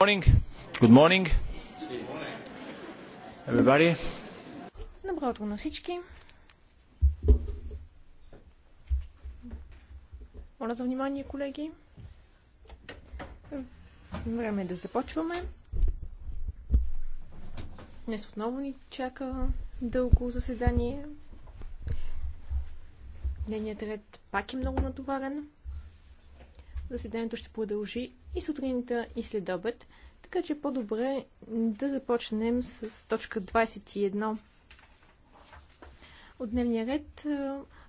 morning. Good morning. Everybody. Добро утро на всички. Моля за внимание, колеги. Време е да започваме. Днес отново ни чака дълго заседание. Дневният ред пак е много натоварен. Заседанието ще продължи и сутринта и след обед, така че е по-добре да започнем с точка 21 от дневния ред,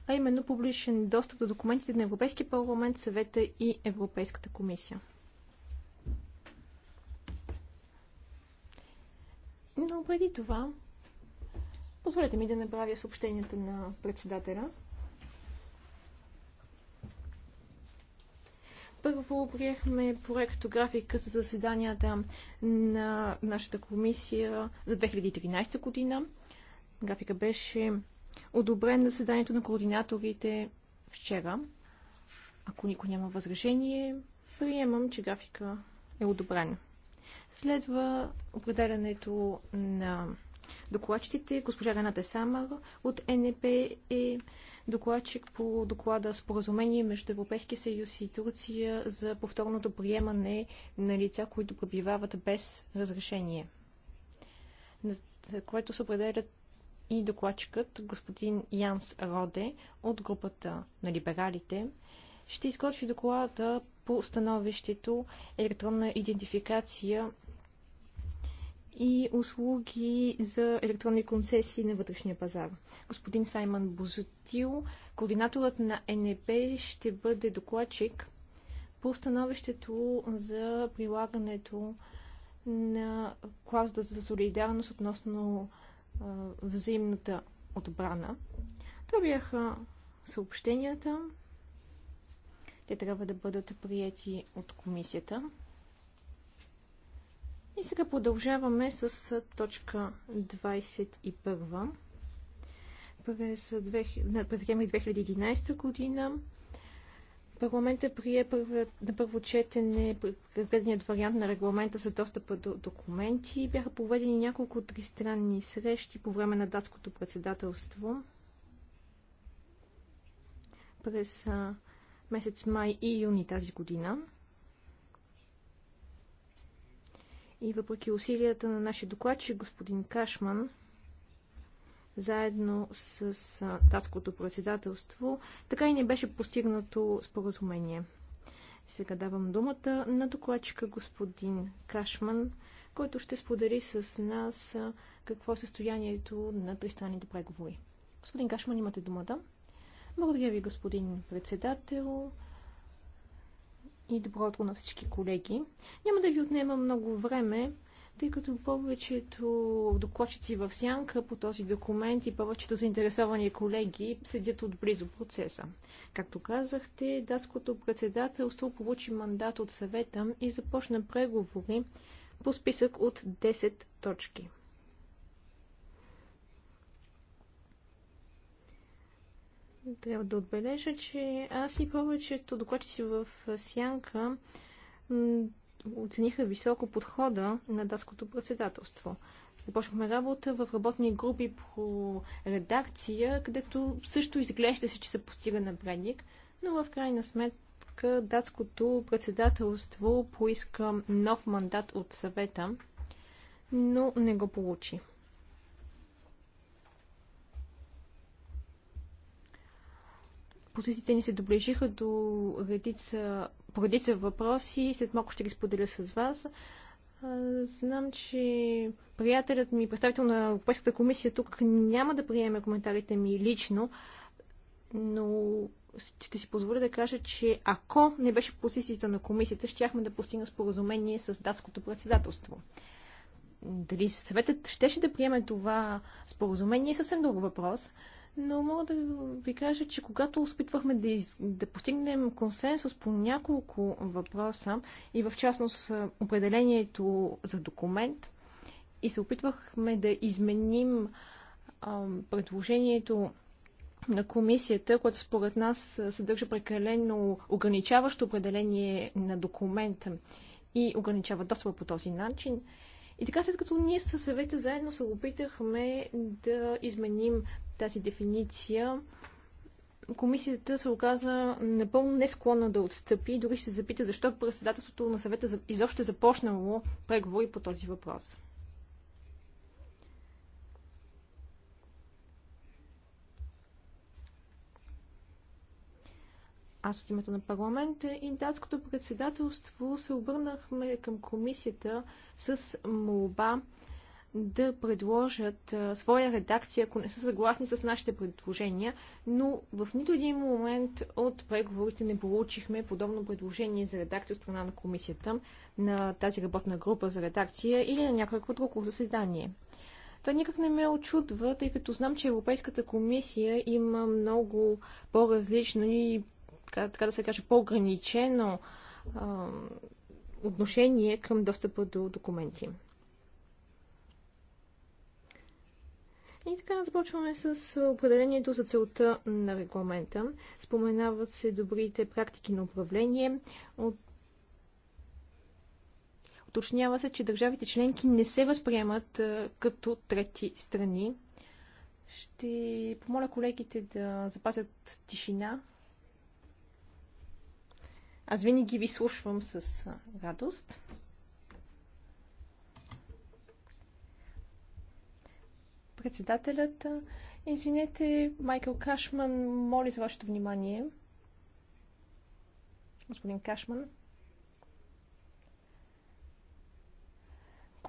а именно публичен достъп до документите на Европейския парламент, съвета и Европейската комисия. Но преди това, позволете ми да направя съобщенията на председателя. Първо приехме проектографика за заседанията на нашата комисия за 2013 година. Графика беше одобрен на заседанието на координаторите вчера. Ако никой няма възражение, приемам, че графика е одобрен. Следва определянето на докладчиците. Госпожа Рената Самар от НП е докладчик по доклада Споразумение между Европейския съюз и Турция за повторното приемане на лица, които пребивават без разрешение, за което се определят и докладчикът господин Янс Роде от групата на либералите ще изготви доклада по становището електронна идентификация и услуги за електронни концесии на вътрешния пазар. Господин Саймън Бозотил, координаторът на НЕП, ще бъде докладчик по становището за прилагането на Клазда за солидарност относно а, взаимната отбрана. Това бяха съобщенията. Те трябва да бъдат приети от комисията. И сега продължаваме с точка 21. През, през 2011 година Парламентът прие първа, на първо четене разгледният вариант на регламента за достъпа до документи. Бяха проведени няколко тристранни срещи по време на датското председателство. През месец май и юни тази година. И въпреки усилията на нашия докладчик, господин Кашман, заедно с датското председателство, така и не беше постигнато споразумение. Сега давам думата на докладчика господин Кашман, който ще сподели с нас какво е състоянието на тристранните преговори. Господин Кашман, имате думата. Благодаря ви, господин председател и добро утро на всички колеги. Няма да ви отнема много време, тъй като повечето докладчици в сянка по този документ и повечето заинтересовани колеги следят отблизо процеса. Както казахте, датското председателство получи мандат от съвета и започна преговори по списък от 10 точки. Трябва да отбележа, че аз и повечето докладчици в Сянка оцениха високо подхода на датското председателство. Започнахме работа в работни групи по редакция, където също изглежда се, че се постига напредник, но в крайна сметка датското председателство поиска нов мандат от съвета, но не го получи. позициите ни се доближиха до редица, по редица въпроси. След малко ще ги споделя с вас. Знам, че приятелят ми, представител на Европейската комисия, тук няма да приеме коментарите ми лично, но ще си позволя да кажа, че ако не беше позицията на комисията, щяхме да постигнем споразумение с датското председателство. Дали съветът щеше да приеме това споразумение е съвсем друг въпрос, но мога да ви кажа, че когато успитвахме да, из... да постигнем консенсус по няколко въпроса и в частност определението за документ и се опитвахме да изменим а, предложението на комисията, което според нас съдържа прекалено ограничаващо определение на документа и ограничава достъпа по този начин, и така, след като ние със съвета заедно се опитахме да изменим тази дефиниция, комисията се оказа напълно не склонна да отстъпи, дори ще се запита защо председателството на съвета изобщо е започнало преговори по този въпрос. аз от името на парламента и датското председателство се обърнахме към комисията с молба да предложат своя редакция, ако не са съгласни с нашите предложения, но в нито един момент от преговорите не получихме подобно предложение за редакция от страна на комисията на тази работна група за редакция или на някакво друго заседание. Той никак не ме очудва, тъй като знам, че Европейската комисия има много по-различно и така, така да се каже, по-ограничено отношение към достъпа до документи. И така започваме с определението за целта на регламента. Споменават се добрите практики на управление. От... Уточнява се, че държавите членки не се възприемат а, като трети страни. Ще помоля колегите да запазят тишина аз винаги ви слушвам с радост. Председателят, извинете, Майкъл Кашман моли за вашето внимание. Господин Кашман.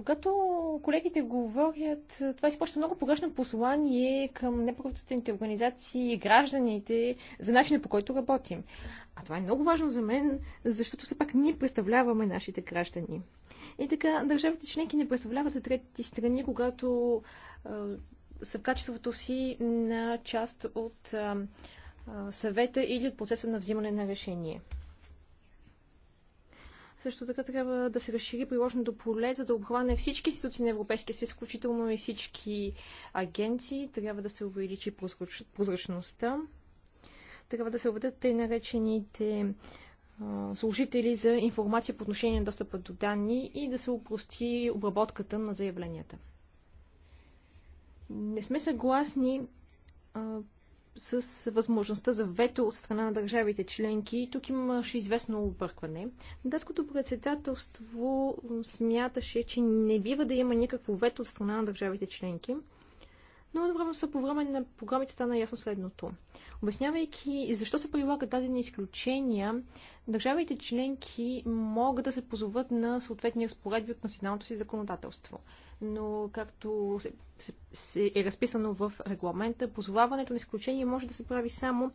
Когато колегите говорят, това изпраща много погрешно послание към неправителствените организации и гражданите за начина по който работим. А това е много важно за мен, защото все пак ние представляваме нашите граждани. И така, държавите членки не представляват трети страни, когато е, са в качеството си на част от е, съвета или от процеса на взимане на решение. Също така трябва да се разшири приложното поле, за да обхване всички институции на Европейския съюз, включително и всички агенции. Трябва да се увеличи прозрачността. Трябва да се въведат тъй наречените служители за информация по отношение на достъпа до данни и да се упрости обработката на заявленията. Не сме съгласни а, с възможността за вето от страна на държавите членки. Тук имаше известно объркване. Датското председателство смяташе, че не бива да има никакво вето от страна на държавите членки. Но едновременно са по време на програмите стана ясно следното. Обяснявайки защо се прилагат дадени изключения, държавите членки могат да се позоват на съответни разпоредби от националното си законодателство но както се, се, се е разписано в регламента, позоваването на изключение може да се прави само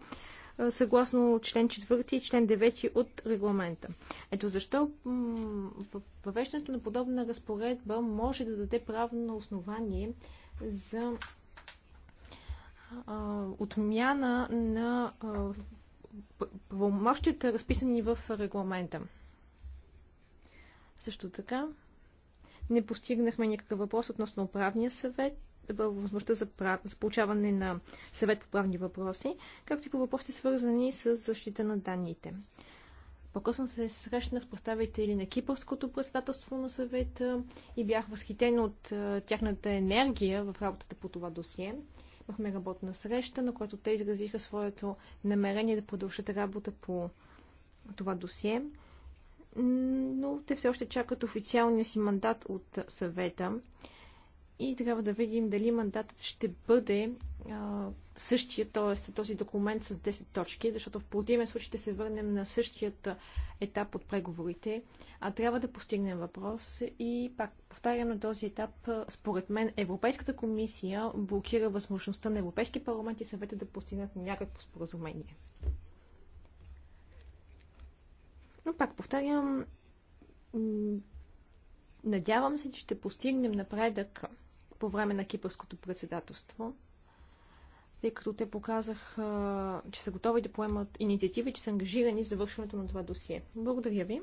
съгласно член 4 и член 9 от регламента. Ето защо въвеждането на подобна разпоредба може да даде правно основание за а, отмяна на правомощите, разписани в регламента. Също така, не постигнахме никакъв въпрос относно правния съвет, възможността за, прав... за получаване на съвет по правни въпроси, както и по въпросите свързани с защита на данните. По-късно се срещнах с представители на Кипърското председателство на съвета и бях възхитен от тяхната енергия в работата по това досие. Имахме работна среща, на която те изразиха своето намерение да продължат работа по това досие но те все още чакат официалния си мандат от съвета и трябва да видим дали мандатът ще бъде а, същия, т.е. този документ с 10 точки, защото в противен случай ще се върнем на същият етап от преговорите, а трябва да постигнем въпрос и пак повтарям на този етап, според мен Европейската комисия блокира възможността на Европейски парламент и съвета да постигнат някакво споразумение. Но пак повтарям, надявам се, че ще постигнем напредък по време на кипърското председателство, тъй като те показах, че са готови да поемат инициативи, че са ангажирани за завършването на това досие. Благодаря ви.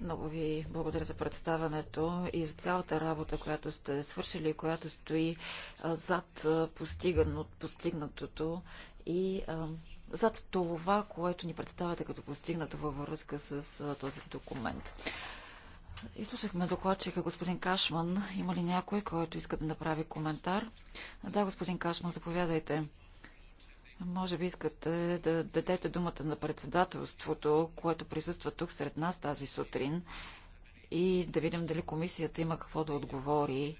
Много ви благодаря за представането и за цялата работа, която сте свършили, и която стои зад постигнатото и зад това, което ни представяте като постигнато във връзка с този документ. Изслушахме докладчика господин Кашман. Има ли някой, който иска да направи коментар? Да, господин Кашман, заповядайте. Може би искате да дадете думата на председателството, което присъства тук сред нас тази сутрин и да видим дали комисията има какво да отговори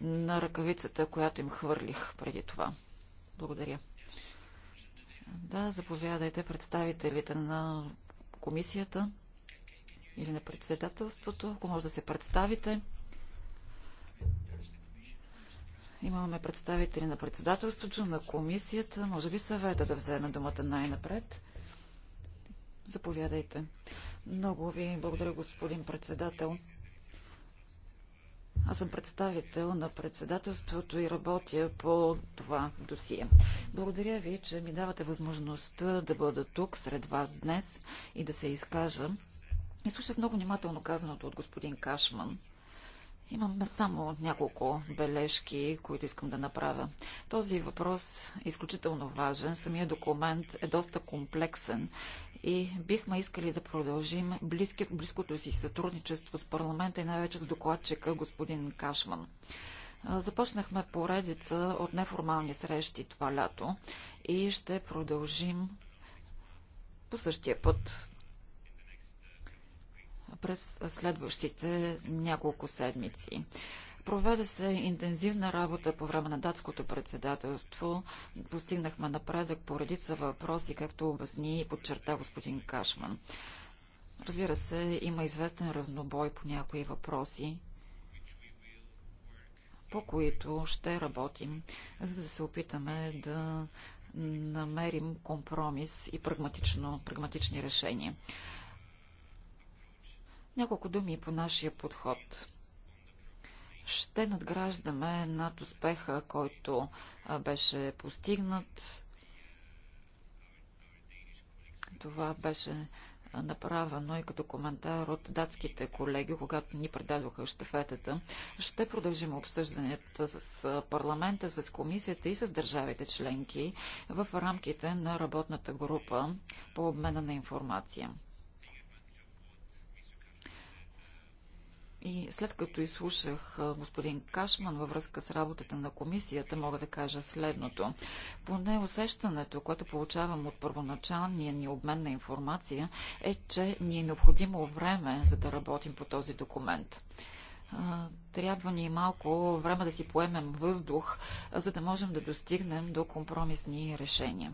на ръкавицата, която им хвърлих преди това. Благодаря. Да, заповядайте представителите на комисията или на председателството, ако може да се представите. Имаме представители на председателството, на комисията, може би съвета да вземе думата най-напред. Заповядайте. Много ви благодаря, господин председател. Аз съм представител на председателството и работя по това досие. Благодаря ви, че ми давате възможност да бъда тук сред вас днес и да се изкажа. И слушах много внимателно казаното от господин Кашман. Имаме само няколко бележки, които искам да направя. Този въпрос е изключително важен. Самия документ е доста комплексен и бихме искали да продължим близки, близкото си сътрудничество с парламента и най-вече с докладчика господин Кашман. Започнахме поредица от неформални срещи това лято и ще продължим по същия път през следващите няколко седмици. Проведе се интензивна работа по време на датското председателство. Постигнахме напредък по редица въпроси, както обясни и подчерта господин Кашман. Разбира се, има известен разнобой по някои въпроси, по които ще работим, за да се опитаме да намерим компромис и прагматични решения. Няколко думи по нашия подход. Ще надграждаме над успеха, който беше постигнат. Това беше направено и като коментар от датските колеги, когато ни предадоха щафетата. Ще продължим обсъжданията с парламента, с комисията и с държавите членки в рамките на работната група по обмена на информация. И след като изслушах господин Кашман във връзка с работата на комисията, мога да кажа следното. Поне усещането, което получавам от първоначалния ни обмен на информация, е, че ни е необходимо време, за да работим по този документ трябва ни малко време да си поемем въздух, за да можем да достигнем до компромисни решения.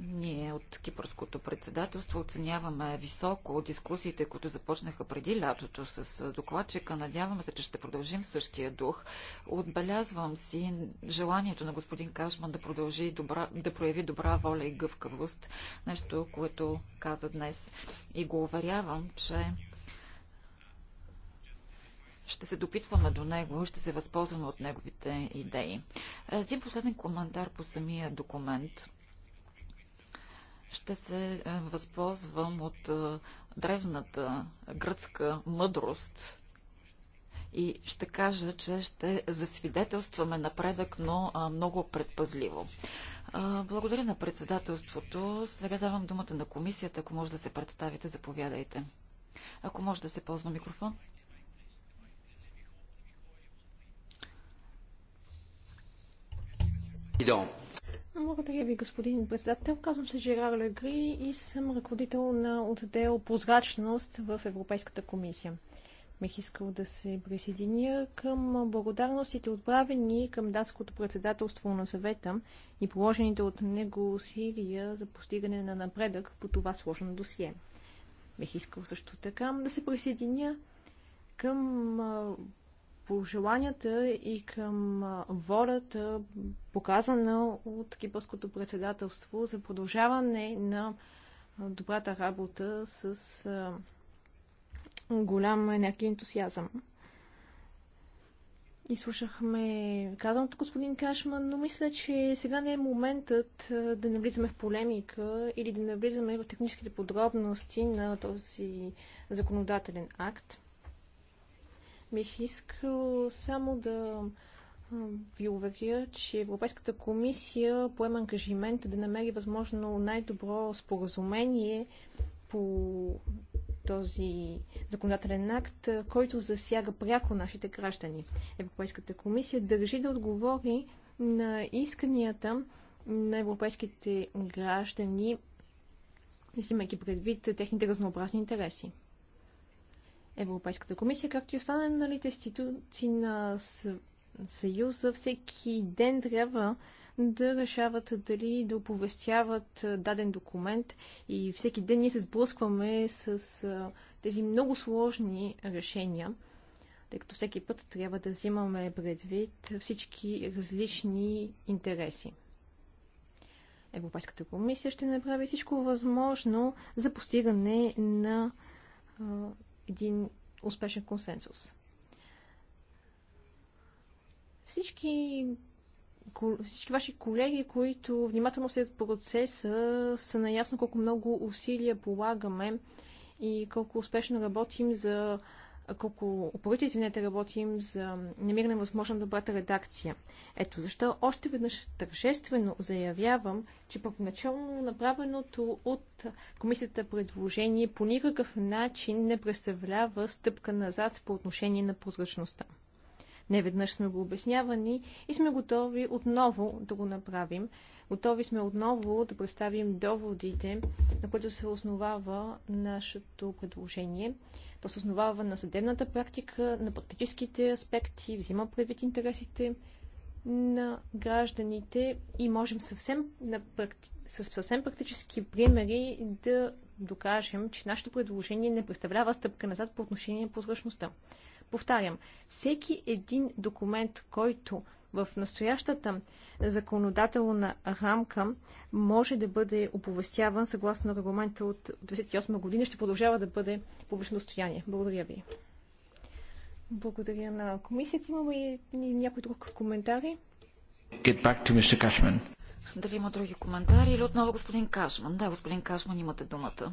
Ние от Кипърското председателство оценяваме високо дискусиите, които започнаха преди лятото с докладчика. Надяваме се, че ще продължим същия дух. Отбелязвам си желанието на господин Кашман да продължи добра, да прояви добра воля и гъвкавост. Нещо, което каза днес. И го уверявам, че ще се допитваме до него, ще се възползваме от неговите идеи. Един последен коментар по самия документ. Ще се е, възползвам от е, древната гръцка мъдрост и ще кажа, че ще засвидетелстваме напредък, но е, много предпазливо. Благодаря на председателството. Сега давам думата на комисията. Ако може да се представите, заповядайте. Ако може да се ползва микрофон. Président, благодаря ви, господин председател. Казвам се Жерар Легри и съм ръководител на отдел прозрачност в Европейската комисия. Бих искал да се присъединя към благодарностите отправени към датското председателство на съвета и положените от него усилия за постигане на напредък по това сложно досие. Бих искал също така да се присъединя към пожеланията и към волята, показана от кипърското председателство за продължаване на добрата работа с голям енергия и ентусиазъм. И слушахме казаното господин Кашман, но мисля, че сега не е моментът да навлизаме в полемика или да навлизаме в техническите подробности на този законодателен акт. Бих искал само да ви уверя, че Европейската комисия поема ангажимент да намери възможно най-добро споразумение по този законодателен акт, който засяга пряко нашите граждани. Европейската комисия държи да отговори на исканията на европейските граждани, взимайки предвид техните разнообразни интереси. Европейската комисия, както и останалите институции на Съюза всеки ден трябва да решават дали да оповестяват даден документ и всеки ден ние се сблъскваме с тези много сложни решения, тъй като всеки път трябва да взимаме предвид всички различни интереси. Европейската комисия ще направи всичко възможно за постигане на един успешен консенсус. Всички, всички ваши колеги, които внимателно след процеса, са наясно колко много усилия полагаме и колко успешно работим за колко упорито, извинете, работим за намиране възможно добрата редакция. Ето защо още веднъж тържествено заявявам, че първоначално направеното от комисията предложение по никакъв начин не представлява стъпка назад по отношение на прозрачността. Неведнъж сме го обяснявани и сме готови отново да го направим, Готови сме отново да представим доводите, на които се основава нашето предложение. То се основава на съдебната практика, на практическите аспекти, взима предвид интересите на гражданите и можем съвсем, на практи... с съвсем практически примери да докажем, че нашето предложение не представлява стъпка назад по отношение на прозрачността. Повтарям, всеки един документ, който в настоящата законодателна рамка може да бъде оповестяван съгласно регламента от 1998 година, ще продължава да бъде публично достояние. Благодаря ви. Благодаря на комисията. Имаме и някой друг коментари. Get back to Mr. Cashman. Дали има други коментари или отново господин Кашман? Да, господин Кашман, имате думата.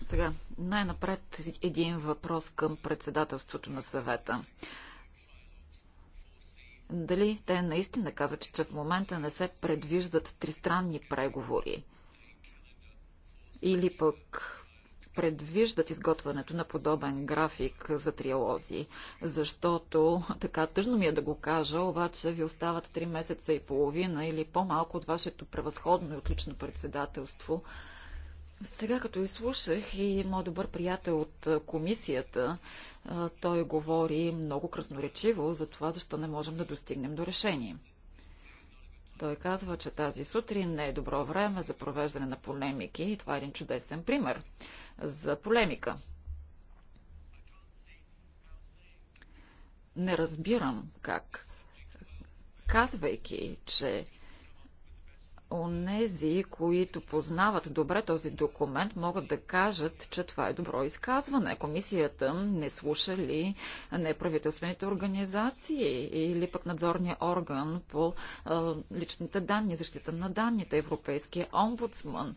Сега, най-напред един въпрос към председателството на съвета дали те наистина казват, че, че в момента не се предвиждат тристранни преговори или пък предвиждат изготвянето на подобен график за триалози, защото така тъжно ми е да го кажа, обаче ви остават 3 месеца и половина или по-малко от вашето превъзходно и отлично председателство – сега като изслушах и мой добър приятел от комисията, той говори много красноречиво за това, защо не можем да достигнем до решение. Той казва, че тази сутрин не е добро време за провеждане на полемики и това е един чудесен пример за полемика. Не разбирам как, казвайки, че онези, които познават добре този документ, могат да кажат, че това е добро изказване. Комисията не слуша ли неправителствените организации или пък надзорния орган по личните данни, защита на данните, Европейския омбудсман.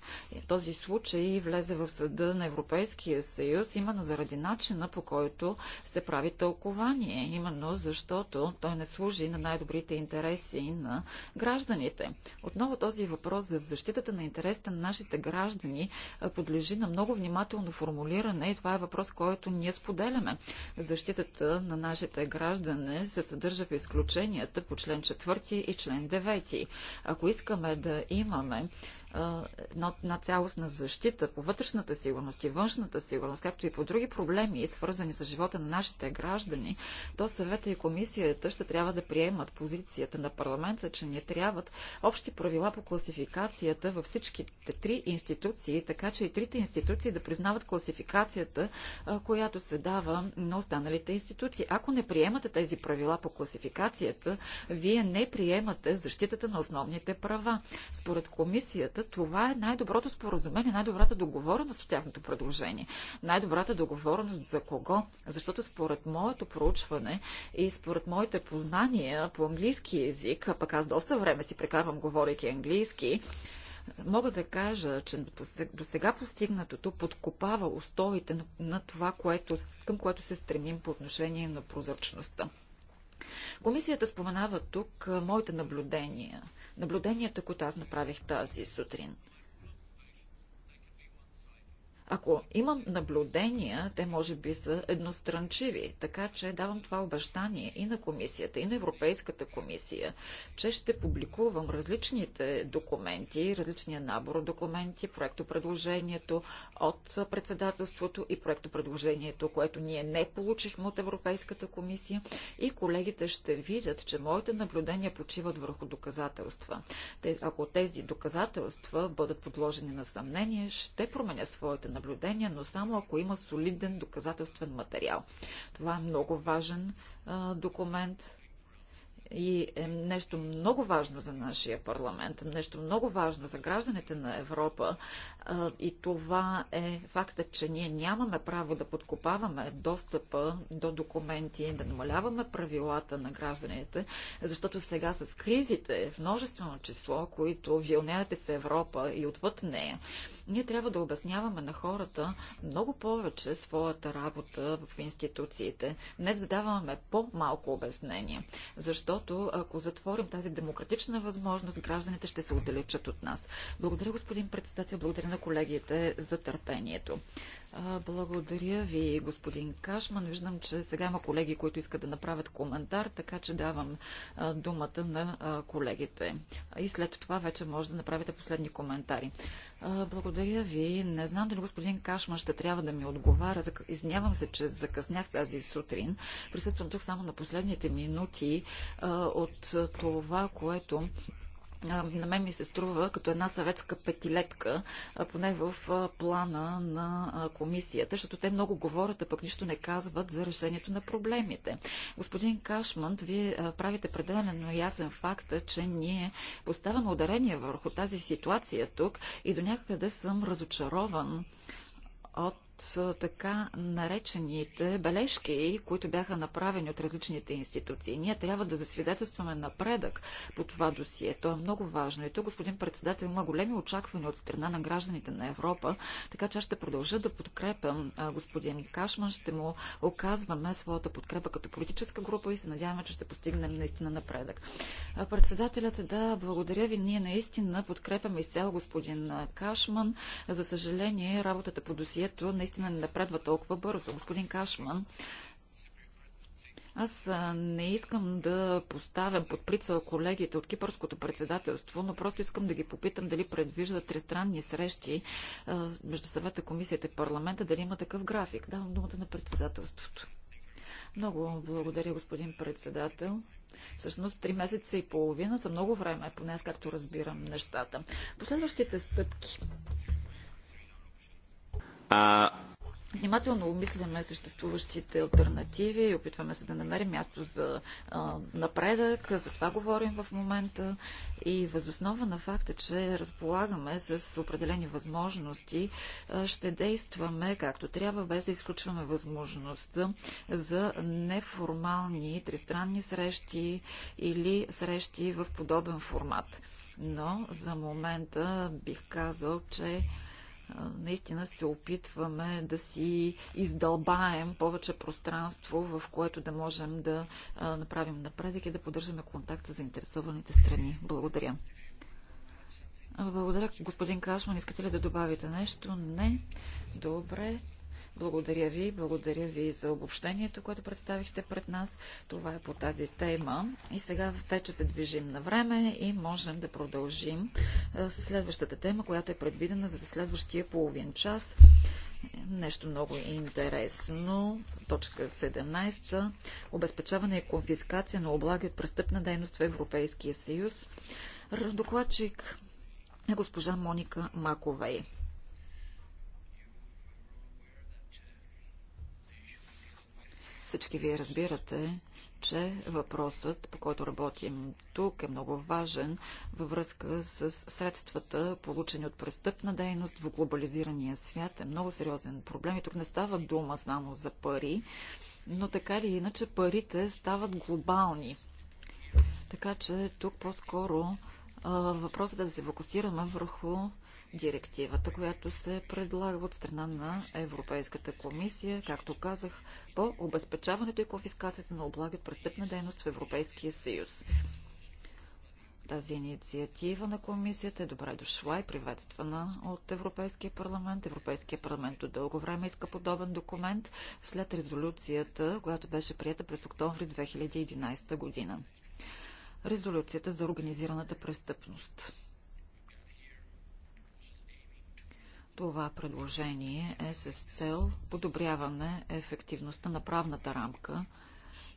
този случай влезе в съда на Европейския съюз именно заради начина по който се прави тълкование, именно защото той не служи на най-добрите интереси на гражданите. Отново този въпрос за защитата на интересите на нашите граждани подлежи на много внимателно формулиране и това е въпрос, който ние споделяме. Защитата на нашите граждани се съдържа в изключенията по член 4 и член 9. Ако искаме да имаме една цялостна защита по вътрешната сигурност и външната сигурност, както и по други проблеми, свързани с живота на нашите граждани, то съвета и комисията ще трябва да приемат позицията на парламента, че ни трябват общи правила по класификацията във всичките три институции, така че и трите институции да признават класификацията, която се дава на останалите институции. Ако не приемате тези правила по класификацията, вие не приемате защитата на основните права. Според комисията, това е най-доброто споразумение, най-добрата договореност в тяхното предложение. Най-добрата договореност за кого? Защото според моето проучване и според моите познания по английски язик, пък аз доста време си прекарвам говорейки английски, мога да кажа, че до сега постигнатото подкопава устоите на, на това, което, към което се стремим по отношение на прозрачността. Комисията споменава тук моите наблюдения наблюденията, които аз направих тази сутрин. Ако имам наблюдения, те може би са едностранчиви, така че давам това обещание и на комисията, и на Европейската комисия, че ще публикувам различните документи, различния набор документи, проектопредложението от председателството и проектопредложението, което ние не получихме от Европейската комисия и колегите ще видят, че моите наблюдения почиват върху доказателства. Те, ако тези доказателства бъдат подложени на съмнение, ще променя своите наблюдение, но само ако има солиден доказателствен материал. Това е много важен а, документ и е нещо много важно за нашия парламент, нещо много важно за гражданите на Европа. А, и това е факта, че ние нямаме право да подкопаваме достъпа до документи, да намаляваме правилата на гражданите, защото сега с кризите в множествено число, които вилнеят с Европа и отвъд нея, ние трябва да обясняваме на хората много повече своята работа в институциите. Не да даваме по-малко обяснение, защото ако затворим тази демократична възможност, гражданите ще се отдалечат от нас. Благодаря, господин председател, благодаря на колегите за търпението. Благодаря ви, господин Кашман. Виждам, че сега има колеги, които искат да направят коментар, така че давам думата на колегите. И след това вече може да направите последни коментари. Благодаря ви. Не знам дали господин Кашман ще трябва да ми отговаря. Извинявам се, че закъснях тази сутрин. Присъствам тук само на последните минути от това, което на мен ми се струва като една съветска петилетка, поне в плана на комисията, защото те много говорят, а пък нищо не казват за решението на проблемите. Господин Кашмант, вие правите пределено ясен факта, че ние поставяме ударение върху тази ситуация тук и до някъде съм разочарован от от така наречените бележки, които бяха направени от различните институции. Ние трябва да засвидетелстваме напредък по това досие. То е много важно. И то, господин председател, има големи очаквания от страна на гражданите на Европа, така че аз ще продължа да подкрепям господин Кашман. Ще му оказваме своята подкрепа като политическа група и се надяваме, че ще постигнем наистина напредък. Председателят, да, благодаря ви. Ние наистина подкрепяме изцяло господин Кашман. За съжаление, работата по досието не наистина не напредва толкова бързо. Господин Кашман, аз не искам да поставям под прицел колегите от кипърското председателство, но просто искам да ги попитам дали предвиждат тристранни срещи между съвета, комисията и парламента, дали има такъв график. Давам думата на председателството. Много благодаря, господин председател. Всъщност, три месеца и половина са много време, поне аз както разбирам нещата. Последващите стъпки. А... Внимателно обмисляме съществуващите альтернативи и опитваме се да намерим място за а, напредък. За това говорим в момента и възоснова на факта, че разполагаме с определени възможности, а, ще действаме както трябва, без да изключваме възможността за неформални тристранни срещи или срещи в подобен формат. Но за момента бих казал, че наистина се опитваме да си издълбаем повече пространство, в което да можем да направим напредък и да поддържаме контакт с заинтересованите страни. Благодаря. Благодаря, господин Кашман. Искате ли да добавите нещо? Не. Добре. Благодаря ви, благодаря ви за обобщението, което представихте пред нас. Това е по тази тема. И сега вече се движим на време и можем да продължим следващата тема, която е предвидена за следващия половин час. Нещо много интересно. Точка 17. Обезпечаване и конфискация на облаги от престъпна дейност в Европейския съюз. Докладчик е госпожа Моника Маковей. Всички вие разбирате, че въпросът, по който работим тук, е много важен във връзка с средствата, получени от престъпна дейност в глобализирания свят. Е много сериозен проблем и тук не става дума само за пари, но така или иначе парите стават глобални. Така че тук по-скоро въпросът е да се фокусираме върху директивата, която се предлага от страна на Европейската комисия, както казах, по обезпечаването и конфискацията на облаги от престъпна дейност в Европейския съюз. Тази инициатива на комисията е добре дошла и приветствана от Европейския парламент. Европейския парламент от дълго време иска подобен документ след резолюцията, която беше прията през октомври 2011 година. Резолюцията за организираната престъпност. Това предложение е с цел подобряване ефективността на правната рамка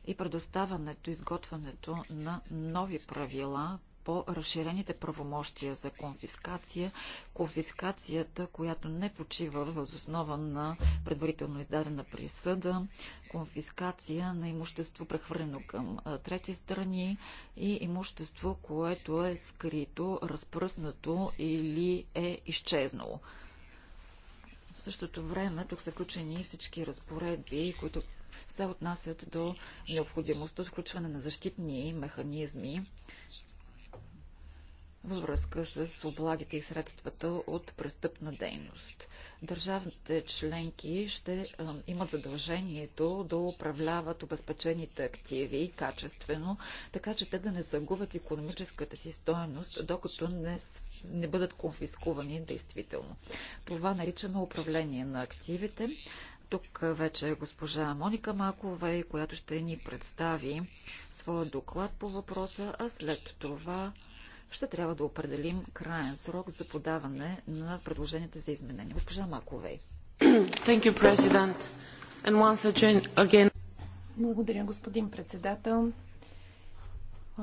и предоставянето, изготвянето на нови правила по разширените правомощия за конфискация, конфискацията, която не почива въз основа на предварително издадена присъда, конфискация на имущество, прехвърлено към трети страни и имущество, което е скрито, разпръснато или е изчезнало. В същото време тук са включени всички разпоредби, които се отнасят до необходимост от включване на защитни механизми във връзка с облагите и средствата от престъпна дейност. Държавните членки ще а, имат задължението да управляват обезпечените активи качествено, така че те да не загубят економическата си стоеност, докато не не бъдат конфискувани действително. Това наричаме управление на активите. Тук вече е госпожа Моника Макова, която ще ни представи своя доклад по въпроса, а след това ще трябва да определим крайен срок за подаване на предложенията за изменения. Госпожа Маковей. Again... Благодаря, господин председател.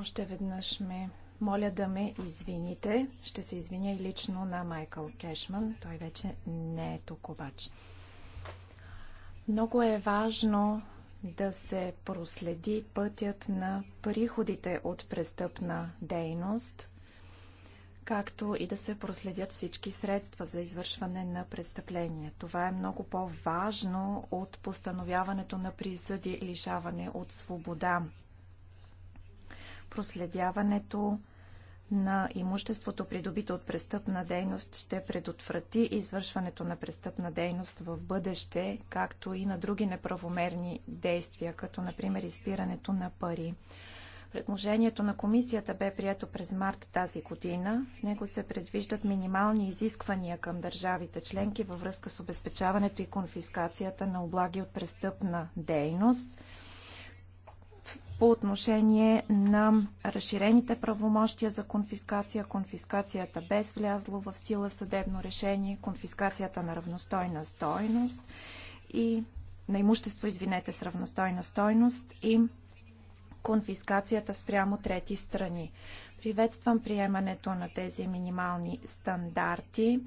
Още веднъж ме моля да ме извините. Ще се извиня и лично на Майкъл Кешман. Той вече не е тук обаче. Много е важно да се проследи пътят на приходите от престъпна дейност, както и да се проследят всички средства за извършване на престъпления. Това е много по-важно от постановяването на присъди лишаване от свобода проследяването на имуществото, придобито от престъпна дейност, ще предотврати извършването на престъпна дейност в бъдеще, както и на други неправомерни действия, като например изпирането на пари. Предложението на комисията бе прието през март тази година. В него се предвиждат минимални изисквания към държавите членки във връзка с обезпечаването и конфискацията на облаги от престъпна дейност – по отношение на разширените правомощия за конфискация, конфискацията без влязло в сила съдебно решение, конфискацията на равностойна стойност и на имущество, извинете, с равностойна стойност и конфискацията спрямо трети страни. Приветствам приемането на тези минимални стандарти.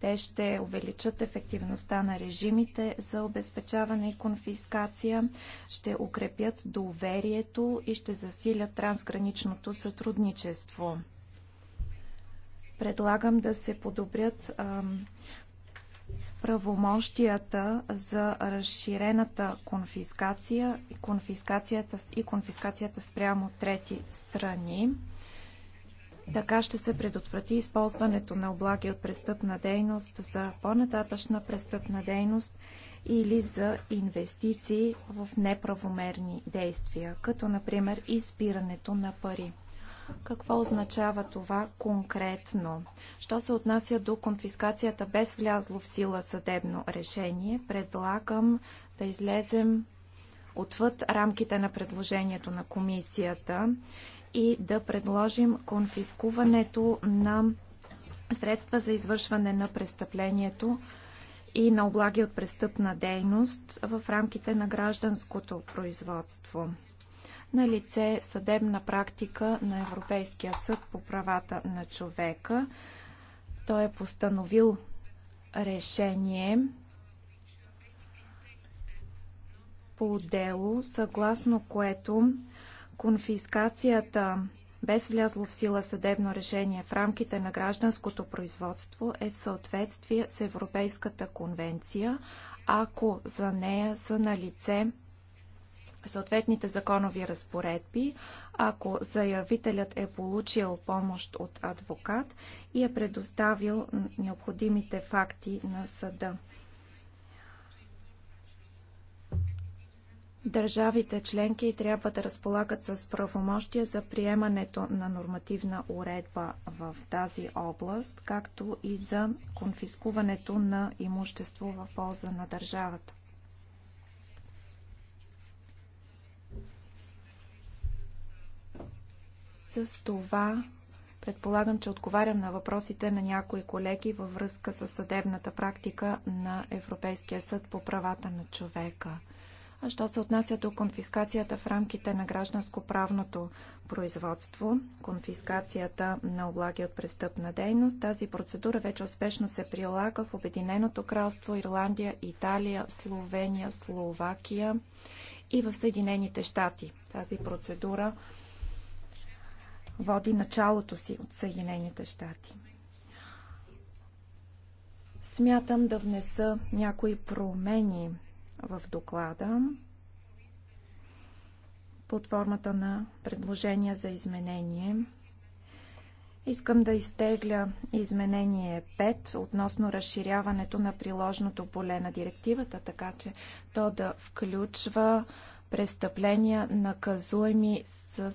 Те ще увеличат ефективността на режимите за обезпечаване и конфискация, ще укрепят доверието и ще засилят трансграничното сътрудничество. Предлагам да се подобрят правомощията за разширената конфискация и конфискацията, и конфискацията спрямо трети страни. Така ще се предотврати използването на облаги от престъпна дейност за по-нататъчна престъпна дейност или за инвестиции в неправомерни действия, като например изпирането на пари. Какво означава това конкретно? Що се отнася до конфискацията без влязло в сила съдебно решение, предлагам да излезем отвъд рамките на предложението на комисията и да предложим конфискуването на средства за извършване на престъплението и на облаги от престъпна дейност в рамките на гражданското производство. На лице е съдебна практика на Европейския съд по правата на човека. Той е постановил решение по дело, съгласно което Конфискацията без влязло в сила съдебно решение в рамките на гражданското производство е в съответствие с Европейската конвенция, ако за нея са на лице съответните законови разпоредби, ако заявителят е получил помощ от адвокат и е предоставил необходимите факти на съда. Държавите членки трябва да разполагат с правомощия за приемането на нормативна уредба в тази област, както и за конфискуването на имущество в полза на държавата. С това предполагам, че отговарям на въпросите на някои колеги във връзка с съдебната практика на Европейския съд по правата на човека. А що се отнася до конфискацията в рамките на гражданско-правното производство, конфискацията на облаги от престъпна дейност, тази процедура вече успешно се прилага в Обединеното кралство, Ирландия, Италия, Словения, Словакия и в Съединените щати. Тази процедура води началото си от Съединените щати. Смятам да внеса някои промени в доклада под формата на предложения за изменение. Искам да изтегля изменение 5 относно разширяването на приложното поле на директивата, така че то да включва престъпления наказуеми с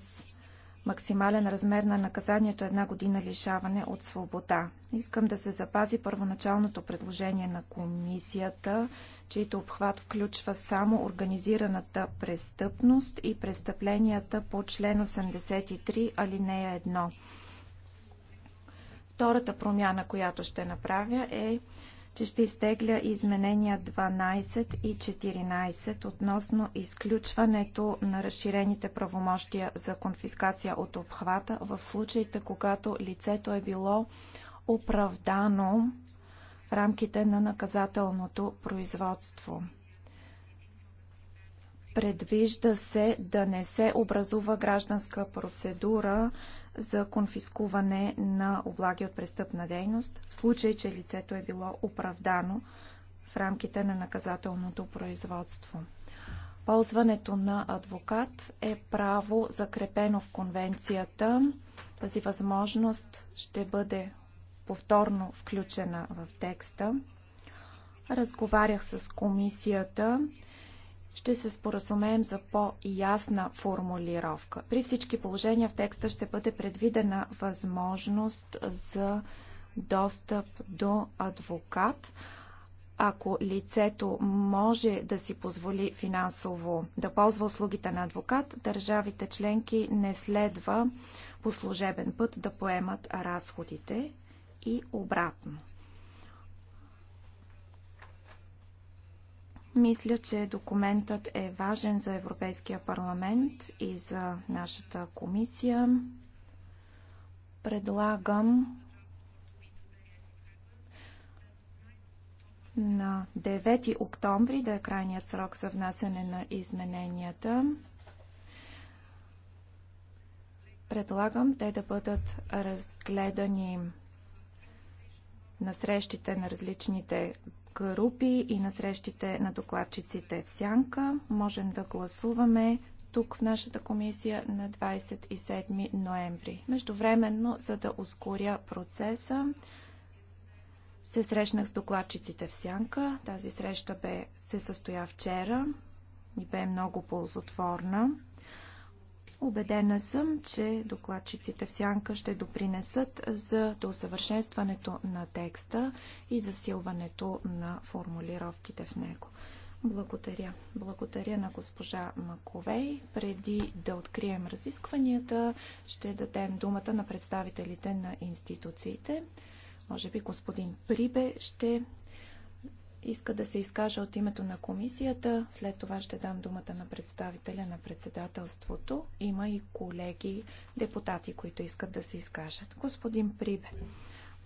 максимален размер на наказанието една година лишаване от свобода. Искам да се запази първоначалното предложение на комисията, чийто обхват включва само организираната престъпност и престъпленията по член 83 алинея 1. Втората промяна, която ще направя е, че ще изтегля изменения 12 и 14 относно изключването на разширените правомощия за конфискация от обхвата в случаите, когато лицето е било оправдано в рамките на наказателното производство. Предвижда се да не се образува гражданска процедура за конфискуване на облаги от престъпна дейност, в случай, че лицето е било оправдано в рамките на наказателното производство. Ползването на адвокат е право закрепено в конвенцията. Тази възможност ще бъде повторно включена в текста. Разговарях с комисията. Ще се споразумеем за по-ясна формулировка. При всички положения в текста ще бъде предвидена възможност за достъп до адвокат ако лицето може да си позволи финансово да ползва услугите на адвокат, държавите членки не следва по служебен път да поемат разходите и обратно. Мисля, че документът е важен за Европейския парламент и за нашата комисия. Предлагам на 9 октомври да е крайният срок за внасяне на измененията. Предлагам те да бъдат разгледани на срещите на различните групи и на срещите на докладчиците в Сянка. Можем да гласуваме тук в нашата комисия на 27 ноември. Междувременно, за да ускоря процеса, се срещнах с докладчиците в Сянка. Тази среща бе, се състоя вчера и бе много ползотворна. Обедена съм, че докладчиците в сянка ще допринесат за досъвършенстването на текста и засилването на формулировките в него. Благодаря. Благодаря на госпожа Маковей. Преди да открием разискванията, ще дадем думата на представителите на институциите. Може би господин Прибе ще иска да се изкаже от името на комисията. След това ще дам думата на представителя на председателството. Има и колеги депутати, които искат да се изкажат. Господин Прибе.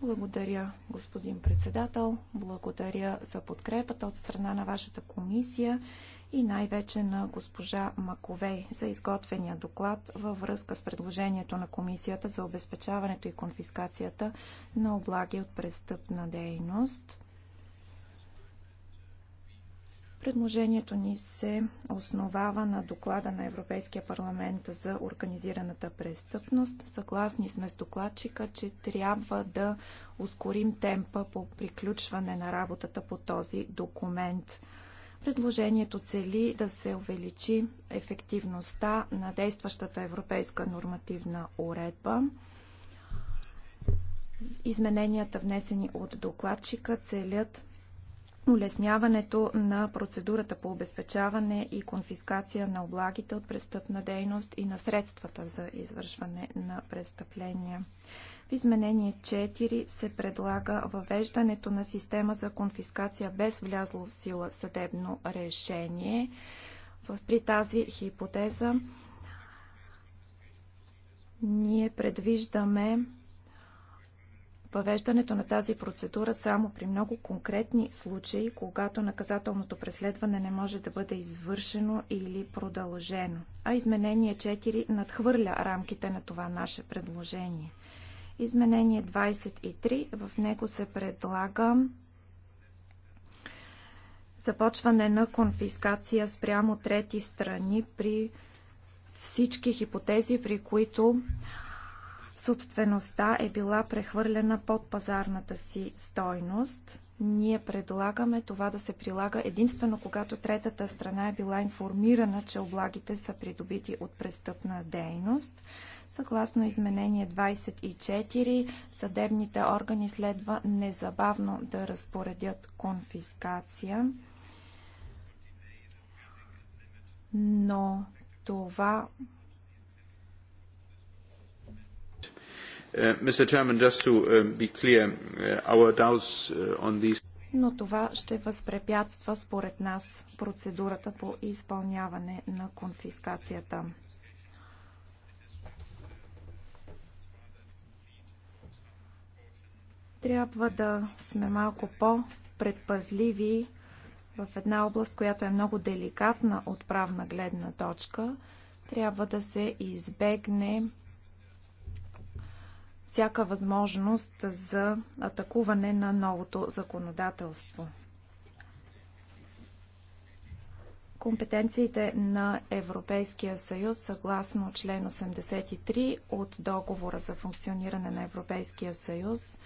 Благодаря, господин председател. Благодаря за подкрепата от страна на вашата комисия и най-вече на госпожа Маковей за изготвения доклад във връзка с предложението на комисията за обезпечаването и конфискацията на облаги от престъпна дейност. Предложението ни се основава на доклада на Европейския парламент за организираната престъпност. Съгласни сме с докладчика, че трябва да ускорим темпа по приключване на работата по този документ. Предложението цели да се увеличи ефективността на действащата европейска нормативна уредба. Измененията, внесени от докладчика, целят улесняването на процедурата по обезпечаване и конфискация на облагите от престъпна дейност и на средствата за извършване на престъпления. В изменение 4 се предлага въвеждането на система за конфискация без влязло в сила съдебно решение. При тази хипотеза ние предвиждаме въвеждането на тази процедура само при много конкретни случаи, когато наказателното преследване не може да бъде извършено или продължено. А изменение 4 надхвърля рамките на това наше предложение. Изменение 23, в него се предлага започване на конфискация спрямо трети страни при всички хипотези, при които собствеността е била прехвърлена под пазарната си стойност. Ние предлагаме това да се прилага единствено когато третата страна е била информирана, че облагите са придобити от престъпна дейност. Съгласно изменение 24, съдебните органи следва незабавно да разпоредят конфискация. Но това Uh, Mr. Chairman, just to uh, be clear, uh, our doubts on these но това ще възпрепятства според нас процедурата по изпълняване на конфискацията. Трябва да сме малко по-предпазливи в една област, която е много деликатна от правна гледна точка. Трябва да се избегне всяка възможност за атакуване на новото законодателство. Компетенциите на Европейския съюз съгласно член 83 от договора за функциониране на Европейския съюз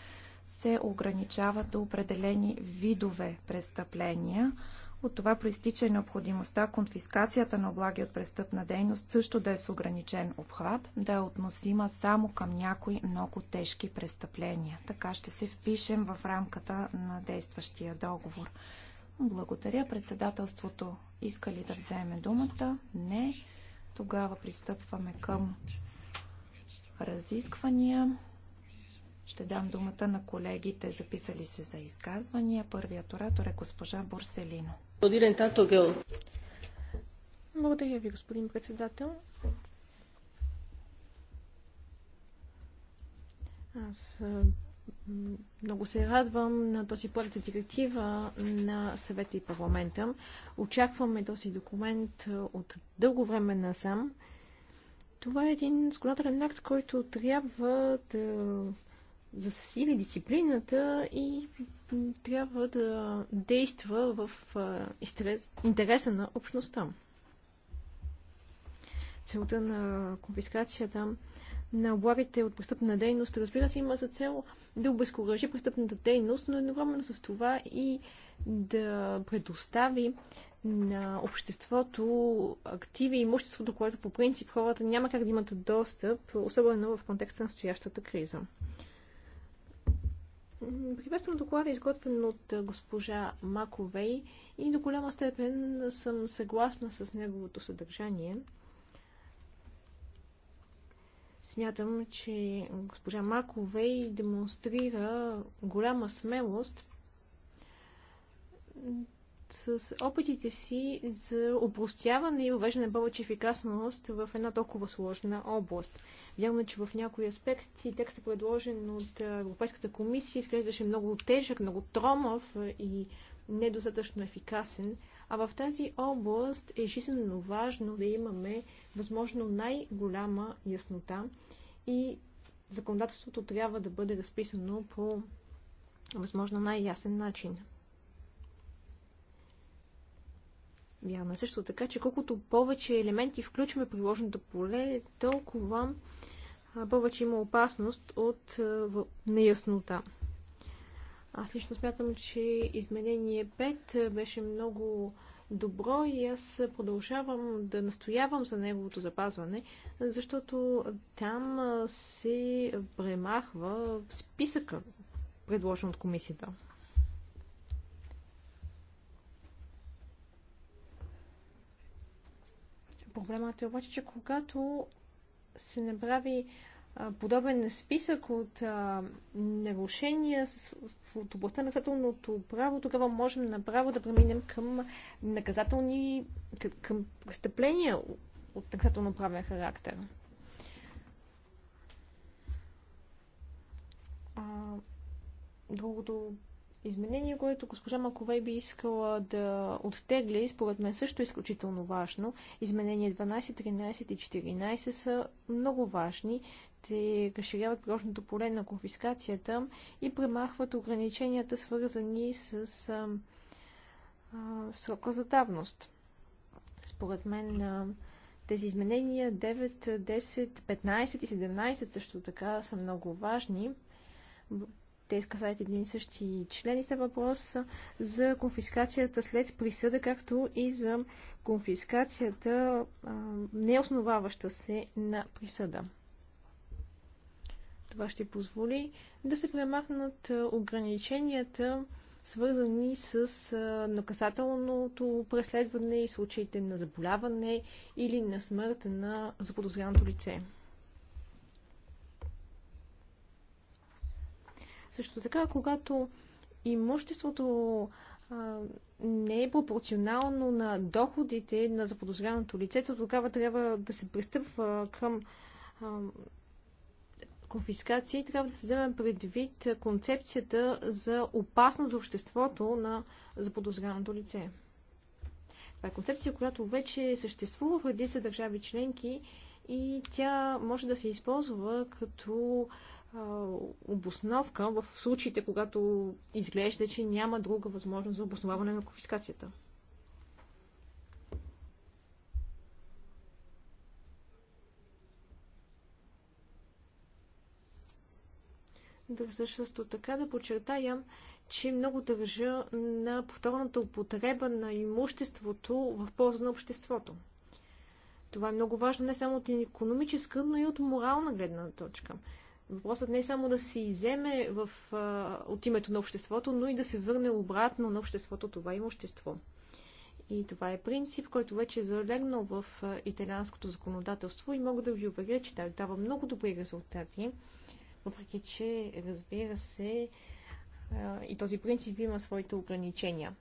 се ограничават до определени видове престъпления – от това проистича и необходимостта конфискацията на облаги от престъпна дейност също да е с ограничен обхват, да е относима само към някои много тежки престъпления. Така ще се впишем в рамката на действащия договор. Благодаря. Председателството иска ли да вземе думата? Не. Тогава пристъпваме към разисквания. Ще дам думата на колегите, записали се за изказвания. Първият оратор е госпожа Борселино. Благодаря ви, господин председател. Аз много се радвам на този проект за директива на съвета и парламента. Очакваме този документ от дълго време насам. Това е един законодателен акт, който трябва да засили дисциплината и трябва да действа в интереса на общността. Целта на конфискацията на облагите от престъпна дейност, разбира се, има за цел да обезкуражи престъпната дейност, но едновременно с това и да предостави на обществото активи и имущество, до което по принцип хората няма как да имат достъп, особено в контекста на настоящата криза. Приветствам доклада, изготвен от госпожа Маковей и до голяма степен съм съгласна с неговото съдържание. Смятам, че госпожа Маковей демонстрира голяма смелост с опитите си за опростяване и въвеждане на повече ефикасност в една толкова сложна област. Вярно, е, че в някои аспекти текстът, предложен от Европейската комисия, изглеждаше много тежък, много тромав и недостатъчно ефикасен, а в тази област е жизненно важно да имаме възможно най-голяма яснота и законодателството трябва да бъде разписано по възможно най-ясен начин. Вярно е също така, че колкото повече елементи включваме приложното поле, толкова повече има опасност от неяснота. Аз лично смятам, че изменение 5 беше много добро и аз продължавам да настоявам за неговото запазване, защото там се премахва списъка, предложен от комисията. Проблемът е обаче, че когато се направи подобен списък от нарушения в областта на наказателното право, тогава можем направо да преминем към наказателни, към престъпления от наказателно-правен характер. другото Изменение, което госпожа Маковей би искала да оттегли, според мен също е изключително важно. Изменения 12, 13 и 14 са много важни. Те разширяват прочното поле на конфискацията и премахват ограниченията, свързани с а, а, срока за давност. Според мен а, тези изменения 9, 10, 15 и 17 също така са много важни те касаят един и същи член и става въпрос за конфискацията след присъда, както и за конфискацията, неосноваваща се на присъда. Това ще позволи да се премахнат ограниченията, свързани с наказателното преследване и случаите на заболяване или на смърт на заподозряното лице. Също така, когато имуществото а, не е пропорционално на доходите на заподозряното лице, то тогава трябва да се пристъпва към а, конфискация и трябва да се вземе предвид концепцията за опасност за обществото на заподозряното лице. Това е концепция, която вече съществува в редица държави членки и тя може да се използва като обосновка в случаите, когато изглежда, че няма друга възможност за обосноваване на конфискацията. Да също така да подчертая, че много държа на повторната употреба на имуществото в полза на обществото. Това е много важно не само от економическа, но и от морална гледна точка. Въпросът не е само да се иземе в, а, от името на обществото, но и да се върне обратно на обществото това имущество. И това е принцип, който вече е залегнал в италианското законодателство и мога да ви уверя, че дава много добри резултати, въпреки че, разбира се, и този принцип има своите ограничения.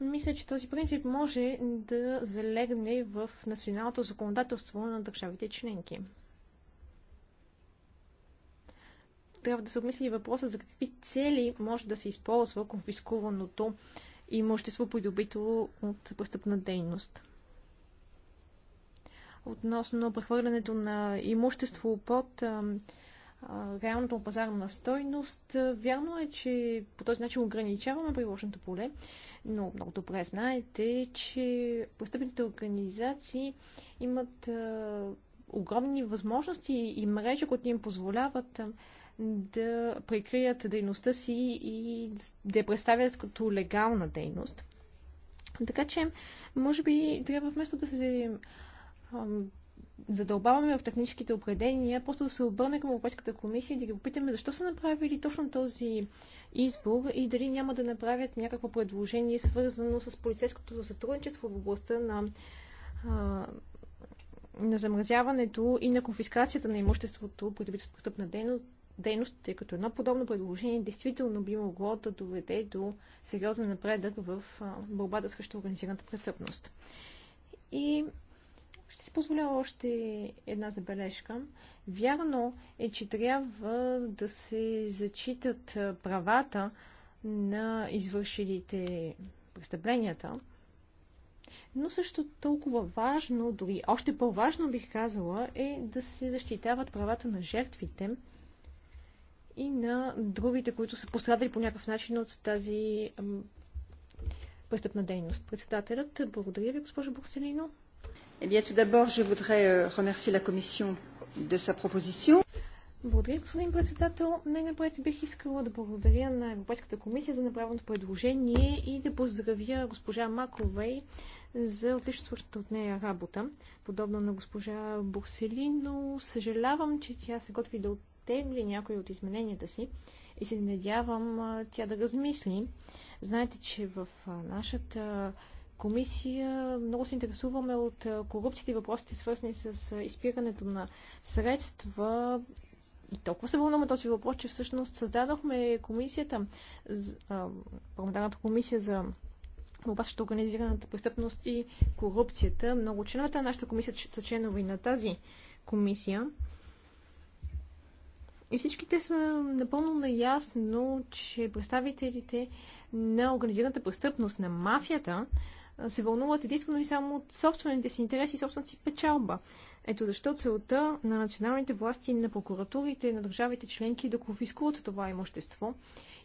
Мисля, че този принцип може да залегне в националното законодателство на държавите членки. Трябва да се обмисли въпроса за какви цели може да се използва конфискуваното имущество, придобито от престъпна дейност. Относно прехвърлянето на имущество под реалната пазарна стойност. Вярно е, че по този начин ограничаваме приложното поле, но много добре знаете, че престъпните организации имат огромни възможности и мрежи, които им позволяват да прикрият дейността си и да я представят като легална дейност. Така че, може би, трябва вместо да се задълбаваме в техническите определения, просто да се обърне към Европейската комисия и да ги попитаме защо са направили точно този избор и дали няма да направят някакво предложение, свързано с полицейското сътрудничество в областта на, а, на замразяването и на конфискацията на имуществото, придобито с престъпна дейност, дейност, тъй като едно подобно предложение действително би могло да доведе до сериозен напредък в борбата срещу организираната престъпност. И ще си позволя още една забележка. Вярно е, че трябва да се зачитат правата на извършилите престъпленията, но също толкова важно, дори още по-важно бих казала, е да се защитават правата на жертвите и на другите, които са пострадали по някакъв начин от тази престъпна дейност. Председателят, благодаря ви, госпожо Борселино. Eh tout d'abord, je voudrais euh, remercier la Commission de sa proposition. Благодаря, господин председател. Най-напред бих искала да благодаря на Европейската комисия за направеното предложение и да поздравя госпожа Маковей за отлично от нея работа. Подобно на госпожа Бурсели, но съжалявам, че тя се готви да оттегли някои от измененията си и се надявам тя да размисли. Знаете, че в нашата комисия много се интересуваме от корупцията и въпросите, свързани с изпирането на средства. И толкова се вълнуваме този въпрос, че всъщност създадохме комисията, парламентарната комисия за борба организираната престъпност и корупцията. Много членовете на нашата комисия са членове на тази комисия. И всички те са напълно наясно, че представителите на организираната престъпност, на мафията, се вълнуват единствено и само от собствените си интереси и собствената си печалба. Ето защо целта на националните власти, на прокуратурите, на държавите членки е да конфискуват това имущество.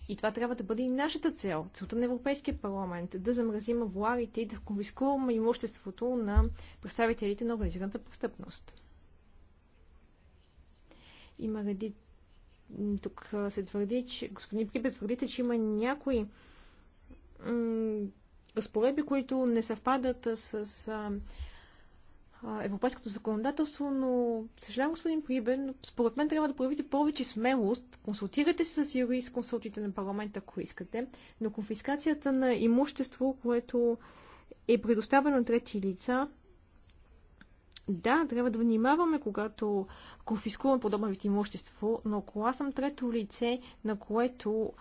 И това трябва да бъде и нашата цел, целта на Европейския парламент, да замразим авуарите и да конфискуваме имуществото на представителите на организираната престъпност. Има ради... Тук се твърди, че господин Прибе твърдите, че има някои разпоредби, които не съвпадат с а, а, европейското законодателство, но съжалявам, господин Прибен, според мен трябва да проявите повече смелост. Консултирате се с юрист, консултите на парламента, ако искате, но конфискацията на имущество, което е предоставено на трети лица, да, трябва да внимаваме, когато конфискувам подобно вид имущество, но ако аз съм трето лице, на което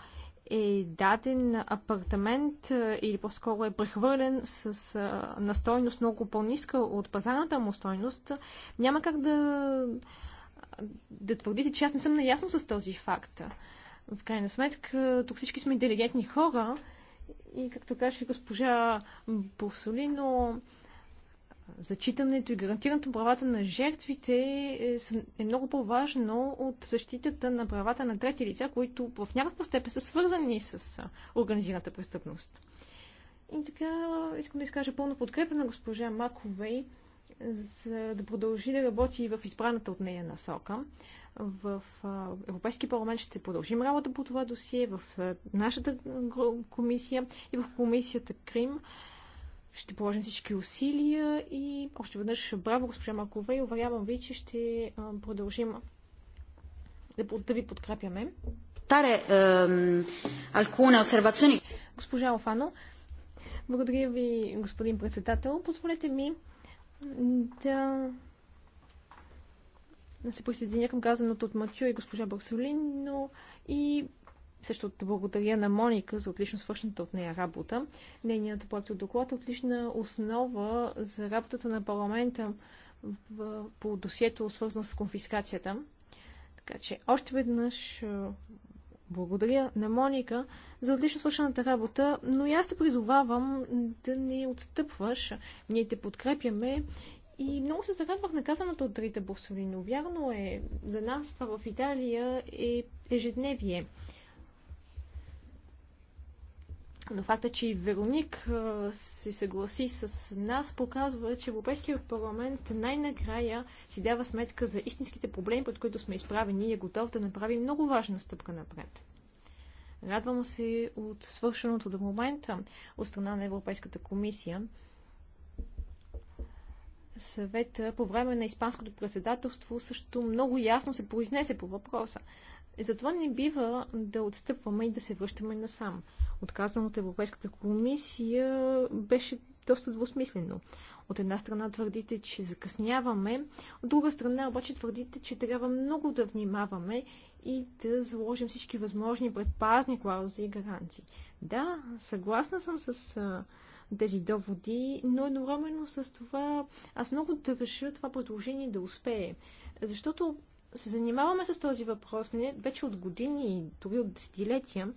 е даден апартамент е, или по-скоро е прехвърлен с е, настойност много по-ниска от пазарната му стойност, няма как да, да твърдите, че аз не съм наясно с този факт. В крайна сметка, тук всички сме интелигентни хора и, както каже госпожа Бурсолино, но зачитането и гарантирането правата на жертвите е, е, много по-важно от защитата на правата на трети лица, които в някаква степен са свързани с организираната престъпност. И така искам да изкажа пълно подкрепа на госпожа Маковей, за да продължи да работи в избраната от нея насока. В Европейски парламент ще продължим работа по това досие, в нашата комисия и в комисията Крим. Ще положим всички усилия и още веднъж браво, госпожа Маркова, и уверявам ви, че ще продължим да, да ви подкрепяме. Таре, алкуна обсервациони. Госпожа Офано, благодаря ви, господин председател. Позволете ми да се присъединя към казаното от Матю и госпожа Барсолин, но и също да благодаря на Моника за отлично свършната от нея работа. Нейният проект доклад е отлична основа за работата на парламента в, по досието, свързано с конфискацията. Така че още веднъж е, благодаря на Моника за отлично свършената работа, но и аз те призовавам да не отстъпваш. Ние те подкрепяме и много се зарадвах на казаното от Рита Борсолино. Вярно е, за нас това в Италия е ежедневие. Но факта, че и Вероник се съгласи с нас, показва, че Европейския парламент най-накрая си дава сметка за истинските проблеми, под които сме изправени и е готов да направи много важна стъпка напред. Радвам се от свършеното до момента от страна на Европейската комисия. Съвет по време на Испанското председателство също много ясно се произнесе по въпроса. Затова не бива да отстъпваме и да се връщаме насам отказан от Европейската комисия, беше доста двусмислено. От една страна твърдите, че закъсняваме, от друга страна обаче твърдите, че трябва много да внимаваме и да заложим всички възможни предпазни клаузи и гаранции. Да, съгласна съм с а, тези доводи, но едновременно с това аз много държа това предложение да успее. Защото се занимаваме с този въпрос не вече от години, дори от десетилетия,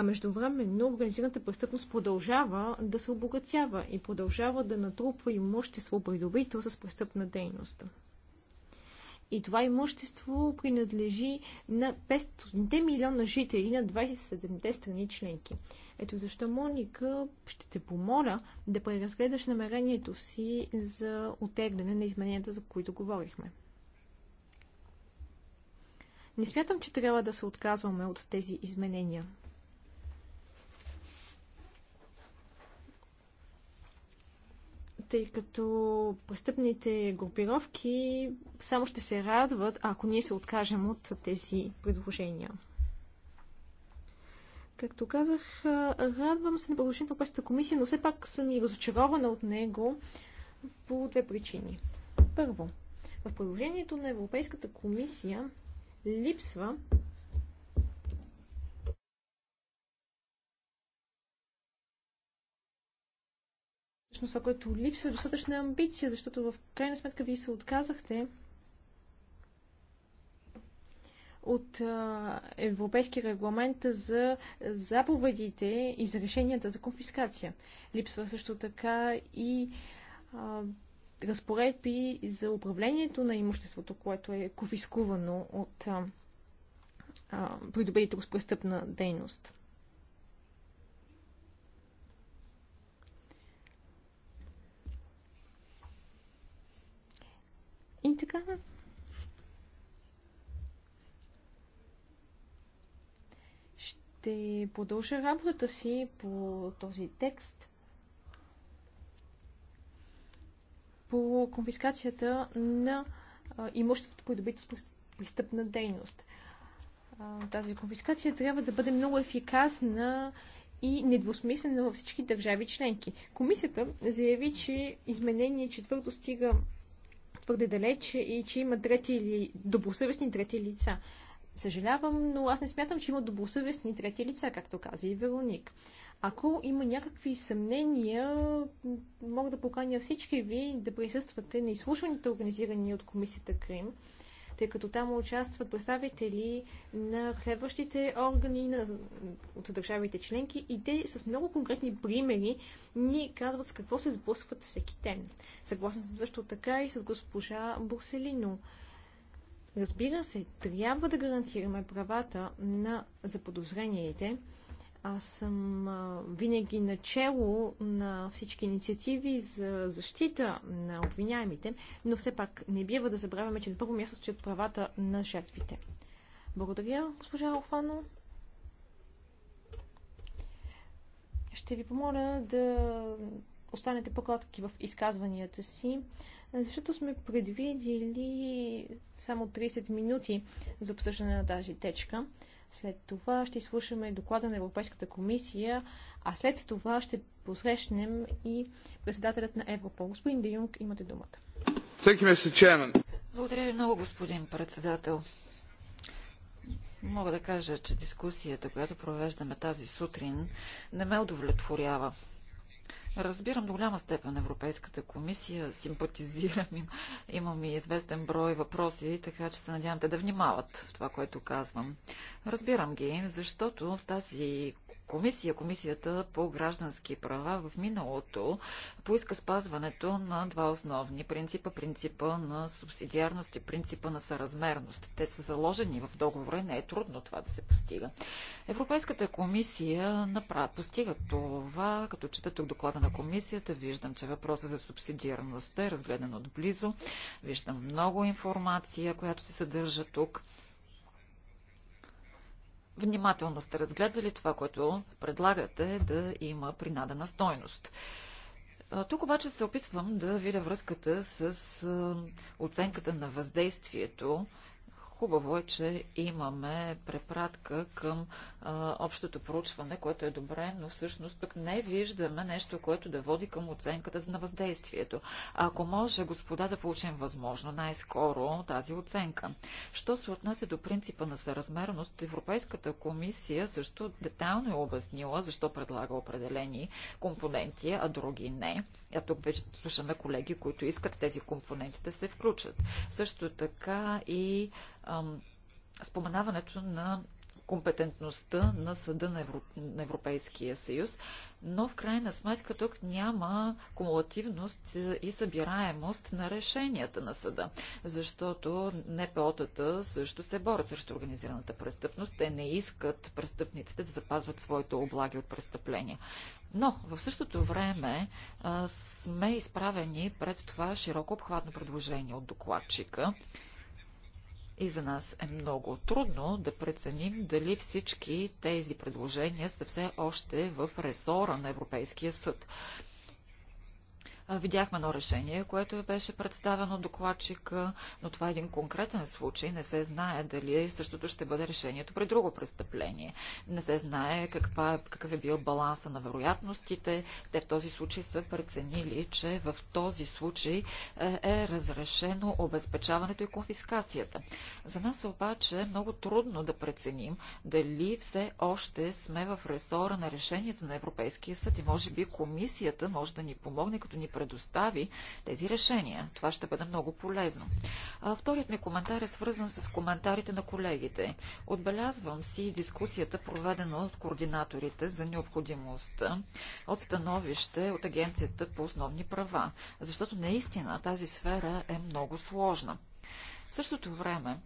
а междувременно организираната престъпност продължава да се обогатява и продължава да натрупва имущество придобито с престъпна дейност. И това имущество принадлежи на 500 милиона жители на 27-те страни членки. Ето защо, Моника, ще те помоля да преразгледаш намерението си за отегляне на измененията, за които говорихме. Не смятам, че трябва да се отказваме от тези изменения. тъй като престъпните групировки само ще се радват, ако ние се откажем от тези предложения. Както казах, радвам се на предложението на Европейската комисия, но все пак съм и разочарована от него по две причини. Първо, в предложението на Европейската комисия липсва Всъщност това, което липсва е достатъчна амбиция, защото в крайна сметка вие се отказахте от а, Европейски регламент за заповедите и за решенията за конфискация. Липсва също така и а, разпоредби за управлението на имуществото, което е конфискувано от а, придобилите го с престъпна дейност. така. Ще продължа работата си по този текст. По конфискацията на имуществото, придобито с престъпна дейност. Тази конфискация трябва да бъде много ефикасна и недвусмислена във всички държави членки. Комисията заяви, че изменение четвърто стига твърде далеч и че има трети или добросъвестни трети лица. Съжалявам, но аз не смятам, че има добросъвестни трети лица, както каза и Вероник. Ако има някакви съмнения, мога да поканя всички ви да присъствате на изслушваните, организирани от комисията Крим, тъй като там участват представители на разследващите органи на, от държавите членки и те с много конкретни примери ни казват с какво се сблъскват всеки ден. Съгласен съм също така и с госпожа Бурселино. Разбира се, трябва да гарантираме правата на заподозрениите, аз съм винаги начело на всички инициативи за защита на обвиняемите, но все пак не бива да забравяме, че на първо място стоят правата на жертвите. Благодаря, госпожа Алфано. Ще ви помоля да останете по-кратки в изказванията си, защото сме предвидили само 30 минути за обсъждане на тази течка. След това ще изслушаме доклада на Европейската комисия, а след това ще посрещнем и председателят на Европол. Господин Де Юнг, имате думата. Благодаря ви много, господин председател. Мога да кажа, че дискусията, която провеждаме тази сутрин, не ме удовлетворява. Разбирам до голяма степен Европейската комисия, симпатизирам им, имам и известен брой въпроси, така че се надявам те да внимават в това, което казвам. Разбирам ги, защото в тази комисия, Комисията по граждански права в миналото поиска спазването на два основни принципа. Принципа на субсидиарност и принципа на съразмерност. Те са заложени в договора и не е трудно това да се постига. Европейската комисия направ... постига това, като чета тук доклада на комисията, виждам, че въпросът за субсидиарността е разгледан отблизо, виждам много информация, която се съдържа тук. Внимателно сте разгледали това, което предлагате да има принадена стойност. Тук обаче се опитвам да видя връзката с оценката на въздействието Хубаво е, че имаме препратка към а, общото проучване, което е добре, но всъщност пък не виждаме нещо, което да води към оценката на въздействието. Ако може, господа, да получим възможно най-скоро тази оценка. Що се отнася до принципа на съразмерност, Европейската комисия също детайлно е обяснила защо предлага определени компоненти, а други не. А тук вече слушаме колеги, които искат тези компоненти да се включат. Също така и споменаването на компетентността на съда на, Евро... на Европейския съюз, но в крайна сметка тук няма кумулативност и събираемост на решенията на съда, защото НПО-тата също се борят срещу организираната престъпност. Те не искат престъпниците да запазват своите облаги от престъпления. Но в същото време а, сме изправени пред това широко обхватно предложение от докладчика, и за нас е много трудно да преценим дали всички тези предложения са все още в ресора на Европейския съд. Видяхме едно решение, което беше представено докладчика, но това е един конкретен случай. Не се знае дали същото ще бъде решението при друго престъпление. Не се знае каква е, какъв е бил баланса на вероятностите. Те в този случай са преценили, че в този случай е, е разрешено обезпечаването и конфискацията. За нас обаче е много трудно да преценим дали все още сме в ресора на решението на Европейския съд и може би комисията може да ни помогне, като ни предостави тези решения. Това ще бъде много полезно. А, вторият ми коментар е свързан с коментарите на колегите. Отбелязвам си дискусията, проведена от координаторите за необходимостта от становище от Агенцията по основни права, защото наистина тази сфера е много сложна. В същото време,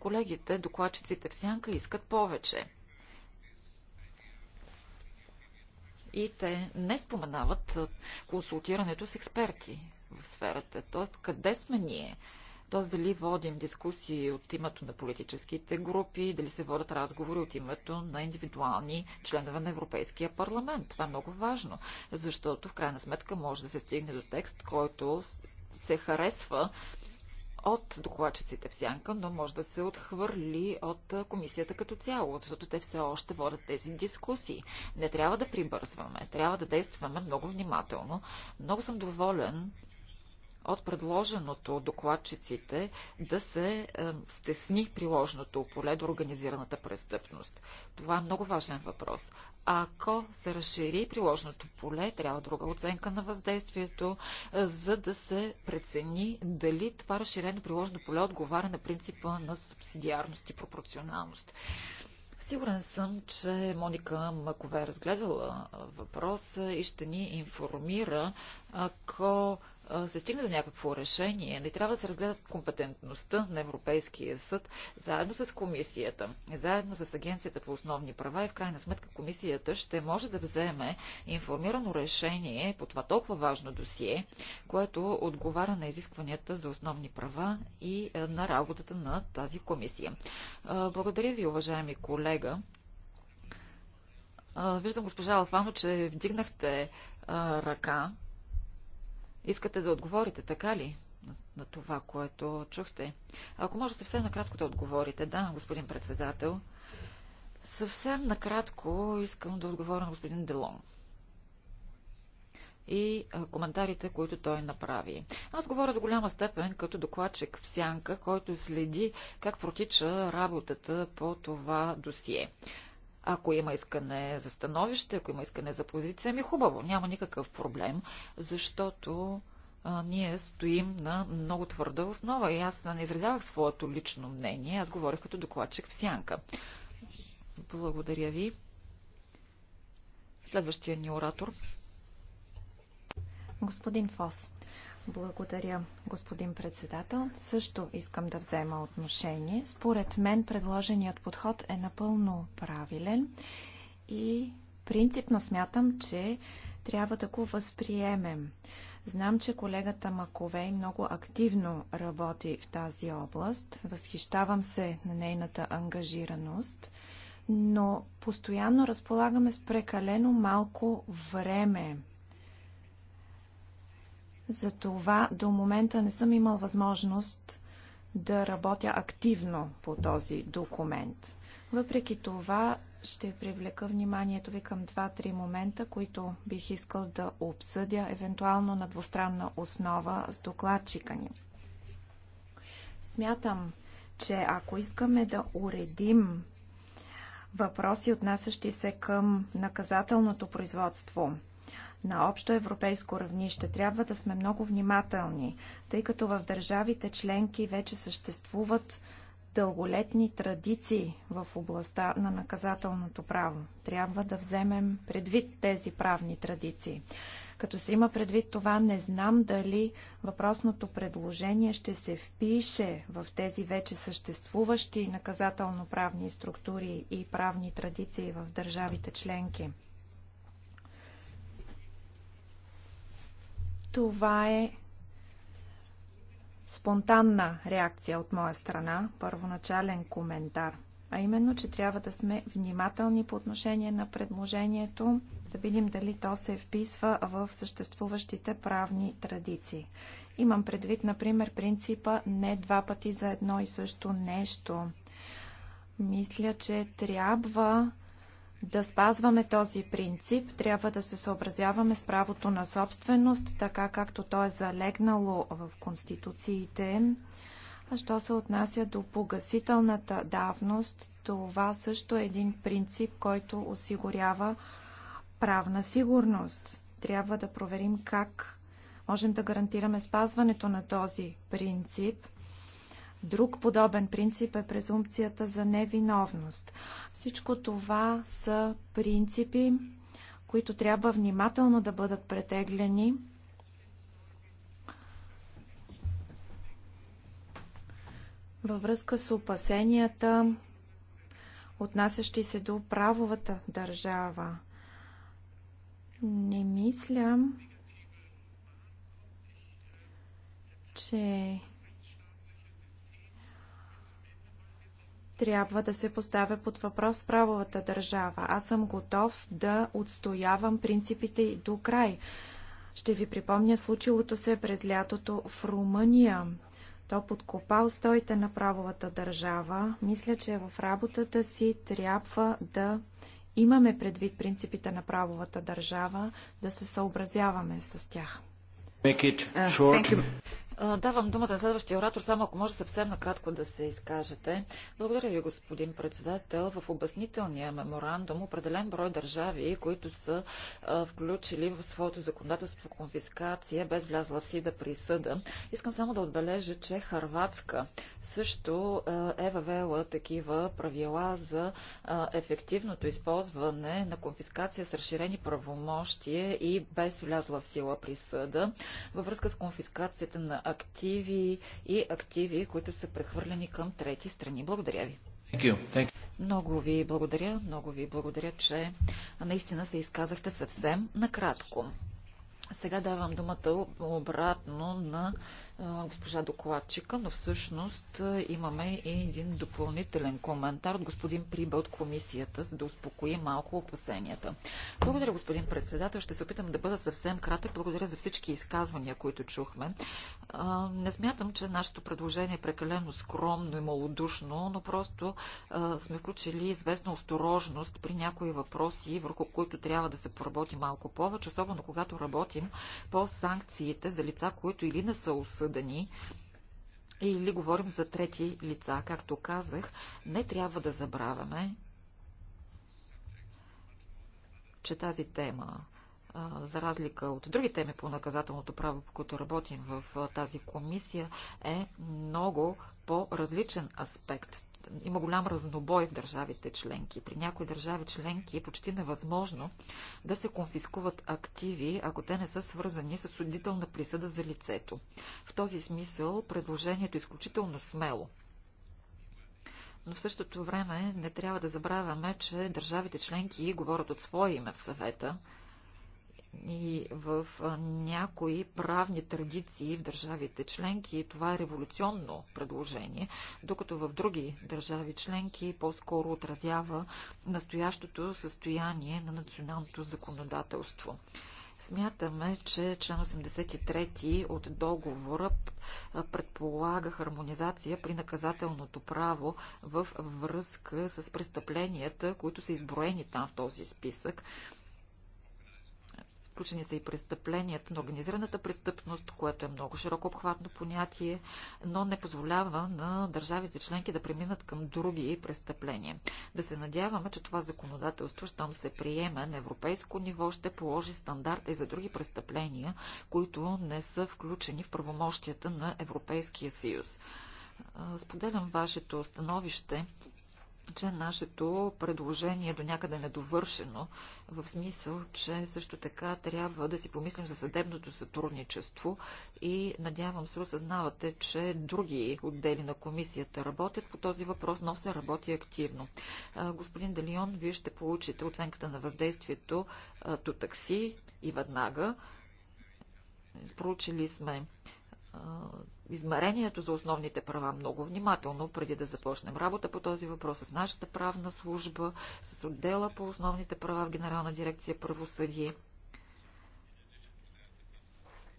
колегите, докладчиците в сянка искат повече. и те не споменават консултирането с експерти в сферата. Тоест, къде сме ние? Тоест, дали водим дискусии от името на политическите групи, дали се водят разговори от името на индивидуални членове на Европейския парламент. Това е много важно, защото в крайна сметка може да се стигне до текст, който се харесва от докладчиците в сянка, но може да се отхвърли от комисията като цяло, защото те все още водят тези дискусии. Не трябва да прибързваме, трябва да действаме много внимателно. Много съм доволен от предложеното докладчиците да се е, стесни приложното поле до организираната престъпност. Това е много важен въпрос. Ако се разшири приложното поле, трябва друга оценка на въздействието, е, за да се прецени дали това разширено приложено поле отговаря на принципа на субсидиарност и пропорционалност. Сигурен съм, че Моника Макове е разгледала въпроса и ще ни информира, ако се стигне до някакво решение, не трябва да се разгледа компетентността на Европейския съд заедно с комисията, заедно с Агенцията по основни права и в крайна сметка комисията ще може да вземе информирано решение по това толкова важно досие, което отговаря на изискванията за основни права и на работата на тази комисия. Благодаря ви, уважаеми колега. Виждам, госпожа Алфано, че вдигнахте ръка. Искате да отговорите, така ли? На, на това, което чухте. Ако може съвсем накратко да отговорите. Да, господин председател. Съвсем накратко искам да отговоря на господин Делон и коментарите, които той направи. Аз говоря до голяма степен като докладчик в сянка, който следи как протича работата по това досие. Ако има искане за становище, ако има искане за позиция, ми хубаво, няма никакъв проблем, защото а, ние стоим на много твърда основа и аз не изразявах своето лично мнение, аз говорих като докладчик в сянка. Благодаря ви. Следващия ни оратор. Господин Фос. Благодаря, господин председател. Също искам да взема отношение. Според мен предложеният подход е напълно правилен и принципно смятам, че трябва да го възприемем. Знам, че колегата Маковей много активно работи в тази област. Възхищавам се на нейната ангажираност, но постоянно разполагаме с прекалено малко време затова до момента не съм имал възможност да работя активно по този документ. Въпреки това, ще привлека вниманието ви към два-три момента, които бих искал да обсъдя, евентуално на двустранна основа с докладчика ни. Смятам, че ако искаме да уредим въпроси, отнасящи се към наказателното производство, на общо европейско равнище трябва да сме много внимателни, тъй като в държавите членки вече съществуват дълголетни традиции в областта на наказателното право. Трябва да вземем предвид тези правни традиции. Като се има предвид това, не знам дали въпросното предложение ще се впише в тези вече съществуващи наказателно-правни структури и правни традиции в държавите членки. Това е спонтанна реакция от моя страна, първоначален коментар, а именно, че трябва да сме внимателни по отношение на предложението, да видим дали то се вписва в съществуващите правни традиции. Имам предвид, например, принципа не два пъти за едно и също нещо. Мисля, че трябва да спазваме този принцип, трябва да се съобразяваме с правото на собственост, така както то е залегнало в конституциите. А що се отнася до погасителната давност, това също е един принцип, който осигурява правна сигурност. Трябва да проверим как можем да гарантираме спазването на този принцип – Друг подобен принцип е презумпцията за невиновност. Всичко това са принципи, които трябва внимателно да бъдат претеглени. Във връзка с опасенията, отнасящи се до правовата държава, не мисля, че трябва да се поставя под въпрос правовата държава. Аз съм готов да отстоявам принципите до край. Ще ви припомня случилото се през лятото в Румъния. То подкопа устоите на правовата държава. Мисля, че в работата си трябва да имаме предвид принципите на правовата държава, да се съобразяваме с тях. Uh, Давам думата на следващия оратор, само ако може съвсем накратко да се изкажете. Благодаря ви, господин председател. В обяснителния меморандум определен брой държави, които са включили в своето законодателство конфискация без влязла в си да присъда. Искам само да отбележа, че Харватска също е въвела такива правила за ефективното използване на конфискация с разширени правомощия и без влязла в сила присъда във връзка с конфискацията на активи и активи, които са прехвърлени към трети страни. Благодаря ви. Thank you. Thank you. Много ви благодаря, много ви благодаря, че наистина се изказахте съвсем накратко. Сега давам думата обратно на госпожа докладчика, но всъщност имаме и един допълнителен коментар от господин Прибъл от комисията, за да успокои малко опасенията. Благодаря, господин председател. Ще се опитам да бъда съвсем кратък. Благодаря за всички изказвания, които чухме. Не смятам, че нашето предложение е прекалено скромно и малодушно, но просто сме включили известна осторожност при някои въпроси, върху които трябва да се поработи малко повече, особено когато работим по санкциите за лица, които или не са осъдени, осъдени или говорим за трети лица. Както казах, не трябва да забравяме, че тази тема, за разлика от други теми по наказателното право, по които работим в тази комисия, е много по-различен аспект има голям разнобой в държавите членки. При някои държави членки е почти невъзможно да се конфискуват активи, ако те не са свързани с судителна присъда за лицето. В този смисъл предложението е изключително смело. Но в същото време не трябва да забравяме, че държавите членки говорят от свое име в съвета и в някои правни традиции в държавите членки това е революционно предложение, докато в други държави членки по-скоро отразява настоящото състояние на националното законодателство. Смятаме, че член 83 от договора предполага хармонизация при наказателното право в връзка с престъпленията, които са изброени там в този списък Включени са и престъпленията на организираната престъпност, което е много широко обхватно понятие, но не позволява на държавите членки да преминат към други престъпления. Да се надяваме, че това законодателство, щом се приеме на европейско ниво, ще положи стандарта и за други престъпления, които не са включени в правомощията на Европейския съюз. Споделям вашето становище, че нашето предложение е до някъде недовършено, в смисъл, че също така трябва да си помислим за съдебното сътрудничество и надявам се, осъзнавате, че други отдели на комисията работят по този въпрос, но се работи активно. Господин Делион, вие ще получите оценката на въздействието до такси и веднага. Проучили сме измерението за основните права много внимателно, преди да започнем работа по този въпрос с нашата правна служба, с отдела по основните права в Генерална дирекция правосъдие.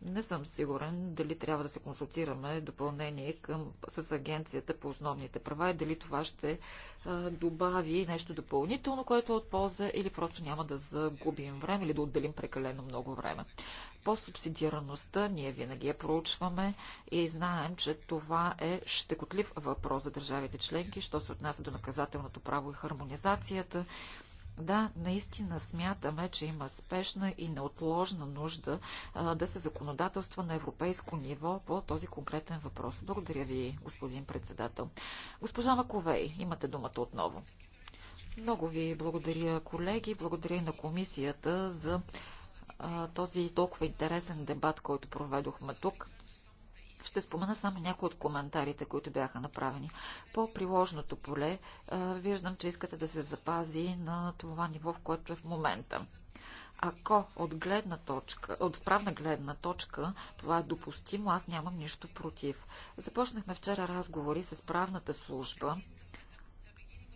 Не съм сигурен дали трябва да се консултираме допълнение към, с Агенцията по основните права и дали това ще а, добави нещо допълнително, което е от полза или просто няма да загубим време или да отделим прекалено много време. По субсидираността ние винаги я проучваме и знаем, че това е щекотлив въпрос за държавите членки, що се отнася до наказателното право и хармонизацията. Да, наистина смятаме, че има спешна и неотложна нужда а, да се законодателства на европейско ниво по този конкретен въпрос. Благодаря ви, господин председател. Госпожа Маковей, имате думата отново. Много ви благодаря, колеги. Благодаря и на комисията за а, този толкова интересен дебат, който проведохме тук. Ще спомена само някои от коментарите, които бяха направени. По приложното поле виждам, че искате да се запази на това ниво, в което е в момента. Ако от, гледна точка, от правна гледна точка това е допустимо, аз нямам нищо против. Започнахме вчера разговори с правната служба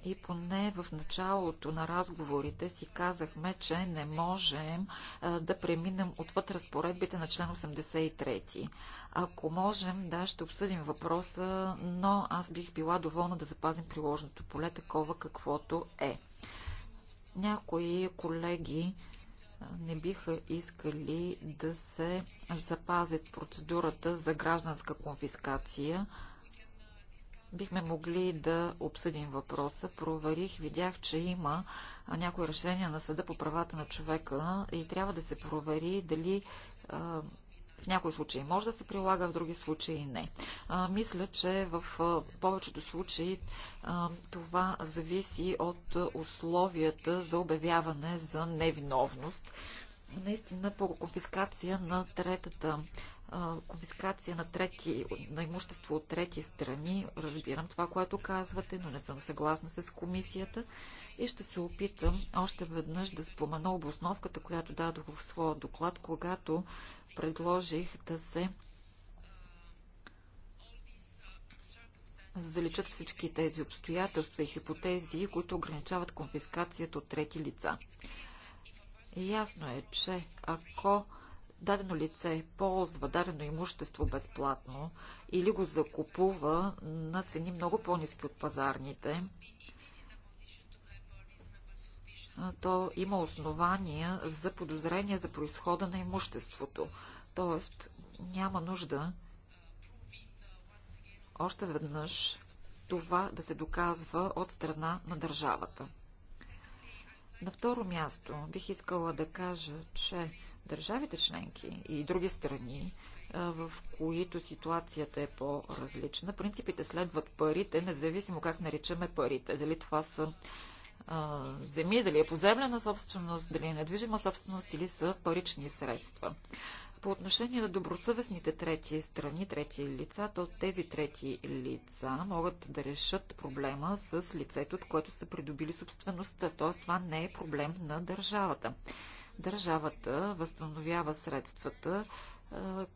и поне в началото на разговорите си казахме, че не можем да преминем отвъд разпоредбите на член 83. Ако можем, да, ще обсъдим въпроса, но аз бих била доволна да запазим приложното поле такова каквото е. Някои колеги не биха искали да се запазят процедурата за гражданска конфискация, бихме могли да обсъдим въпроса. Проверих, видях, че има някои решения на Съда по правата на човека и трябва да се провери дали в някои случаи може да се прилага, в други случаи не. мисля, че в повечето случаи това зависи от условията за обявяване за невиновност. Наистина, по конфискация на третата конфискация на, трети, на имущество от трети страни. Разбирам това, което казвате, но не съм съгласна с комисията и ще се опитам още веднъж да спомена обосновката, която дадох в своя доклад, когато предложих да се заличат всички тези обстоятелства и хипотези, които ограничават конфискацията от трети лица. И ясно е, че ако дадено лице ползва дадено имущество безплатно или го закупува на цени много по-низки от пазарните, то има основания за подозрение за происхода на имуществото. Тоест, няма нужда още веднъж това да се доказва от страна на държавата. На второ място бих искала да кажа, че държавите членки и други страни, в които ситуацията е по-различна, принципите следват парите, независимо как наричаме парите. Дали това са земи, дали е поземлена собственост, дали е недвижима собственост или са парични средства. По отношение на добросъвестните трети страни, трети лица, то тези трети лица могат да решат проблема с лицето, от което са придобили собствеността. Т.е. това не е проблем на държавата. Държавата възстановява средствата,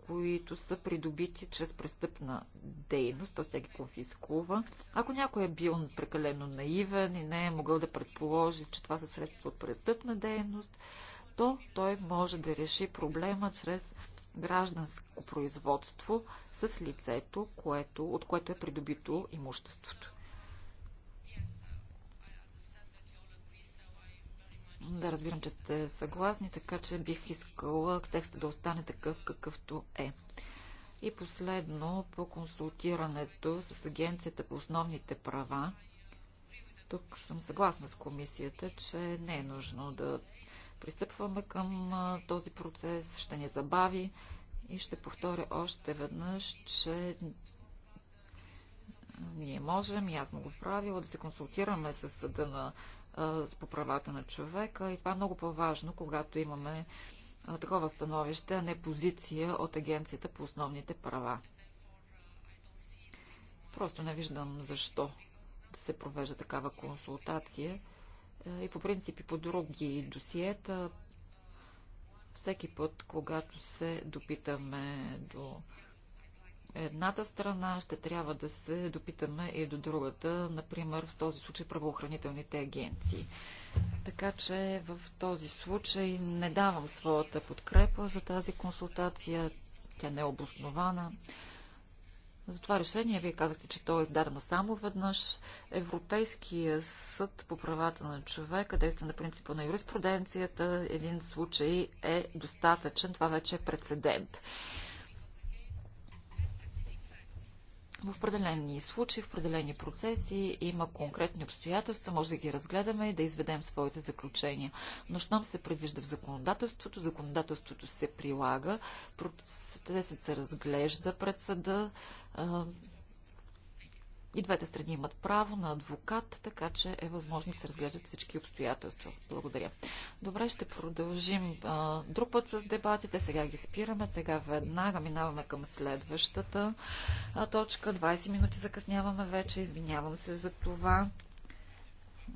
които са придобити чрез престъпна дейност, т.е. тя ги конфискува. Ако някой е бил прекалено наивен и не е могъл да предположи, че това са средства от престъпна дейност, то той може да реши проблема чрез гражданско производство с лицето, което, от което е придобито имуществото. Да, разбирам, че сте съгласни, така че бих искала текста да остане такъв какъвто е. И последно, по консултирането с Агенцията по основните права, тук съм съгласна с комисията, че не е нужно да пристъпваме към този процес, ще ни забави и ще повторя още веднъж, че ние можем, и аз съм го правила, да се консултираме с съда на, с по правата на човека и това е много по-важно, когато имаме такова становище, а не позиция от Агенцията по основните права. Просто не виждам защо да се провежда такава консултация и по принцип и по други досиета. Всеки път, когато се допитаме до едната страна, ще трябва да се допитаме и до другата, например в този случай правоохранителните агенции. Така че в този случай не давам своята подкрепа за тази консултация. Тя не е обоснована. За това решение вие казахте, че то е издадено само веднъж. Европейския съд по правата на човека действа на принципа на юриспруденцията. Един случай е достатъчен. Това вече е прецедент. В определени случаи, в определени процеси има конкретни обстоятелства, може да ги разгледаме и да изведем своите заключения. Но щом се предвижда в законодателството, законодателството се прилага, процесът се разглежда пред съда, и двете страни имат право на адвокат, така че е възможно да се разглеждат всички обстоятелства. Благодаря. Добре, ще продължим а, друг път с дебатите. Сега ги спираме. Сега веднага минаваме към следващата а, точка. 20 минути закъсняваме вече. Извинявам се за това.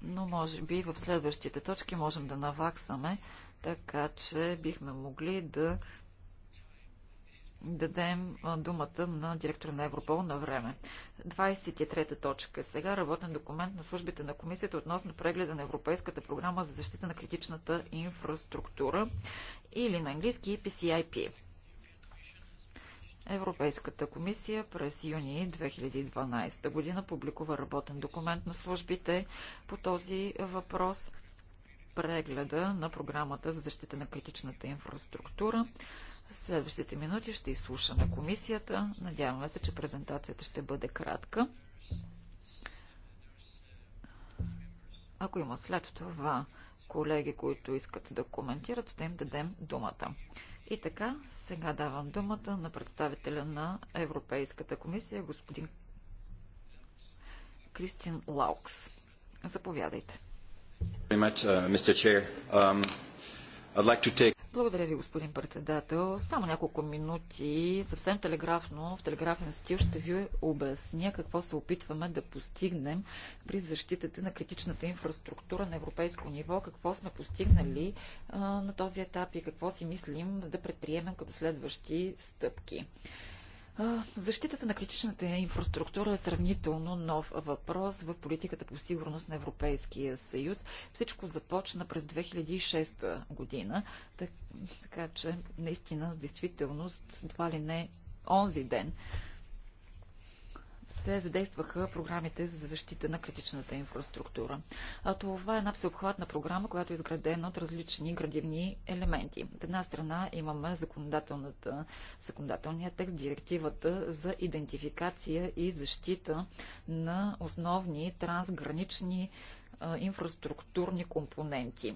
Но може би в следващите точки можем да наваксаме, така че бихме могли да дадем думата на директора на Европол на време. 23-та точка. Сега работен документ на службите на комисията относно прегледа на Европейската програма за защита на критичната инфраструктура или на английски PCIP. Европейската комисия през юни 2012 година публикува работен документ на службите по този въпрос прегледа на програмата за защита на критичната инфраструктура Следващите минути ще изслушаме комисията. Надяваме се, че презентацията ще бъде кратка. Ако има след това колеги, които искат да коментират, ще им дадем думата. И така, сега давам думата на представителя на Европейската комисия, господин Кристин Лаукс. Заповядайте. Благодаря ви, господин председател. Само няколко минути, съвсем телеграфно, в телеграфен стил ще ви обясня какво се опитваме да постигнем при защитата на критичната инфраструктура на европейско ниво, какво сме постигнали а, на този етап и какво си мислим да предприемем като следващи стъпки. Защитата на критичната инфраструктура е сравнително нов въпрос в политиката по сигурност на Европейския съюз. Всичко започна през 2006 година, така че наистина, в действителност, два ли не онзи ден се задействаха програмите за защита на критичната инфраструктура. А това е една всеобхватна програма, която е изградена от различни градивни елементи. От една страна имаме законодателната, законодателния текст, директивата за идентификация и защита на основни трансгранични инфраструктурни компоненти.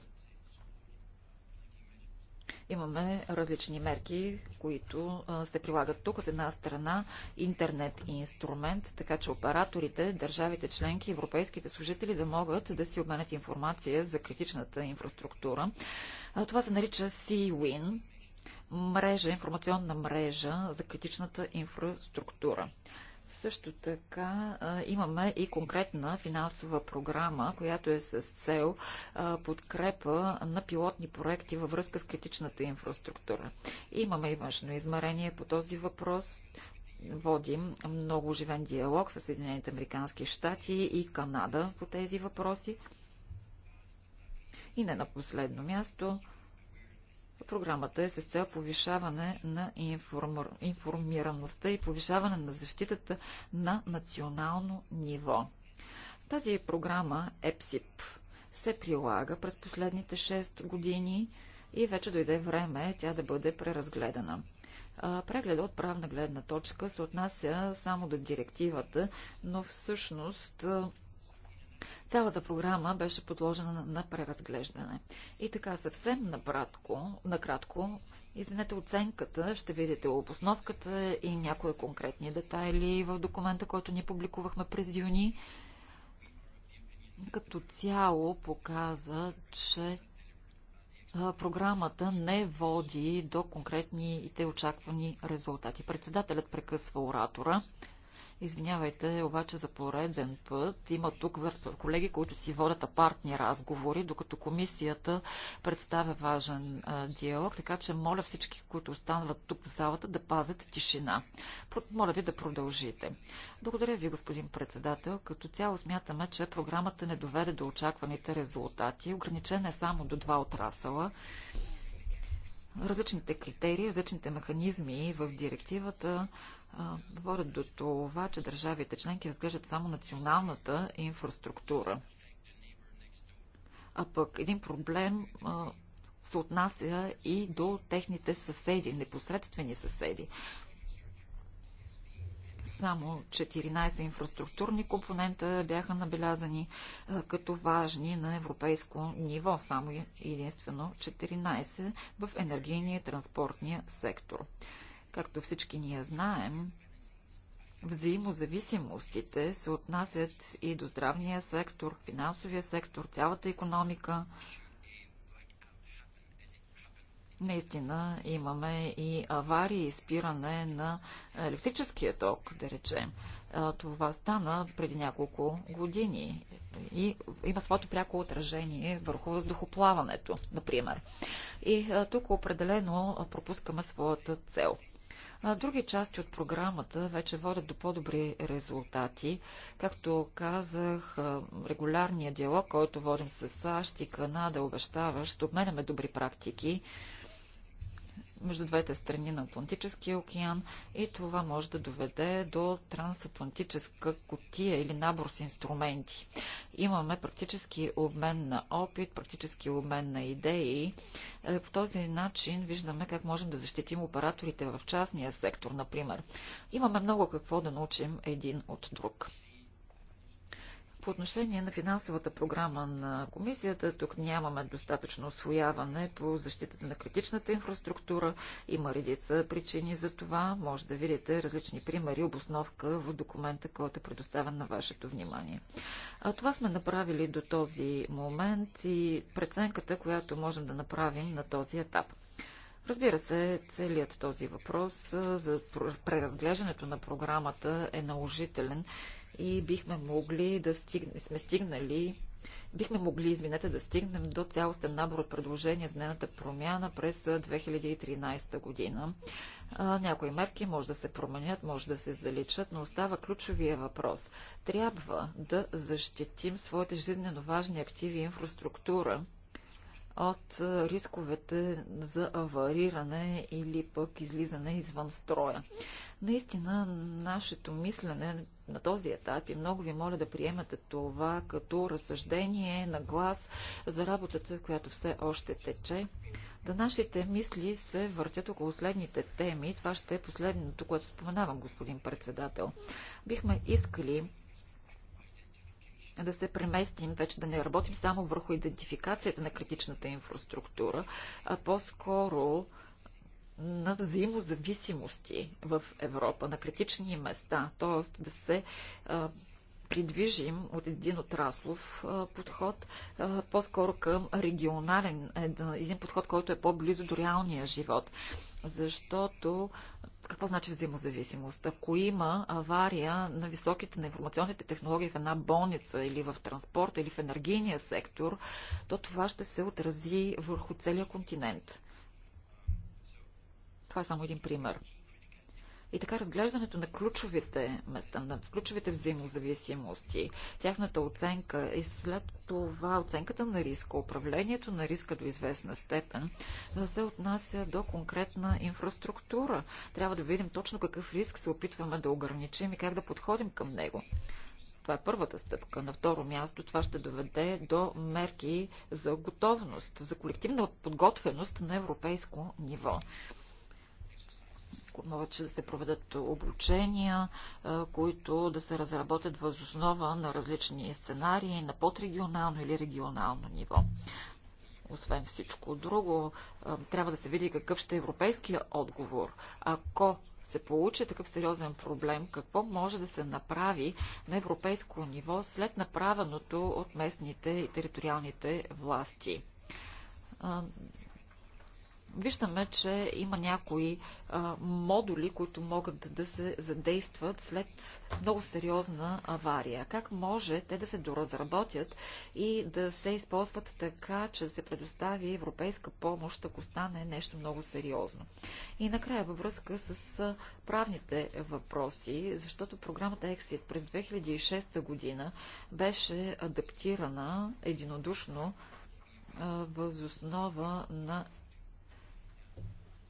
Имаме различни мерки, които се прилагат тук. От една страна интернет и инструмент, така че операторите, държавите членки, европейските служители да могат да си обменят информация за критичната инфраструктура. Това се нарича C-WIN, мрежа, информационна мрежа за критичната инфраструктура. Също така имаме и конкретна финансова програма, която е с цел подкрепа на пилотни проекти във връзка с критичната инфраструктура. Имаме и външно измерение по този въпрос водим много живен диалог с Съединените Американски щати и Канада по тези въпроси. И не на последно място, Програмата е с цел повишаване на информираността и повишаване на защитата на национално ниво. Тази програма ЕПСИП се прилага през последните 6 години и вече дойде време тя да бъде преразгледана. Прегледа от правна гледна точка се отнася само до директивата, но всъщност Цялата програма беше подложена на преразглеждане. И така съвсем напратко, накратко, извинете оценката, ще видите обосновката и някои конкретни детайли в документа, който ни публикувахме през юни. Като цяло показа, че програмата не води до конкретните очаквани резултати. Председателят прекъсва оратора. Извинявайте, обаче за пореден път има тук колеги, които си водят апартни разговори, докато комисията представя важен а, диалог, така че моля всички, които останват тук в залата, да пазят тишина. Моля ви да продължите. Благодаря ви, господин председател. Като цяло смятаме, че програмата не доведе до очакваните резултати. Ограничена е само до два отрасъла различните критерии, различните механизми в директивата водят до това, че държавите членки разглеждат само националната инфраструктура. А пък един проблем а, се отнася и до техните съседи, непосредствени съседи. Само 14 инфраструктурни компонента бяха набелязани а, като важни на европейско ниво, само единствено 14 в енергийния и транспортния сектор. Както всички ние знаем, взаимозависимостите се отнасят и до здравния сектор, финансовия сектор, цялата економика. Наистина имаме и аварии, и спиране на електрическия ток, да речем. Това стана преди няколко години и има своето пряко отражение върху въздухоплаването, например. И тук определено пропускаме своята цел – Други части от програмата вече водят до по-добри резултати. Както казах, регулярният диалог, който водим с САЩ и Канада, обещаващ, обменяме добри практики между двете страни на Атлантическия океан и това може да доведе до трансатлантическа котия или набор с инструменти. Имаме практически обмен на опит, практически обмен на идеи. Е, по този начин виждаме как можем да защитим операторите в частния сектор, например. Имаме много какво да научим един от друг. По отношение на финансовата програма на комисията, тук нямаме достатъчно освояване по защитата на критичната инфраструктура. Има редица причини за това. Може да видите различни примери, обосновка в документа, който е предоставен на вашето внимание. А това сме направили до този момент и преценката, която можем да направим на този етап. Разбира се, целият този въпрос за преразглеждането на програмата е наложителен и бихме могли да стигнем, сме стигнали бихме могли, извинете, да стигнем до цялостен набор от предложения за нейната промяна през 2013 година. някои мерки може да се променят, може да се заличат, но остава ключовия въпрос. Трябва да защитим своите жизненно важни активи и инфраструктура от рисковете за авариране или пък излизане извън строя. Наистина, нашето мислене на този етап и много ви моля да приемате това като разсъждение на глас за работата, която все още тече. Да нашите мисли се въртят около следните теми. Това ще е последното, което споменавам, господин председател. Бихме искали да се преместим, вече да не работим само върху идентификацията на критичната инфраструктура, а по-скоро на взаимозависимости в Европа, на критични места, т.е. да се а, придвижим от един отраслов а, подход а, по-скоро към регионален, един подход, който е по-близо до реалния живот. Защото какво значи взаимозависимост? Ако има авария на високите, на информационните технологии в една болница или в транспорта или в енергийния сектор, то това ще се отрази върху целия континент. Това е само един пример. И така разглеждането на ключовите места, на ключовите взаимозависимости, тяхната оценка и след това оценката на риска, управлението на риска до известна степен, се отнася до конкретна инфраструктура. Трябва да видим точно какъв риск се опитваме да ограничим и как да подходим към него. Това е първата стъпка. На второ място това ще доведе до мерки за готовност, за колективна подготвеност на европейско ниво могат да се проведат обучения, които да се разработят въз основа на различни сценарии на подрегионално или регионално ниво. Освен всичко друго, трябва да се види какъв ще е европейския отговор. Ако се получи такъв сериозен проблем, какво може да се направи на европейско ниво след направеното от местните и териториалните власти? виждаме, че има някои а, модули, които могат да се задействат след много сериозна авария. Как може те да се доразработят и да се използват така, че да се предостави европейска помощ, ако стане нещо много сериозно? И накрая във връзка с правните въпроси, защото програмата Exit през 2006 година беше адаптирана единодушно възоснова на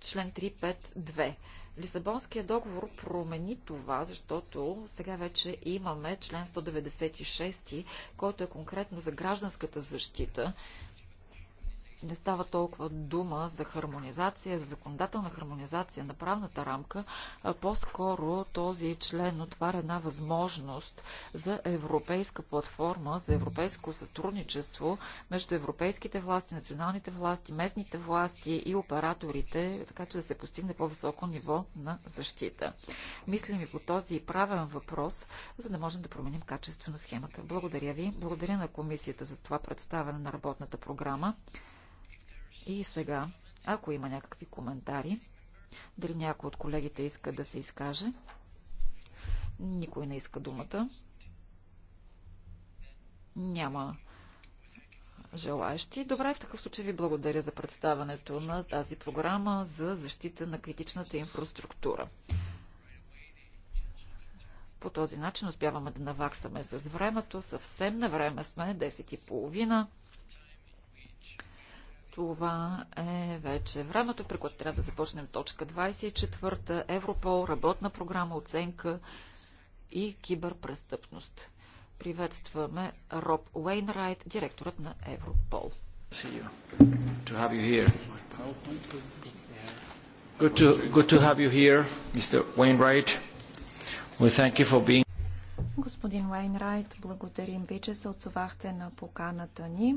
член 352. Лисабонският договор промени това, защото сега вече имаме член 196, който е конкретно за гражданската защита, не става толкова дума за хармонизация, за законодателна хармонизация на правната рамка, а по-скоро този член отваря една възможност за европейска платформа, за европейско сътрудничество между европейските власти, националните власти, местните власти и операторите, така че да се постигне по-високо ниво на защита. Мислим и по този правен въпрос, за да можем да променим качество на схемата. Благодаря ви. Благодаря на комисията за това представяне на работната програма. И сега, ако има някакви коментари, дали някой от колегите иска да се изкаже? Никой не иска думата. Няма желаящи. Добре, в такъв случай ви благодаря за представането на тази програма за защита на критичната инфраструктура. По този начин успяваме да наваксаме с времето. Съвсем на време сме, 10 и половина. Това е вече времето, при което трябва да започнем точка 24. Европол, работна програма, оценка и киберпрестъпност. Приветстваме Роб Уейнрайт, директорът на Европол. Господин Уейнрайт, благодарим ви, че се отзовахте на поканата ни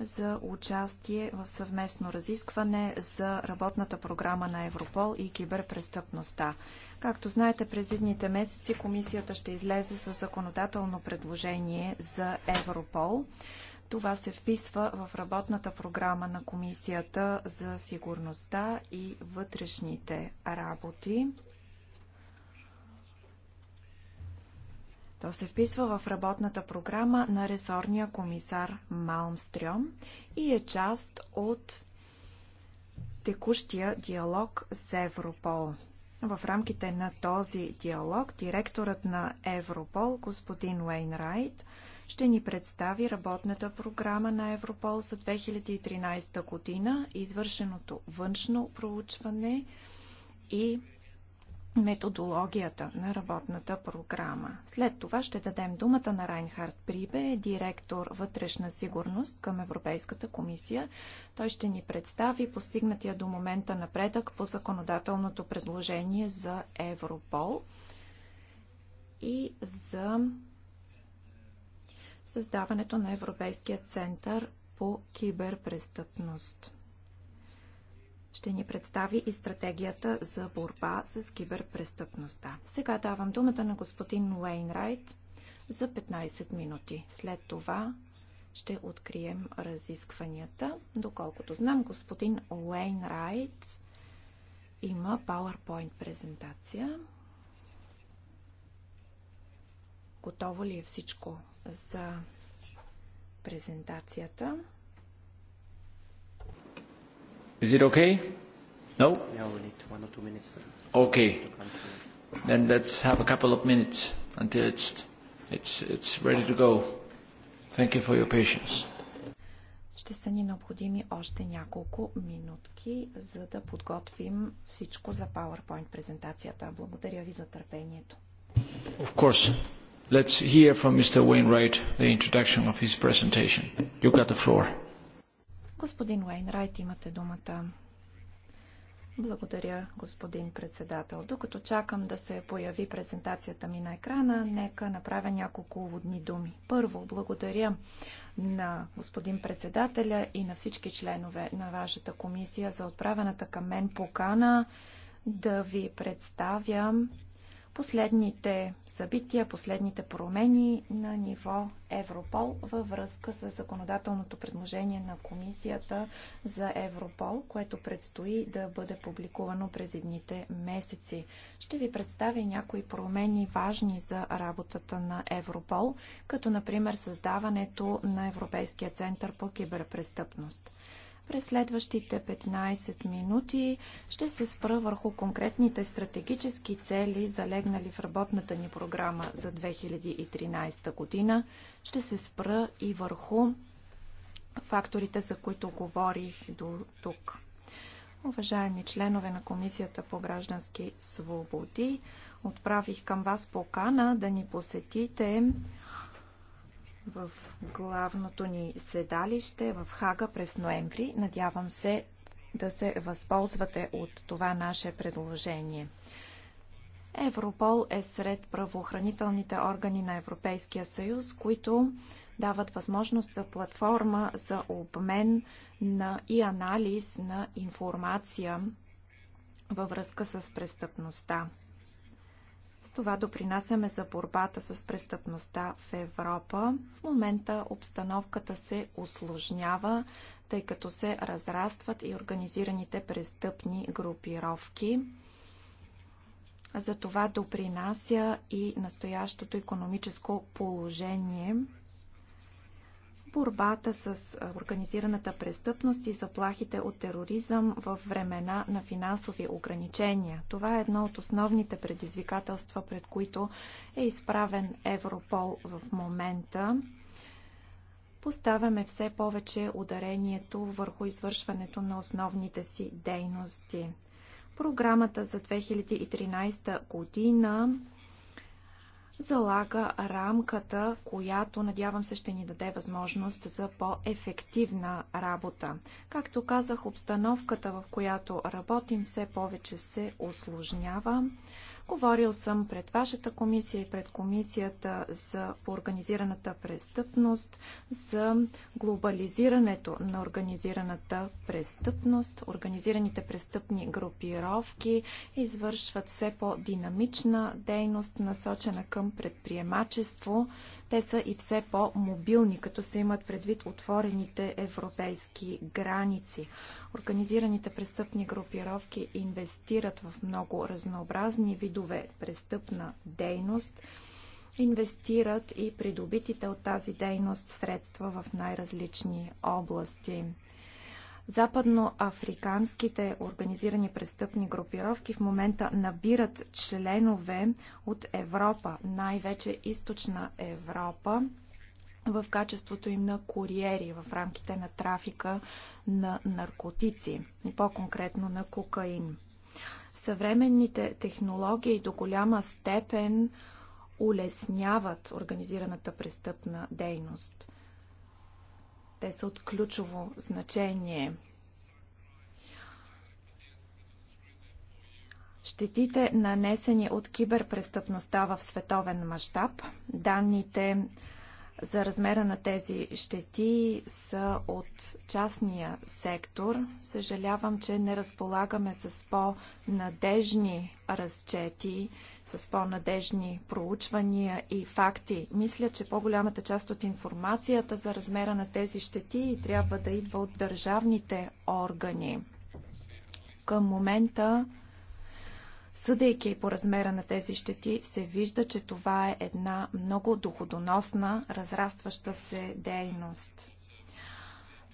за участие в съвместно разискване за работната програма на Европол и киберпрестъпността. Както знаете, през едните месеци комисията ще излезе с законодателно предложение за Европол. Това се вписва в работната програма на Комисията за сигурността и вътрешните работи. То се вписва в работната програма на ресорния комисар Малмстрём и е част от текущия диалог с Европол. В рамките на този диалог директорът на Европол, господин Уейн Райт, ще ни представи работната програма на Европол за 2013 година, извършеното външно проучване и методологията на работната програма. След това ще дадем думата на Райнхард Прибе, директор вътрешна сигурност към Европейската комисия. Той ще ни представи постигнатия до момента напредък по законодателното предложение за Европол и за създаването на Европейския център по киберпрестъпност ще ни представи и стратегията за борба с киберпрестъпността. Сега давам думата на господин Уейнрайт за 15 минути. След това ще открием разискванията. Доколкото знам, господин Уейнрайт има PowerPoint презентация. Готово ли е всичко за презентацията? Is it okay? No? Yeah, we need one or two minutes. Okay. Then let's have a couple of minutes until it's, it's, it's ready to go. Thank you for your patience. Ще са ни необходими още няколко минутки, за да подготвим всичко за PowerPoint презентацията. Благодаря ви за търпението. Of course. Let's hear from Mr. Wainwright the introduction of his presentation. You got the floor. Господин Уейнрайт, имате думата. Благодаря, господин председател. Докато чакам да се появи презентацията ми на екрана, нека направя няколко уводни думи. Първо, благодаря на господин председателя и на всички членове на вашата комисия за отправената към мен покана да ви представям последните събития, последните промени на ниво Европол във връзка с законодателното предложение на комисията за Европол, което предстои да бъде публикувано през едните месеци. Ще ви представя някои промени важни за работата на Европол, като например създаването на Европейския център по киберпрестъпност. През следващите 15 минути ще се спра върху конкретните стратегически цели, залегнали в работната ни програма за 2013 година. Ще се спра и върху факторите, за които говорих до тук. Уважаеми членове на Комисията по граждански свободи, отправих към вас покана да ни посетите в главното ни седалище в Хага през ноември. Надявам се да се възползвате от това наше предложение. Европол е сред правоохранителните органи на Европейския съюз, които дават възможност за платформа за обмен на и анализ на информация във връзка с престъпността. С това допринасяме за борбата с престъпността в Европа. В момента обстановката се осложнява, тъй като се разрастват и организираните престъпни групировки. За това допринася и настоящото економическо положение – борбата с организираната престъпност и заплахите от тероризъм в времена на финансови ограничения. Това е едно от основните предизвикателства, пред които е изправен Европол в момента. Поставяме все повече ударението върху извършването на основните си дейности. Програмата за 2013 година залага рамката, която надявам се ще ни даде възможност за по-ефективна работа. Както казах, обстановката, в която работим, все повече се осложнява. Говорил съм пред вашата комисия и пред комисията за организираната престъпност, за глобализирането на организираната престъпност. Организираните престъпни групировки извършват все по-динамична дейност, насочена към предприемачество те са и все по-мобилни, като се имат предвид отворените европейски граници. Организираните престъпни групировки инвестират в много разнообразни видове престъпна дейност инвестират и придобитите от тази дейност средства в най-различни области. Западноафриканските организирани престъпни групировки в момента набират членове от Европа, най-вече източна Европа, в качеството им на куриери в рамките на трафика на наркотици и по-конкретно на кокаин. Съвременните технологии до голяма степен улесняват организираната престъпна дейност. Те са от ключово значение. Щетите, нанесени от киберпрестъпността в световен мащаб, данните за размера на тези щети са от частния сектор. Съжалявам, че не разполагаме с по-надежни разчети, с по-надежни проучвания и факти. Мисля, че по-голямата част от информацията за размера на тези щети трябва да идва от държавните органи. Към момента Съдейки по размера на тези щети, се вижда, че това е една много доходоносна, разрастваща се дейност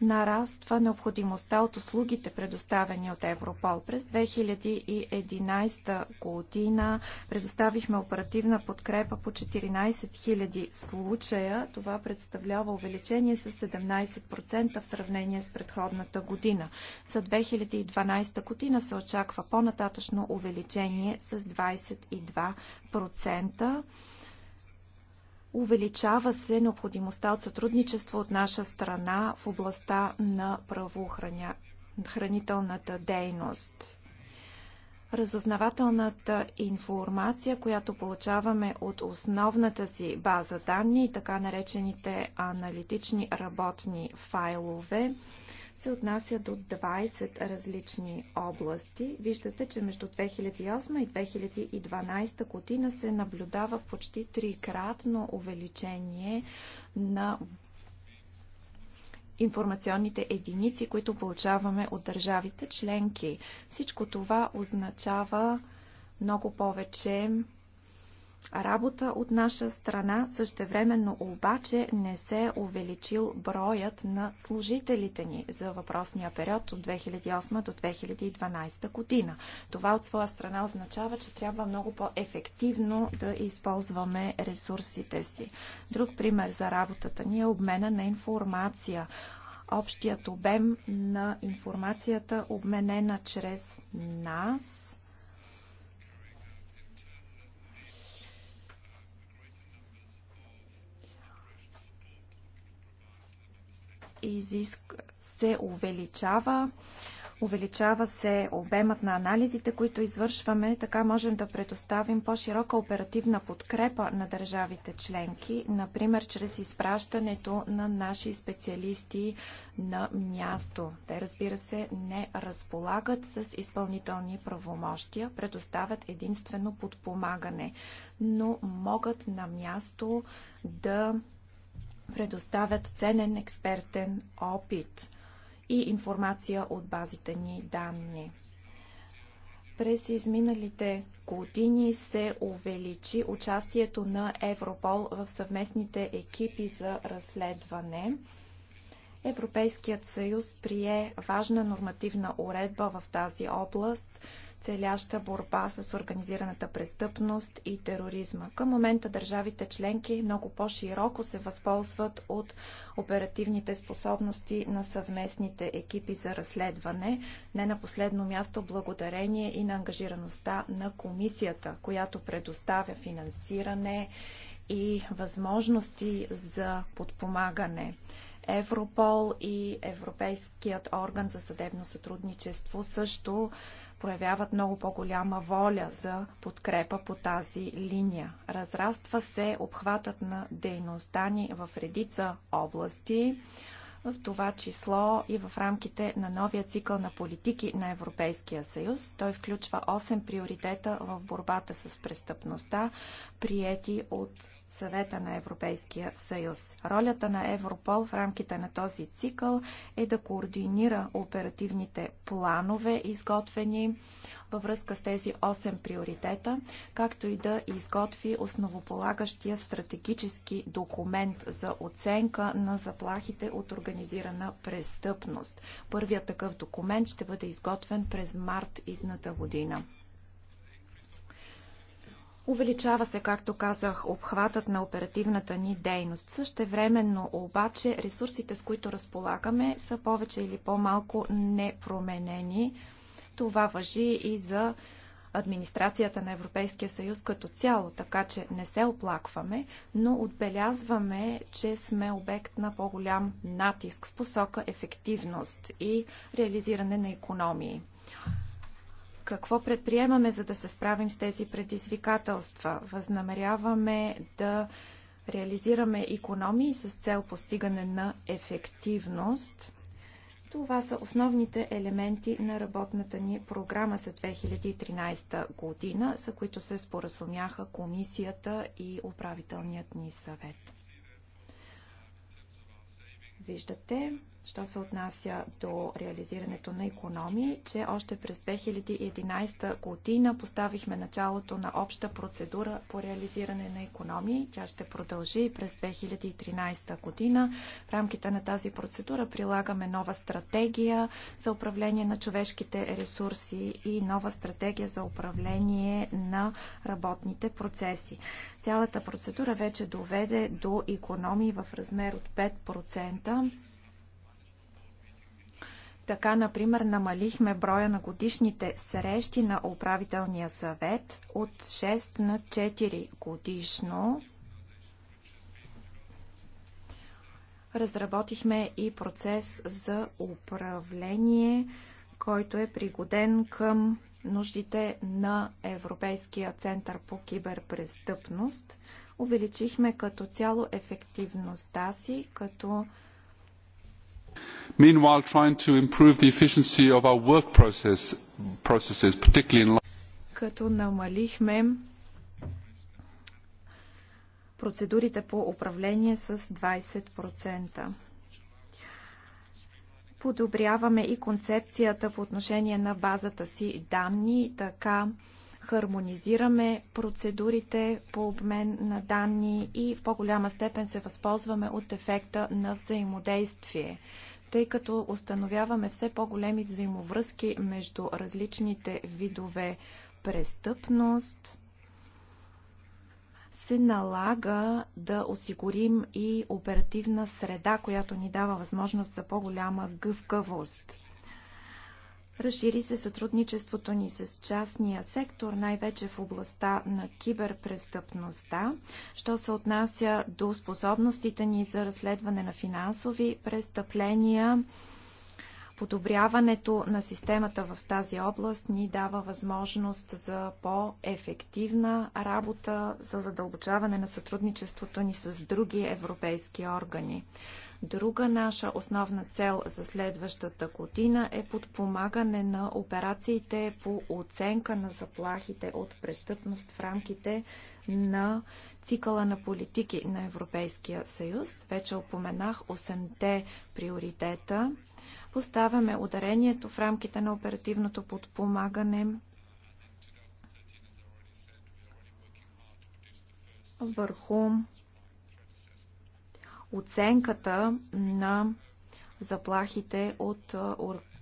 нараства необходимостта от услугите, предоставени от Европол. През 2011 година предоставихме оперативна подкрепа по 14 000 случая. Това представлява увеличение с 17% в сравнение с предходната година. За 2012 година се очаква по-нататъчно увеличение с 22%. Увеличава се необходимостта от сътрудничество от наша страна в областта на правоохранителната дейност разузнавателната информация, която получаваме от основната си база данни, така наречените аналитични работни файлове, се отнася до 20 различни области. Виждате, че между 2008 и 2012 година се наблюдава почти трикратно увеличение на информационните единици, които получаваме от държавите членки. Всичко това означава много повече работа от наша страна. Същевременно обаче не се е увеличил броят на служителите ни за въпросния период от 2008 до 2012 година. Това от своя страна означава, че трябва много по-ефективно да използваме ресурсите си. Друг пример за работата ни е обмена на информация общият обем на информацията, обменена чрез нас, изиск... се увеличава. Увеличава се обемът на анализите, които извършваме, така можем да предоставим по-широка оперативна подкрепа на държавите членки, например чрез изпращането на наши специалисти на място. Те, разбира се, не разполагат с изпълнителни правомощия, предоставят единствено подпомагане, но могат на място да предоставят ценен експертен опит и информация от базите ни данни. През изминалите години се увеличи участието на Европол в съвместните екипи за разследване. Европейският съюз прие важна нормативна уредба в тази област целяща борба с организираната престъпност и тероризма. Към момента държавите членки много по-широко се възползват от оперативните способности на съвместните екипи за разследване, не на последно място благодарение и на ангажираността на комисията, която предоставя финансиране и възможности за подпомагане. Европол и Европейският орган за съдебно сътрудничество също проявяват много по-голяма воля за подкрепа по тази линия. Разраства се обхватът на дейността ни в редица области, в това число и в рамките на новия цикъл на политики на Европейския съюз. Той включва 8 приоритета в борбата с престъпността, приети от съвета на Европейския съюз. Ролята на Европол в рамките на този цикъл е да координира оперативните планове, изготвени във връзка с тези 8 приоритета, както и да изготви основополагащия стратегически документ за оценка на заплахите от организирана престъпност. Първият такъв документ ще бъде изготвен през март идната година. Увеличава се, както казах, обхватът на оперативната ни дейност. Същевременно обаче ресурсите, с които разполагаме, са повече или по-малко непроменени. Това въжи и за администрацията на Европейския съюз като цяло, така че не се оплакваме, но отбелязваме, че сме обект на по-голям натиск в посока ефективност и реализиране на економии. Какво предприемаме, за да се справим с тези предизвикателства? Възнамеряваме да реализираме економии с цел постигане на ефективност. Това са основните елементи на работната ни програма за 2013 година, за които се споразумяха комисията и управителният ни съвет. Виждате, що се отнася до реализирането на економии, че още през 2011 година поставихме началото на обща процедура по реализиране на економии. Тя ще продължи и през 2013 година. В рамките на тази процедура прилагаме нова стратегия за управление на човешките ресурси и нова стратегия за управление на работните процеси. Цялата процедура вече доведе до економии в размер от 5% така, например, намалихме броя на годишните срещи на управителния съвет от 6 на 4 годишно. Разработихме и процес за управление, който е пригоден към нуждите на Европейския център по киберпрестъпност. Увеличихме като цяло ефективността си, като Meanwhile, trying to improve the efficiency of our work process, processes, particularly in като намалихме процедурите по управление с 20%. Подобряваме и концепцията по отношение на базата си данни, така хармонизираме процедурите по обмен на данни и в по-голяма степен се възползваме от ефекта на взаимодействие тъй като установяваме все по-големи взаимовръзки между различните видове престъпност, се налага да осигурим и оперативна среда, която ни дава възможност за по-голяма гъвкавост. Разшири се сътрудничеството ни с частния сектор, най-вече в областта на киберпрестъпността. Що се отнася до способностите ни за разследване на финансови престъпления, Подобряването на системата в тази област ни дава възможност за по-ефективна работа, за задълбочаване на сътрудничеството ни с други европейски органи. Друга наша основна цел за следващата година е подпомагане на операциите по оценка на заплахите от престъпност в рамките на цикъла на политики на Европейския съюз. Вече опоменах 8-те приоритета Поставяме ударението в рамките на оперативното подпомагане върху оценката на заплахите от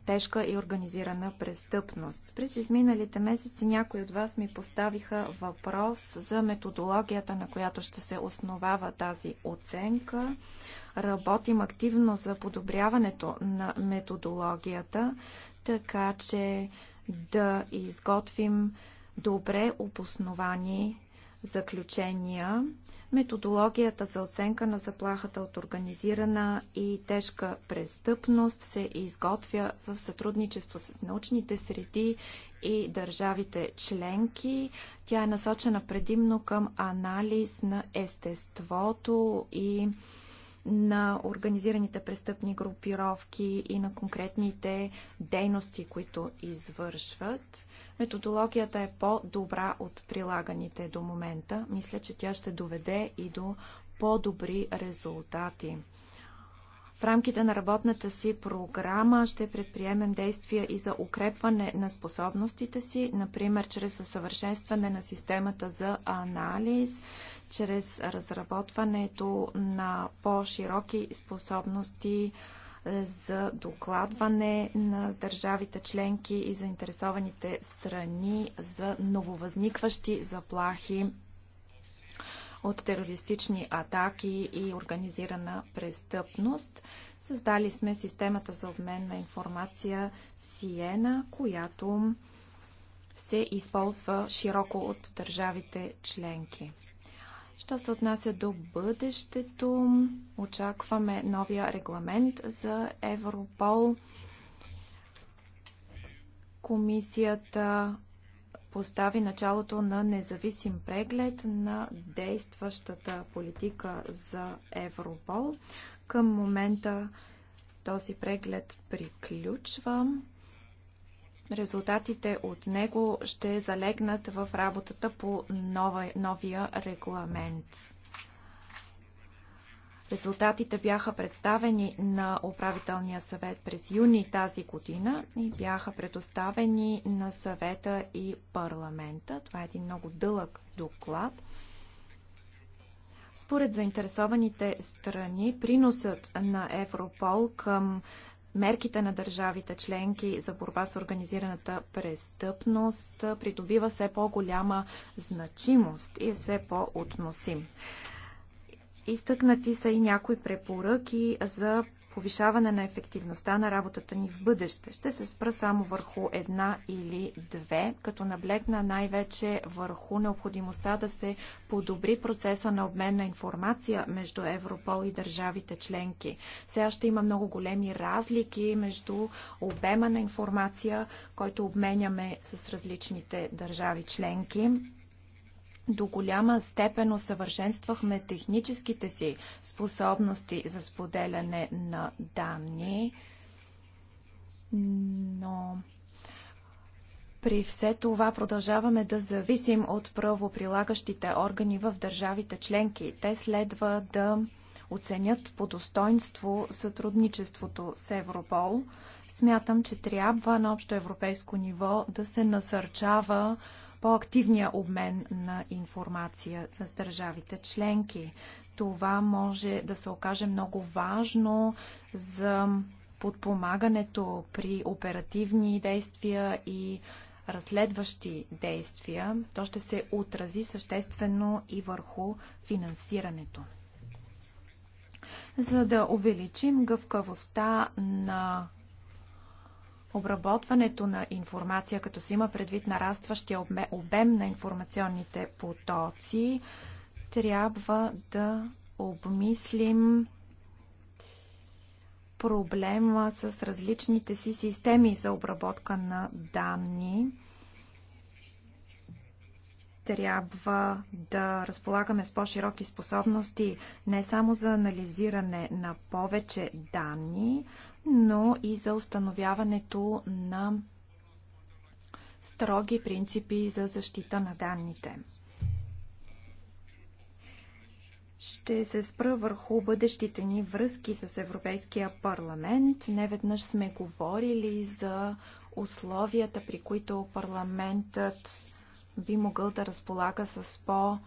тежка и организирана престъпност. През изминалите месеци някои от вас ми поставиха въпрос за методологията, на която ще се основава тази оценка. Работим активно за подобряването на методологията, така че да изготвим добре обосновани заключения, методологията за оценка на заплахата от организирана и тежка престъпност се изготвя в сътрудничество с научните среди и държавите членки. Тя е насочена предимно към анализ на естеството и на организираните престъпни групировки и на конкретните дейности, които извършват. Методологията е по-добра от прилаганите до момента. Мисля, че тя ще доведе и до по-добри резултати. В рамките на работната си програма ще предприемем действия и за укрепване на способностите си, например чрез усъвършенстване на системата за анализ, чрез разработването на по-широки способности е, за докладване на държавите членки и заинтересованите страни за нововъзникващи заплахи от терористични атаки и организирана престъпност. Създали сме системата за обмен на информация Сиена, която се използва широко от държавите членки. Що се отнася до бъдещето, очакваме новия регламент за Европол. Комисията постави началото на независим преглед на действащата политика за Европол. Към момента този преглед приключва. Резултатите от него ще залегнат в работата по нова, новия регламент. Резултатите бяха представени на управителния съвет през юни тази година и бяха предоставени на съвета и парламента. Това е един много дълъг доклад. Според заинтересованите страни, приносът на Европол към мерките на държавите членки за борба с организираната престъпност придобива все по-голяма значимост и е все по-относим. Изтъкнати са и някои препоръки за повишаване на ефективността на работата ни в бъдеще. Ще се спра само върху една или две, като наблегна най-вече върху необходимостта да се подобри процеса на обмен на информация между Европол и държавите членки. Сега ще има много големи разлики между обема на информация, който обменяме с различните държави членки до голяма степен усъвършенствахме техническите си способности за споделяне на данни, но при все това продължаваме да зависим от правоприлагащите органи в държавите членки. Те следва да оценят по достоинство сътрудничеството с Европол. Смятам, че трябва на общо европейско ниво да се насърчава по-активния обмен на информация с държавите членки. Това може да се окаже много важно за подпомагането при оперативни действия и разследващи действия, то ще се отрази съществено и върху финансирането. За да увеличим гъвкавостта на обработването на информация, като се има предвид нарастващия обем на информационните потоци, трябва да обмислим проблема с различните си системи за обработка на данни. Трябва да разполагаме с по-широки способности не само за анализиране на повече данни, но и за установяването на строги принципи за защита на данните. Ще се спра върху бъдещите ни връзки с Европейския парламент. Неведнъж сме говорили за условията, при които парламентът би могъл да разполага с по-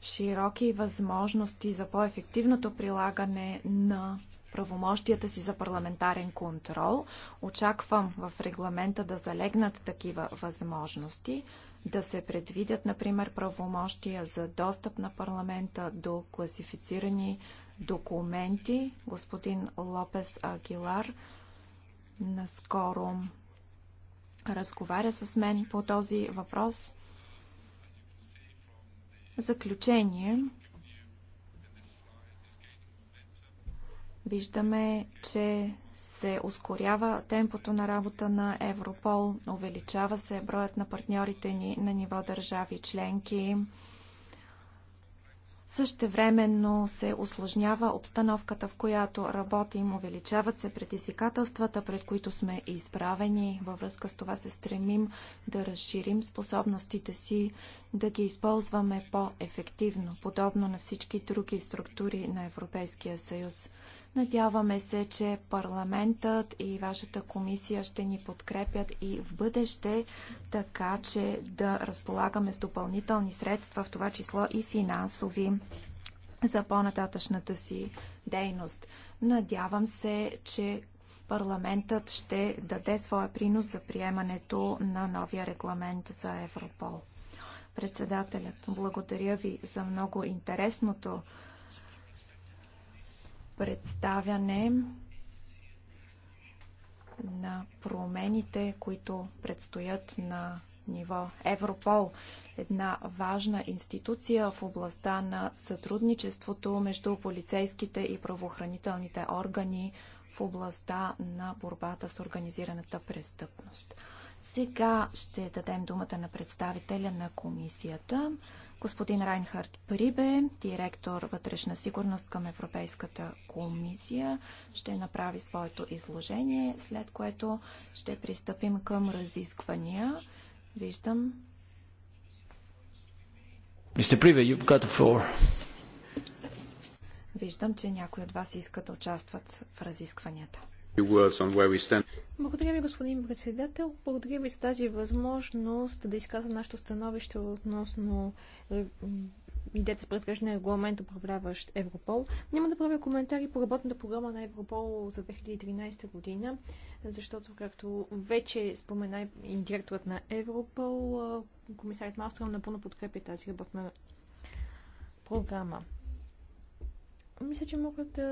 широки възможности за по-ефективното прилагане на правомощията си за парламентарен контрол. Очаквам в регламента да залегнат такива възможности, да се предвидят, например, правомощия за достъп на парламента до класифицирани документи. Господин Лопес Агилар наскоро разговаря с мен по този въпрос. Заключение Виждаме, че се ускорява темпото на работа на Европол, увеличава се броят на партньорите ни на ниво държави членки. Същевременно се осложнява обстановката, в която работим, увеличават се предизвикателствата, пред които сме изправени. Във връзка с това се стремим да разширим способностите си, да ги използваме по-ефективно, подобно на всички други структури на Европейския съюз. Надяваме се, че парламентът и вашата комисия ще ни подкрепят и в бъдеще, така че да разполагаме с допълнителни средства, в това число и финансови за по-нататъчната си дейност. Надявам се, че парламентът ще даде своя принос за приемането на новия регламент за Европол. Председателят, благодаря ви за много интересното представяне на промените, които предстоят на ниво Европол, една важна институция в областта на сътрудничеството между полицейските и правоохранителните органи в областта на борбата с организираната престъпност. Сега ще дадем думата на представителя на комисията господин Райнхард Прибе, директор вътрешна сигурност към Европейската комисия, ще направи своето изложение, след което ще пристъпим към разисквания. Виждам. Мистер Прибе, you've got the floor. Виждам, че някои от вас искат да участват в разискванията. Благодаря ви, господин председател. Благодаря ви за тази възможност да изказвам нашето становище относно е, идеята с предгръждане регламент, управляващ Европол. Няма да правя коментари по работната програма на Европол за 2013 година, защото, както вече спомена и директорът на Европол, е, комисарят Малстром напълно подкрепи тази работна програма. Мисля, че мога да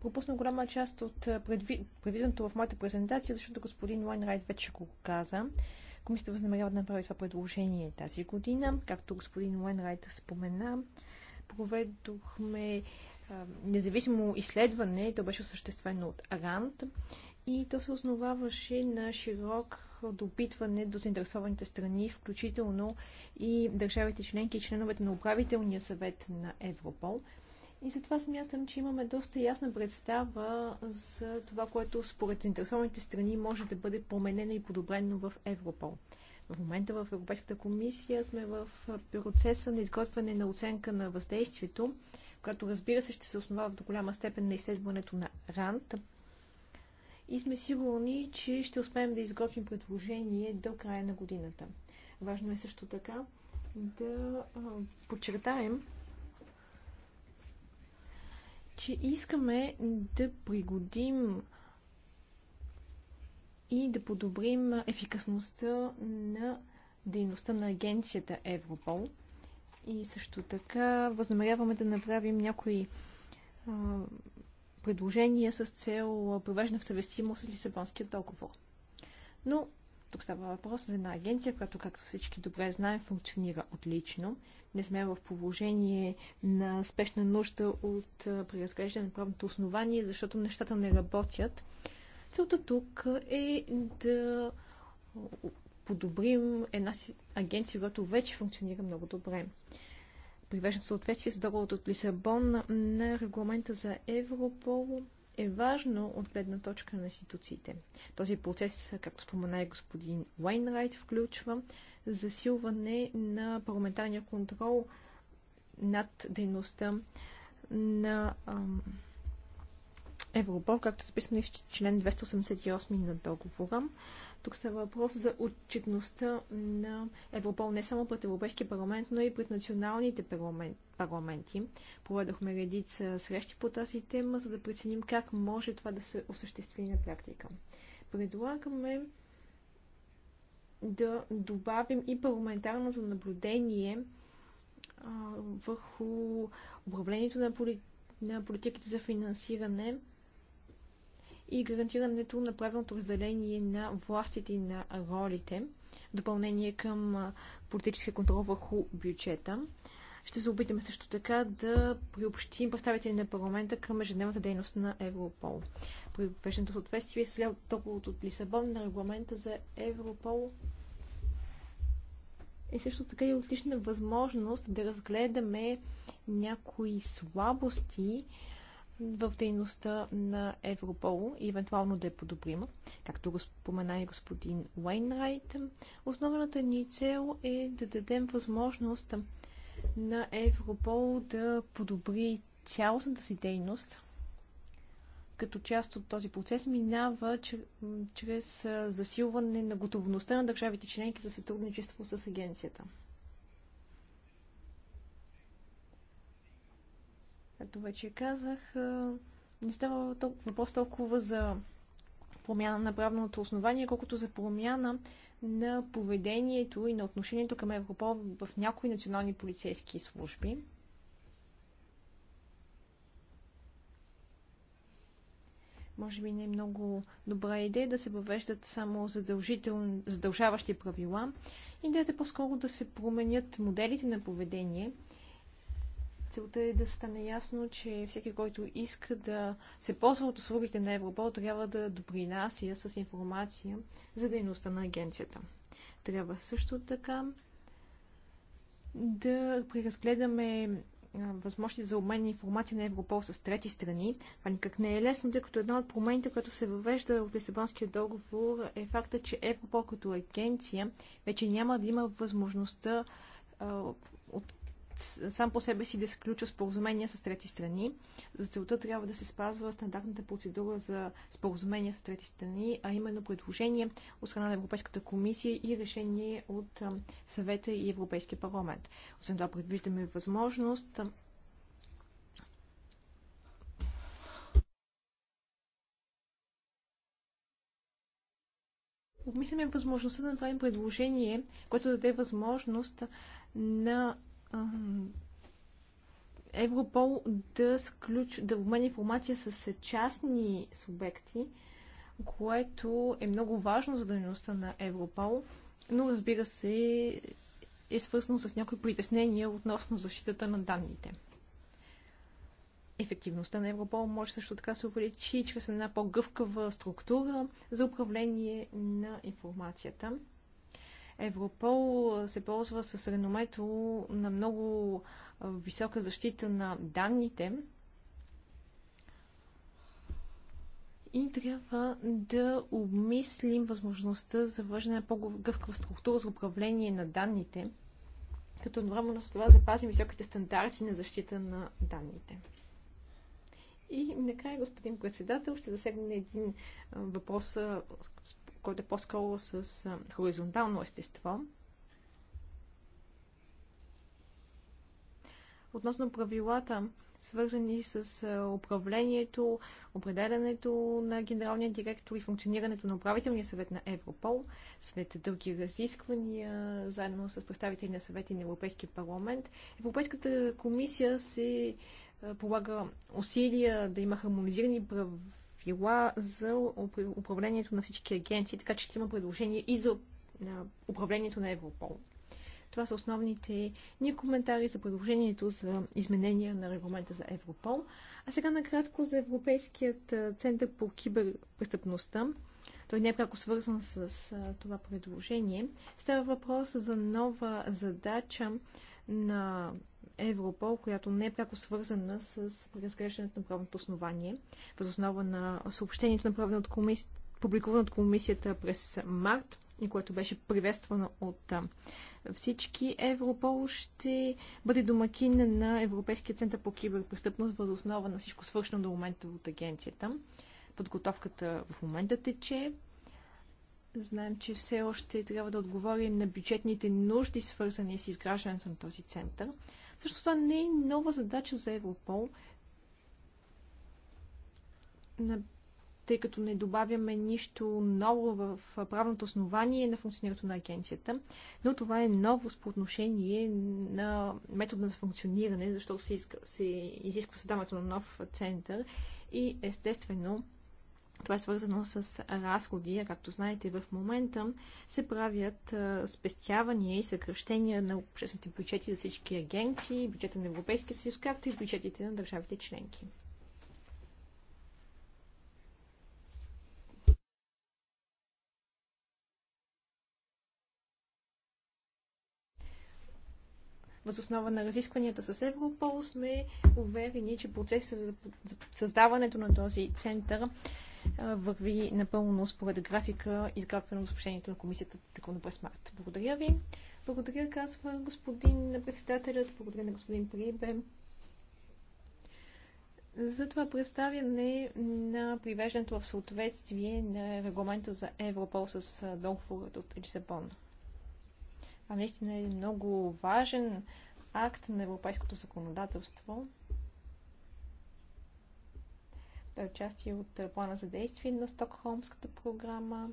пропусна голяма част от предвид... предвиденото в моята презентация, защото господин Лайнрайт вече го каза. Комисията възнамерява да направи това предложение тази година. Както господин Лайнрайт спомена, проведохме а, независимо изследване, то беше осъществено от Арант и то се основаваше на широк допитване до заинтересованите страни, включително и държавите членки и членовете на управителния съвет на Европол. И затова смятам, че имаме доста ясна представа за това, което според заинтересованите страни може да бъде променено и подобрено в Европол. В момента в Европейската комисия сме в процеса на изготвяне на оценка на въздействието, която разбира се ще се основава до голяма степен на изследването на РАНТ. И сме сигурни, че ще успеем да изготвим предложение до края на годината. Важно е също така да подчертаем, че искаме да пригодим и да подобрим ефикасността на дейността на агенцията Европол. И също така възнамеряваме да направим някои а, предложения с цел провеждане в съвестимост с Лисабонския договор. Но тук става въпрос за една агенция, която, както всички добре знаем, функционира отлично. Не сме в положение на спешна нужда от преразглеждане на правното основание, защото нещата не работят. Целта тук е да подобрим една агенция, която вече функционира много добре. Привеждат съответствие с договорът от Лисабон на регламента за Европол, е важно от гледна точка на институциите. Този процес, както спомена и господин Уайнрайт, включва засилване на парламентарния контрол над дейността на ам, Европол, както е записано и в член 288 на договора. Тук става въпрос за отчетността на Европол не само пред Европейския парламент, но и пред националните парламент, парламенти. Проведохме редица срещи по тази тема, за да преценим как може това да се осъществи на практика. Предлагаме да добавим и парламентарното наблюдение а, върху управлението на, поли... на политиките за финансиране и гарантирането на правилното разделение на властите и на ролите, допълнение към политическия контрол върху бюджета. Ще се опитаме също така да приобщим представители на парламента към ежедневната дейност на Европол. При вечното съответствие след договорът от Лисабон на регламента за Европол е също така и отлична възможност да разгледаме някои слабости, в дейността на Европол и евентуално да я подобрим. Както го спомена и господин Уайнрайт, основната ни цел е да дадем възможност на Европол да подобри цялостната си дейност, като част от този процес минава чрез засилване на готовността на държавите членки за сътрудничество с агенцията. Както вече казах, не става въпрос толкова за промяна на правното основание, колкото за промяна на поведението и на отношението към Европол в някои национални полицейски служби. може би не е много добра идея да се въвеждат само задължаващи правила. Идеята е по-скоро да се променят моделите на поведение Целта е да стане ясно, че всеки, който иска да се ползва от услугите на Европол, трябва да допринася с информация за дейността на агенцията. Трябва също така да преразгледаме възможности за обмен на информация на Европол с трети страни. Това никак не е лесно, тъй като една от промените, която се въвежда от Лисабонския договор е факта, че Европол като агенция вече няма да има възможността от сам по себе си да сключва споразумения с трети страни. За целта трябва да се спазва стандартната процедура за споразумения с трети страни, а именно предложение от страна на Европейската комисия и решение от съвета и Европейския парламент. Освен това предвиждаме възможност обмисляме възможността да направим предложение, което даде възможност на Европол да, сключ, да обменя информация с частни субекти, което е много важно за дейността на Европол, но разбира се е свързано с някои притеснения относно защитата на данните. Ефективността на Европол може също така се увеличи чрез една по-гъвкава структура за управление на информацията. Европол се ползва с реномето на много висока защита на данните и трябва да обмислим възможността за въждане на по-гъвкава структура за управление на данните, като едновременно с това запазим високите стандарти на защита на данните. И накрая, господин председател, ще засегне един въпрос, който е по-скоро с хоризонтално естество. Относно правилата, свързани с управлението, определянето на генералния директор и функционирането на управителния съвет на Европол, след дълги разисквания, заедно с представители на съвети на Европейския парламент, Европейската комисия се полага усилия да има хармонизирани правила за управлението на всички агенции, така че ще има предложение и за управлението на Европол. Това са основните ни коментари за предложението за изменения на регламента за Европол. А сега накратко за Европейският център по киберпрестъпността. Той не е пряко свързан с това предложение. Става въпрос за нова задача на Европол, която не е пряко свързана с разгрешането на правното основание, възоснова на съобщението, направено от комисията, публикувано от комисията през март и което беше приветствано от всички. Европол ще бъде домакин на Европейския център по киберпрестъпност, възоснова на всичко свършено до момента от агенцията. Подготовката в момента тече. Знаем, че все още трябва да отговорим на бюджетните нужди, свързани с изграждането на този център. Също това не е нова задача за Европол, тъй като не добавяме нищо ново в правното основание на функционирането на агенцията, но това е ново по отношение на метода на функциониране, защото се, изисква създаването на нов център и естествено това е свързано с разходи, а както знаете в момента се правят спестявания и съкръщения на обществените бюджети за всички агенции, бюджета на Европейския съюз, както и бюджетите на държавите членки. Въз основа на разискванията с Европол сме уверени, че процесът за създаването на този център върви напълно според графика, изготвено от съобщението на комисията, по през март. Благодаря ви. Благодаря, казва господин председателят, благодаря на господин Прибе за това представяне на привеждането в съответствие на регламента за Европол с договорът от Лисабон. Това наистина е много важен акт на европейското законодателство – е, части от е, плана за действие на Стокхолмската програма.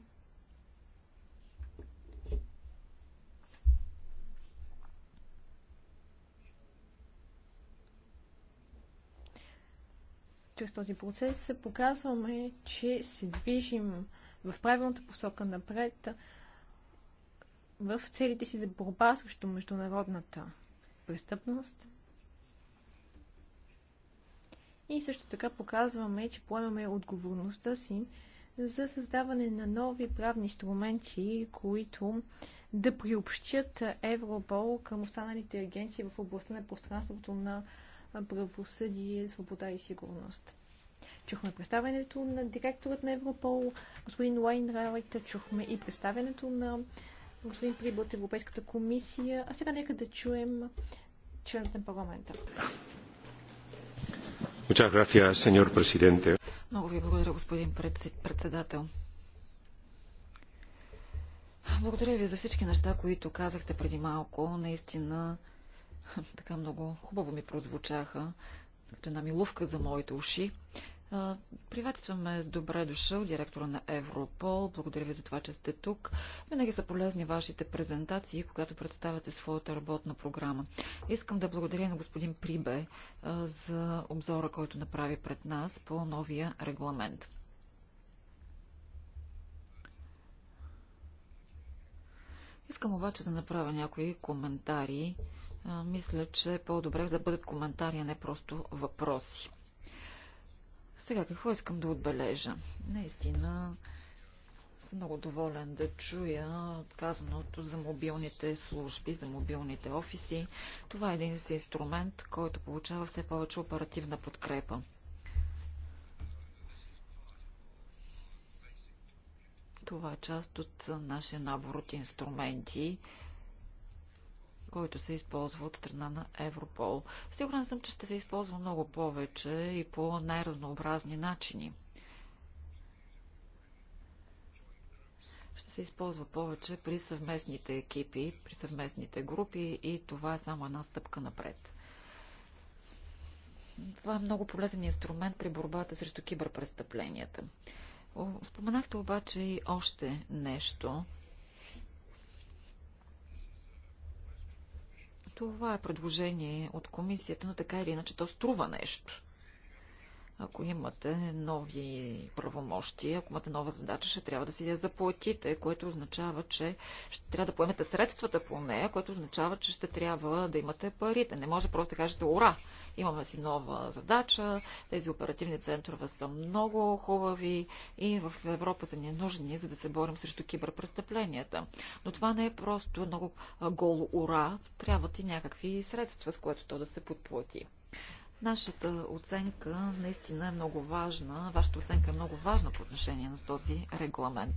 Чрез този процес показваме, че се движим в правилната посока напред в целите си за борба срещу международната престъпност – и също така показваме, че поемаме отговорността си за създаване на нови правни инструменти, които да приобщят Европол към останалите агенции в областта на пространството на правосъдие, свобода и сигурност. Чухме представянето на директорът на Европол, господин Лайн Райлайта, чухме и представянето на господин Прибът, Европейската комисия, а сега нека да чуем членът на парламента. Много ви благодаря, господин председател. Благодаря ви за всички неща, които казахте преди малко. Наистина, така много хубаво ми прозвучаха, като една милувка за моите уши. Приветстваме с добре дошъл директора на Европол. Благодаря ви за това, че сте тук. Винаги са полезни вашите презентации, когато представяте своята работна програма. Искам да благодаря на господин Прибе за обзора, който направи пред нас по новия регламент. Искам обаче да направя някои коментари. Мисля, че е по-добре да бъдат коментари, а не просто въпроси. Сега какво искам да отбележа? Наистина съм много доволен да чуя казаното за мобилните служби, за мобилните офиси. Това е един си инструмент, който получава все повече оперативна подкрепа. Това е част от нашия набор от инструменти, който се използва от страна на Европол. Сигурен съм, че ще се използва много повече и по най-разнообразни начини. Ще се използва повече при съвместните екипи, при съвместните групи и това е само една стъпка напред. Това е много полезен инструмент при борбата срещу киберпрестъпленията. Споменахте обаче и още нещо – Това е предложение от комисията, но така или иначе то струва нещо. Ако имате нови правомощи, ако имате нова задача, ще трябва да си я заплатите, което означава, че ще трябва да поемете средствата по нея, което означава, че ще трябва да имате парите. Не може просто да кажете, ура, имаме си нова задача, тези оперативни центрове са много хубави и в Европа са ни нужни, за да се борим срещу киберпрестъпленията. Но това не е просто много голо ура, трябват и някакви средства, с което то да се подплати. Нашата оценка наистина е много важна. Вашата оценка е много важна по отношение на този регламент.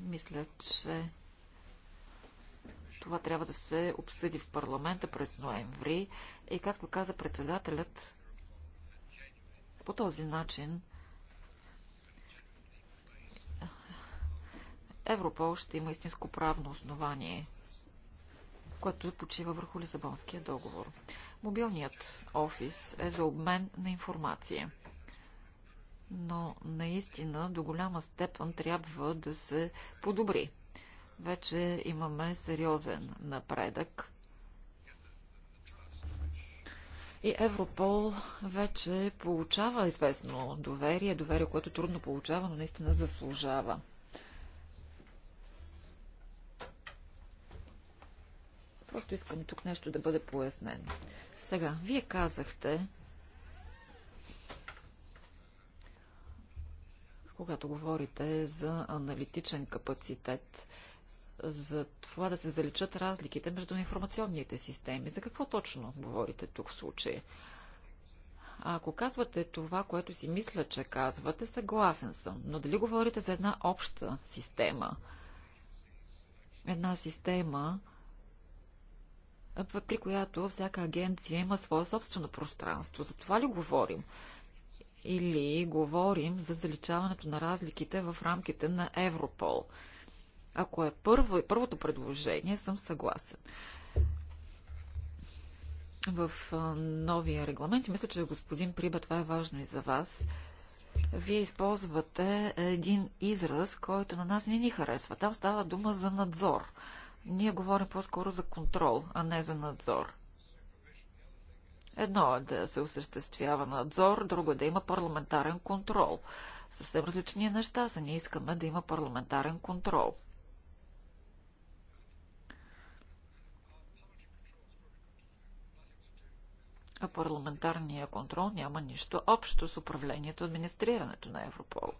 Мисля, че това трябва да се обсъди в парламента през ноември и, както каза председателят, по този начин Европол ще има истинско правно основание което почива върху Лизабонския договор. Мобилният офис е за обмен на информация. Но наистина до голяма степен трябва да се подобри. Вече имаме сериозен напредък. И Европол вече получава известно доверие, доверие, което трудно получава, но наистина заслужава. Просто искам тук нещо да бъде пояснено. Сега, вие казахте, когато говорите за аналитичен капацитет, за това да се заличат разликите между информационните системи. За какво точно говорите тук в случая? А ако казвате това, което си мисля, че казвате, съгласен съм. Но дали говорите за една обща система? Една система, при която всяка агенция има свое собствено пространство. За това ли говорим? Или говорим за заличаването на разликите в рамките на Европол? Ако е първо, първото предложение, съм съгласен. В новия регламент, и мисля, че господин Приба, това е важно и за вас, вие използвате един израз, който на нас не ни харесва. Там става дума за надзор. Ние говорим по-скоро за контрол, а не за надзор. Едно е да се осъществява надзор, друго е да има парламентарен контрол. Съвсем различни неща са. Ние искаме да има парламентарен контрол. А парламентарния контрол няма нищо общо с управлението и администрирането на Европол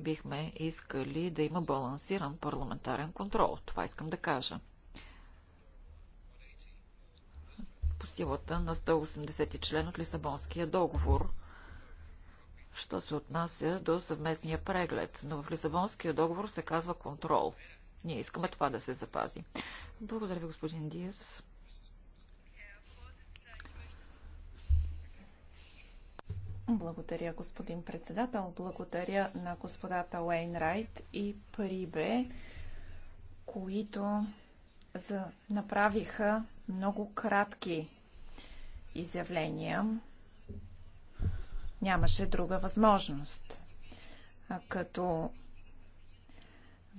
бихме искали да има балансиран парламентарен контрол. Това искам да кажа. По силата на 180 член от Лисабонския договор, що се отнася до съвместния преглед. Но в Лисабонския договор се казва контрол. Ние искаме това да се запази. Благодаря ви, господин Диас. Благодаря, господин председател. Благодаря на господата Уейнрайт и Прибе, които за... направиха много кратки изявления. Нямаше друга възможност. А като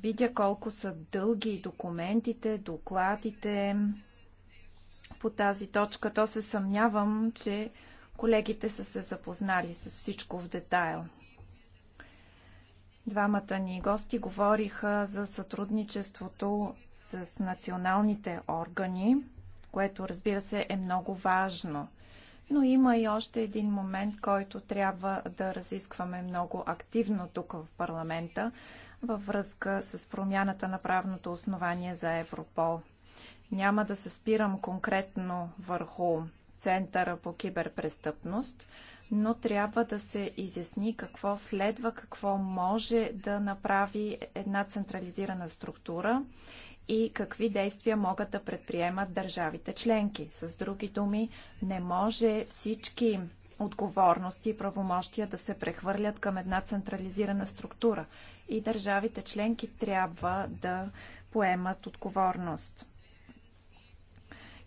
видя колко са дълги документите, докладите по тази точка, то се съмнявам, че Колегите са се запознали с всичко в детайл. Двамата ни гости говориха за сътрудничеството с националните органи, което разбира се е много важно. Но има и още един момент, който трябва да разискваме много активно тук в парламента във връзка с промяната на правното основание за Европол. Няма да се спирам конкретно върху Центъра по киберпрестъпност, но трябва да се изясни какво следва, какво може да направи една централизирана структура и какви действия могат да предприемат държавите членки. С други думи, не може всички отговорности и правомощия да се прехвърлят към една централизирана структура и държавите членки трябва да поемат отговорност.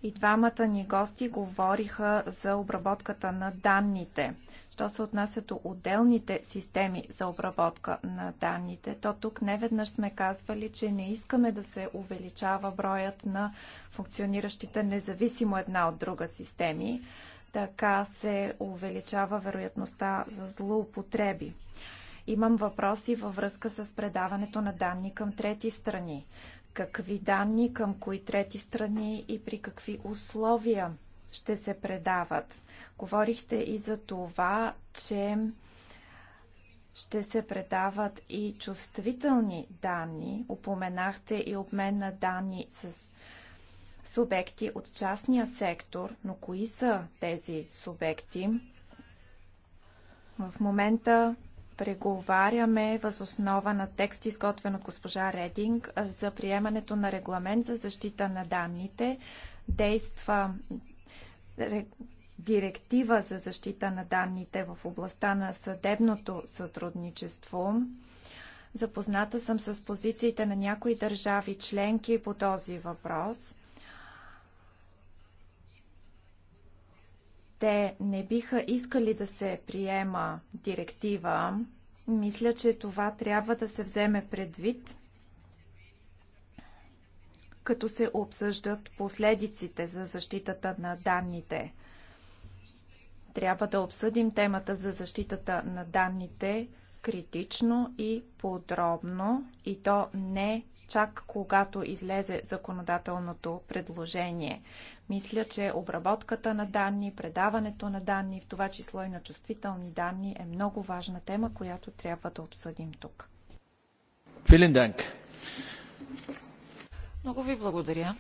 И двамата ни гости говориха за обработката на данните. Що се отнася до отделните системи за обработка на данните, то тук неведнъж сме казвали, че не искаме да се увеличава броят на функциониращите независимо една от друга системи. Така се увеличава вероятността за злоупотреби. Имам въпроси във връзка с предаването на данни към трети страни какви данни към кои трети страни и при какви условия ще се предават. Говорихте и за това, че ще се предават и чувствителни данни. Упоменахте и обмен на данни с субекти от частния сектор, но кои са тези субекти? В момента преговаряме въз основа на текст, изготвен от госпожа Рединг, за приемането на регламент за защита на данните. Действа директива за защита на данните в областта на съдебното сътрудничество. Запозната съм с позициите на някои държави членки по този въпрос – те не биха искали да се приема директива, мисля, че това трябва да се вземе предвид, като се обсъждат последиците за защитата на данните. Трябва да обсъдим темата за защитата на данните критично и подробно, и то не чак когато излезе законодателното предложение. Мисля, че обработката на данни, предаването на данни, в това число и на чувствителни данни, е много важна тема, която трябва да обсъдим тук. Много ви благодаря.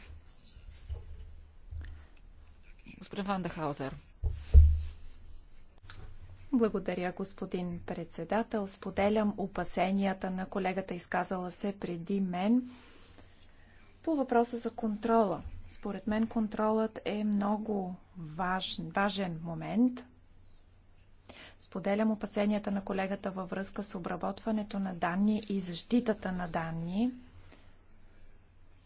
Господин Хаузер. Благодаря, господин председател. Споделям опасенията на колегата, изказала се преди мен. По въпроса за контрола. Според мен контролът е много важен, важен момент. Споделям опасенията на колегата във връзка с обработването на данни и защитата на данни.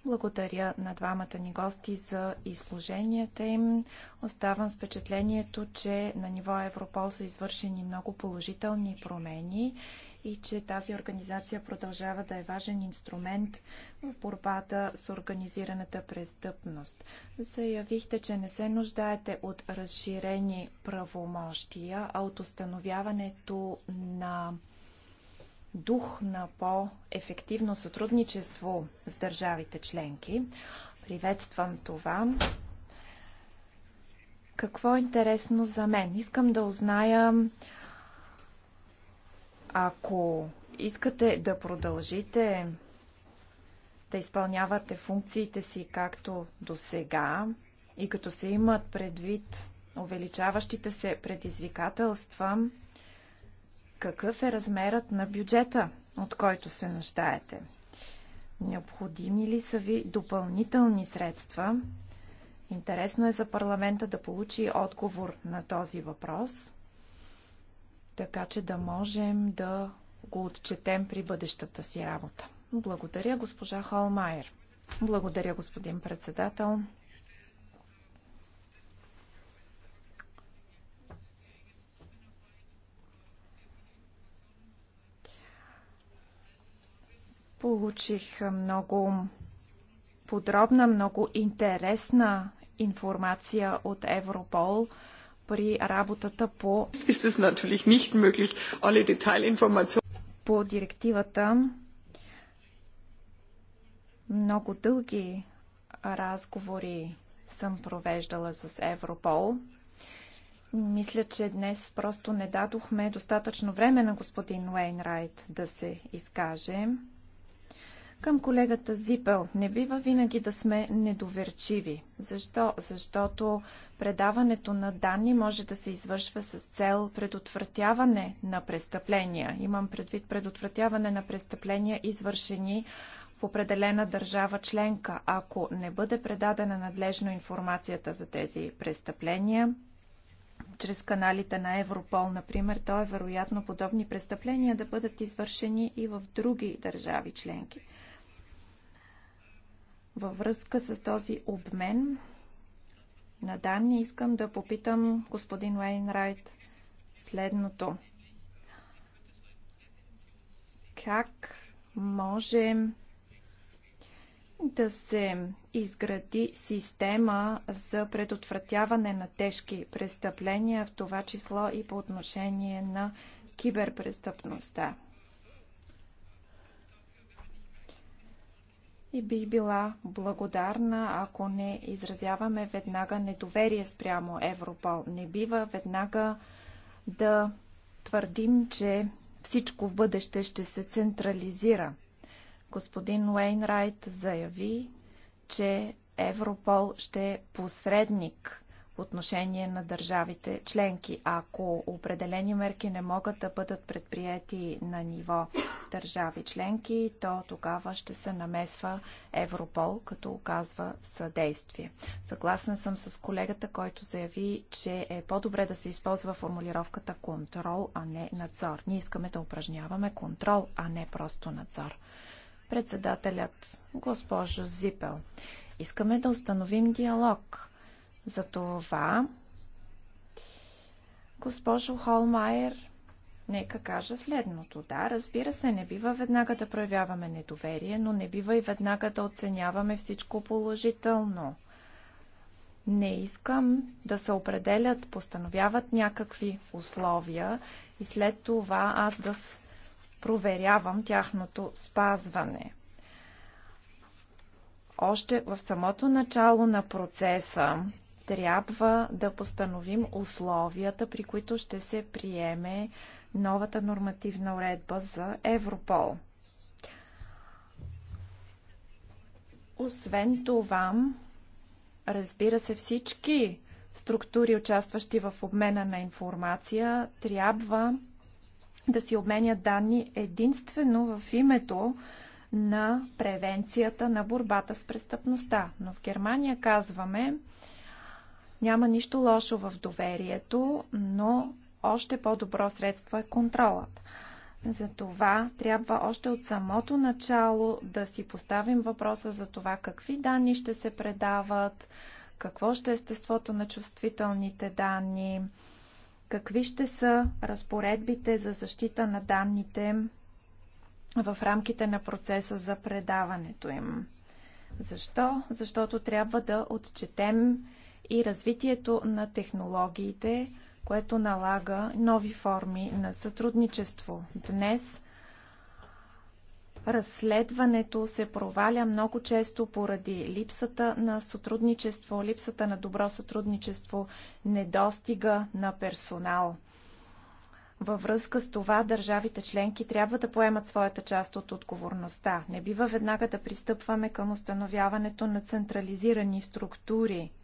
Благодаря на двамата ни гости за изложенията им. Оставам с впечатлението, че на ниво Европол са извършени много положителни промени и че тази организация продължава да е важен инструмент в борбата с организираната престъпност. Заявихте, че не се нуждаете от разширени правомощия, а от установяването на дух на по-ефективно сътрудничество с държавите членки. Приветствам това. Какво е интересно за мен? Искам да узная, ако искате да продължите да изпълнявате функциите си както до сега и като се имат предвид увеличаващите се предизвикателства, какъв е размерът на бюджета, от който се нуждаете? Необходими ли са ви допълнителни средства? Интересно е за парламента да получи отговор на този въпрос, така че да можем да го отчетем при бъдещата си работа. Благодаря, госпожа Холмайер. Благодаря, господин председател. Получих много подробна, много интересна информация от Европол при работата по по директивата много дълги разговори съм провеждала с Европол. Мисля, че днес просто не дадохме достатъчно време на господин Уейнрайт да се изкаже. Към колегата Зипел, не бива винаги да сме недоверчиви. Защо? Защото предаването на данни може да се извършва с цел предотвратяване на престъпления. Имам предвид предотвратяване на престъпления, извършени в определена държава членка. Ако не бъде предадена надлежно информацията за тези престъпления, чрез каналите на Европол, например, то е вероятно подобни престъпления да бъдат извършени и в други държави членки. Във връзка с този обмен на данни искам да попитам господин Уейнрайт следното. Как може да се изгради система за предотвратяване на тежки престъпления, в това число и по отношение на киберпрестъпността. и бих била благодарна, ако не изразяваме веднага недоверие спрямо Европол. Не бива веднага да твърдим, че всичко в бъдеще ще се централизира. Господин Уейнрайт заяви, че Европол ще е посредник по отношение на държавите членки. Ако определени мерки не могат да бъдат предприяти на ниво държави членки, то тогава ще се намесва Европол, като оказва съдействие. Съгласна съм с колегата, който заяви, че е по-добре да се използва формулировката контрол, а не надзор. Ние искаме да упражняваме контрол, а не просто надзор. Председателят, госпожо Зипел, искаме да установим диалог за това, госпожо Холмайер, нека кажа следното. Да, разбира се, не бива веднага да проявяваме недоверие, но не бива и веднага да оценяваме всичко положително. Не искам да се определят, постановяват някакви условия и след това аз да проверявам тяхното спазване. Още в самото начало на процеса трябва да постановим условията, при които ще се приеме новата нормативна уредба за Европол. Освен това, разбира се, всички структури, участващи в обмена на информация, трябва да си обменят данни единствено в името на превенцията на борбата с престъпността. Но в Германия казваме, няма нищо лошо в доверието, но още по-добро средство е контролът. Затова трябва още от самото начало да си поставим въпроса за това какви данни ще се предават, какво ще е естеството на чувствителните данни, какви ще са разпоредбите за защита на данните в рамките на процеса за предаването им. Защо? Защото трябва да отчетем и развитието на технологиите, което налага нови форми на сътрудничество. Днес разследването се проваля много често поради липсата на сътрудничество, липсата на добро сътрудничество, недостига на персонал. Във връзка с това държавите членки трябва да поемат своята част от отговорността. Не бива веднага да пристъпваме към установяването на централизирани структури –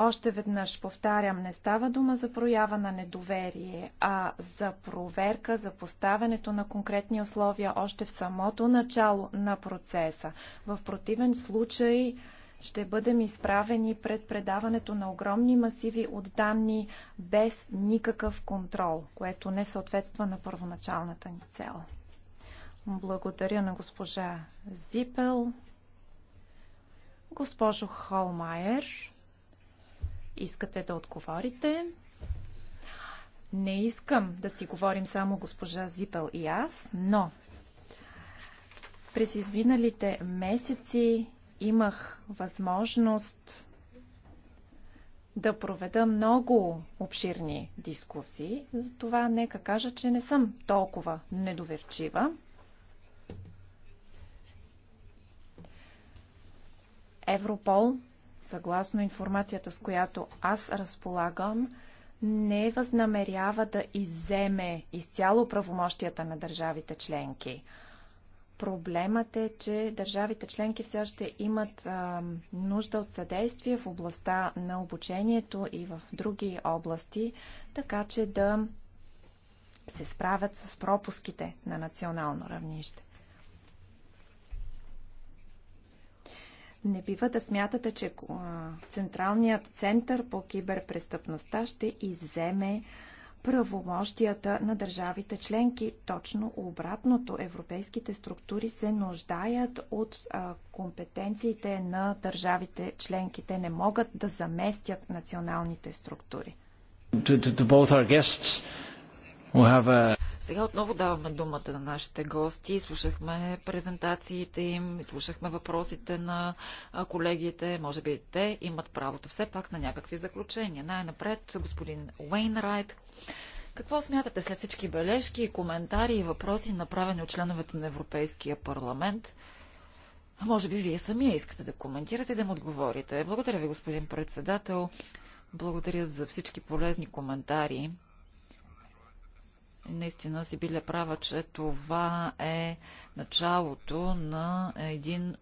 още веднъж повтарям, не става дума за проява на недоверие, а за проверка, за поставянето на конкретни условия още в самото начало на процеса. В противен случай ще бъдем изправени пред предаването на огромни масиви от данни без никакъв контрол, което не съответства на първоначалната ни цел. Благодаря на госпожа Зипел. Госпожо Холмайер, Искате да отговорите? Не искам да си говорим само госпожа Зипел и аз, но през изминалите месеци имах възможност да проведа много обширни дискусии. Затова нека кажа, че не съм толкова недоверчива. Европол съгласно информацията, с която аз разполагам, не възнамерява да изземе изцяло правомощията на държавите членки. Проблемът е, че държавите членки все още имат а, нужда от съдействие в областта на обучението и в други области, така че да се справят с пропуските на национално равнище. Не бива да смятате, че Централният център по киберпрестъпността ще изземе правомощията на държавите членки. Точно обратното, европейските структури се нуждаят от компетенциите на държавите членки. Те не могат да заместят националните структури. To, to, to сега отново даваме думата на нашите гости. Слушахме презентациите им, слушахме въпросите на колегите. Може би те имат правото все пак на някакви заключения. Най-напред господин Уейнрайт. Какво смятате след всички бележки, коментари и въпроси, направени от членовете на Европейския парламент? Може би вие самия искате да коментирате и да им отговорите. Благодаря ви, господин председател. Благодаря за всички полезни коментари. Наистина си биле права, че това е началото на един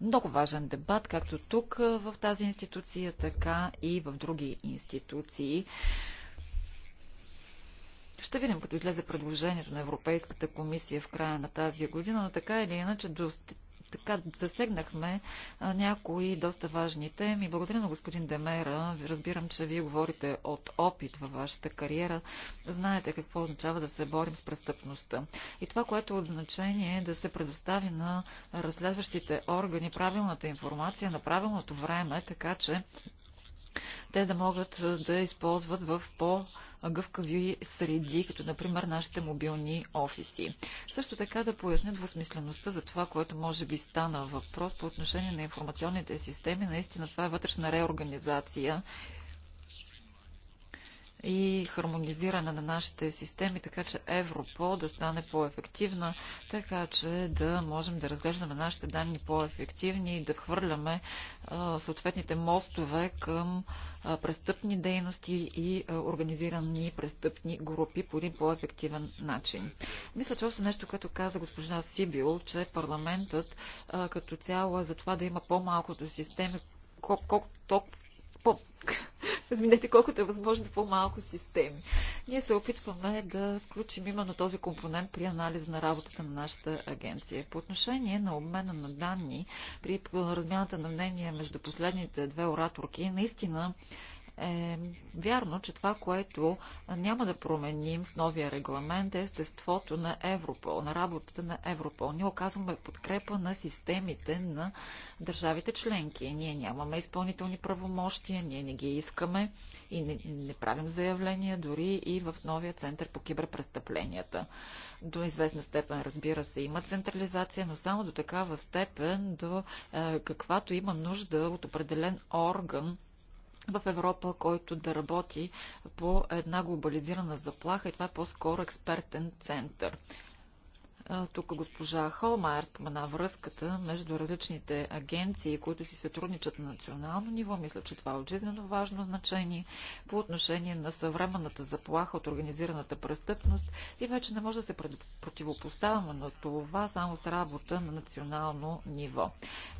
много важен дебат, както тук в тази институция, така и в други институции. Ще видим, като излезе предложението на Европейската комисия в края на тази година, но така или иначе така засегнахме някои доста важни теми. Благодаря на господин Демера. Разбирам, че вие говорите от опит във вашата кариера. Знаете какво означава да се борим с престъпността. И това, което е от значение е да се предостави на разследващите органи правилната информация на правилното време, така че те да могат да използват в по-гъвкави среди, като например нашите мобилни офиси. Също така да поясня двусмислеността за това, което може би стана въпрос по отношение на информационните системи. Наистина това е вътрешна реорганизация и хармонизиране на нашите системи, така че Европол да стане по-ефективна, така че да можем да разглеждаме нашите данни по-ефективни и да хвърляме а, съответните мостове към а, престъпни дейности и а, организирани престъпни групи по един по-ефективен начин. Мисля, че още нещо, което каза госпожа Сибил, че парламентът като цяло е за това да има по-малкото системи, колко толкова по... Разминете колкото е възможно по-малко системи. Ние се опитваме да включим именно този компонент при анализ на работата на нашата агенция. По отношение на обмена на данни, при размяната на мнения между последните две ораторки, наистина е вярно, че това, което няма да променим в новия регламент е естеството на Европол, на работата на Европол. Ние оказваме подкрепа на системите на държавите членки. Ние нямаме изпълнителни правомощия, ние не ги искаме и не, не правим заявления дори и в новия център по киберпрестъпленията. До известна степен, разбира се, има централизация, но само до такава степен, до е, каквато има нужда от определен орган, в Европа, който да работи по една глобализирана заплаха и това е по-скоро експертен център. Тук госпожа Холмайер спомена връзката между различните агенции, които си сътрудничат на национално ниво. Мисля, че това е от жизнено важно значение по отношение на съвременната заплаха от организираната престъпност и вече не може да се противопоставяме на това само с работа на национално ниво.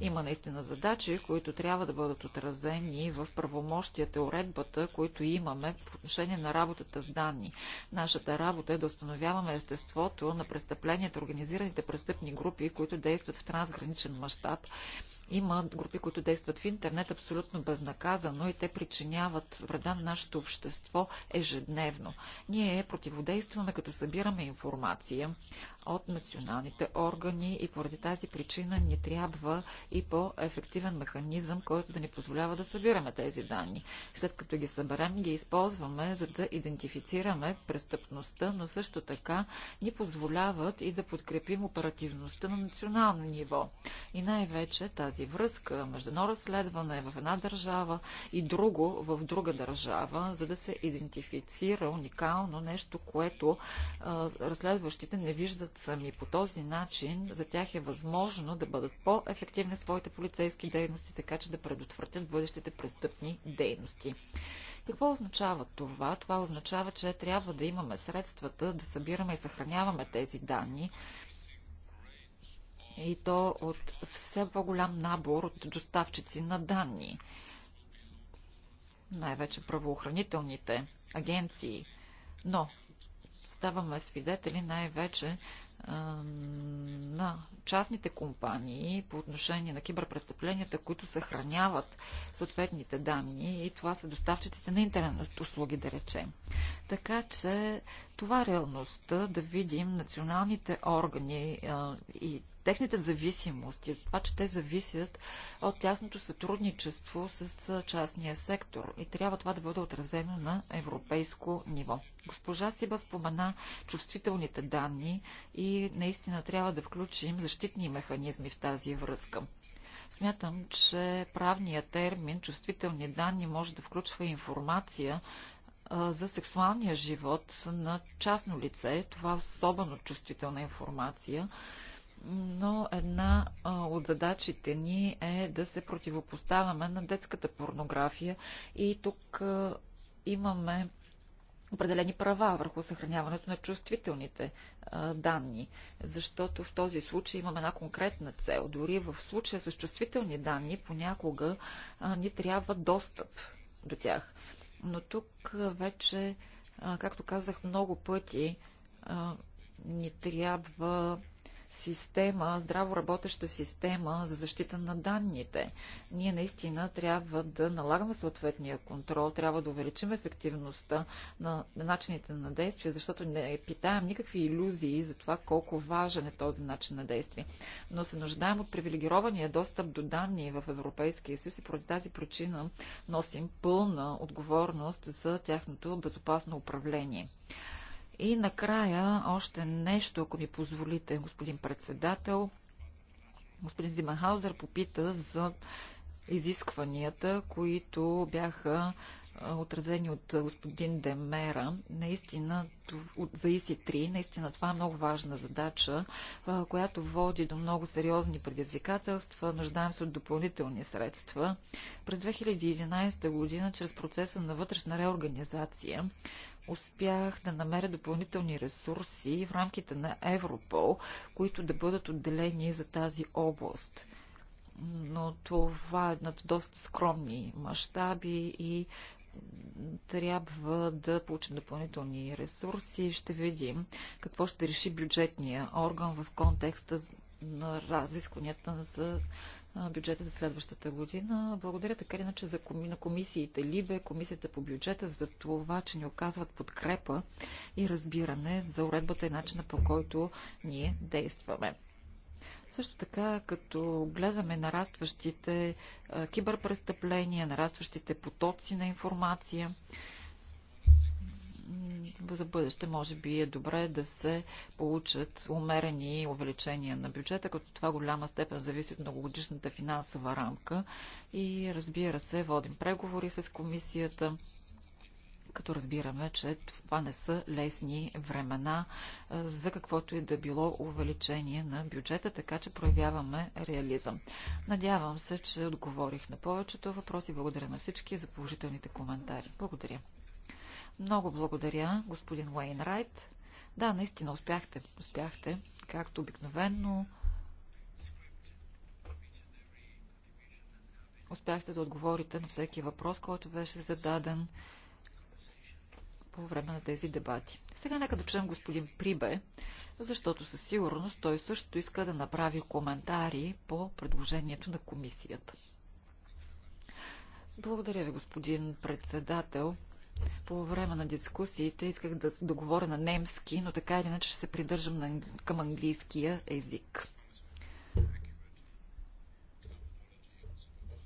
Има наистина задачи, които трябва да бъдат отразени в правомощията, уредбата, които имаме по отношение на работата с данни. Нашата работа е да установяваме естеството на престъплението организираните престъпни групи, които действат в трансграничен мащаб, има групи, които действат в интернет абсолютно безнаказано и те причиняват вреда на нашето общество ежедневно. Ние противодействаме, като събираме информация от националните органи и поради тази причина ни трябва и по-ефективен механизъм, който да ни позволява да събираме тези данни. След като ги съберем, ги използваме, за да идентифицираме престъпността, но също така ни позволяват и да подкрепим оперативността на национално ниво. И най-вече тази тази връзка между едно разследване в една държава и друго в друга държава, за да се идентифицира уникално нещо, което а, разследващите не виждат сами. По този начин за тях е възможно да бъдат по-ефективни своите полицейски дейности, така че да предотвратят бъдещите престъпни дейности. Какво означава това? Това означава, че трябва да имаме средствата да събираме и съхраняваме тези данни, и то от все по-голям набор от доставчици на данни. Най-вече правоохранителните агенции. Но ставаме свидетели най-вече на частните компании по отношение на киберпрестъпленията, които съхраняват съответните данни и това са доставчиците на интернет услуги, да речем. Така че това е реалността да видим националните органи а, и техните зависимости, това, че те зависят от тясното сътрудничество с частния сектор. И трябва това да бъде отразено на европейско ниво. Госпожа Сиба спомена чувствителните данни и наистина трябва да включим защитни механизми в тази връзка. Смятам, че правният термин чувствителни данни може да включва информация, за сексуалния живот на частно лице. Това е особено чувствителна информация но една от задачите ни е да се противопоставяме на детската порнография и тук имаме определени права върху съхраняването на чувствителните а, данни, защото в този случай имаме една конкретна цел. Дори в случая с чувствителни данни понякога а, ни трябва достъп до тях. Но тук вече, а, както казах много пъти, а, ни трябва система, здраво работеща система за защита на данните. Ние наистина трябва да налагаме съответния контрол, трябва да увеличим ефективността на, на начините на действие, защото не питаем никакви иллюзии за това колко важен е този начин на действие. Но се нуждаем от привилегирования достъп до данни в Европейския съюз и поради тази причина носим пълна отговорност за тяхното безопасно управление. И накрая още нещо, ако ми позволите, господин председател. Господин Зиманхаузер попита за изискванията, които бяха отразени от господин Демера. Наистина, за ИСИ-3, наистина това е много важна задача, която води до много сериозни предизвикателства. Нуждаем се от допълнителни средства. През 2011 година, чрез процеса на вътрешна реорганизация, успях да намеря допълнителни ресурси в рамките на Европол, които да бъдат отделени за тази област. Но това е над доста скромни мащаби и трябва да получим допълнителни ресурси. Ще видим какво ще реши бюджетния орган в контекста на разискванията за бюджета за следващата година. Благодаря така или иначе за, коми, на комисиите Либе, комисията по бюджета за това, че ни оказват подкрепа и разбиране за уредбата и начина по който ние действаме. Също така, като гледаме нарастващите киберпрестъпления, нарастващите потоци на информация, за бъдеще може би е добре да се получат умерени увеличения на бюджета, като това голяма степен зависи от многогодишната финансова рамка. И разбира се, водим преговори с комисията като разбираме, че това не са лесни времена за каквото и да било увеличение на бюджета, така че проявяваме реализъм. Надявам се, че отговорих на повечето въпроси. Благодаря на всички за положителните коментари. Благодаря. Много благодаря, господин Уейнрайт. Да, наистина успяхте. Успяхте, както обикновено. Успяхте да отговорите на всеки въпрос, който беше зададен по време на тези дебати. Сега нека да чуем господин Прибе, защото със сигурност той също иска да направи коментари по предложението на комисията. Благодаря ви, господин председател. По време на дискусиите исках да договоря на немски, но така или иначе ще се придържам на, към английския език.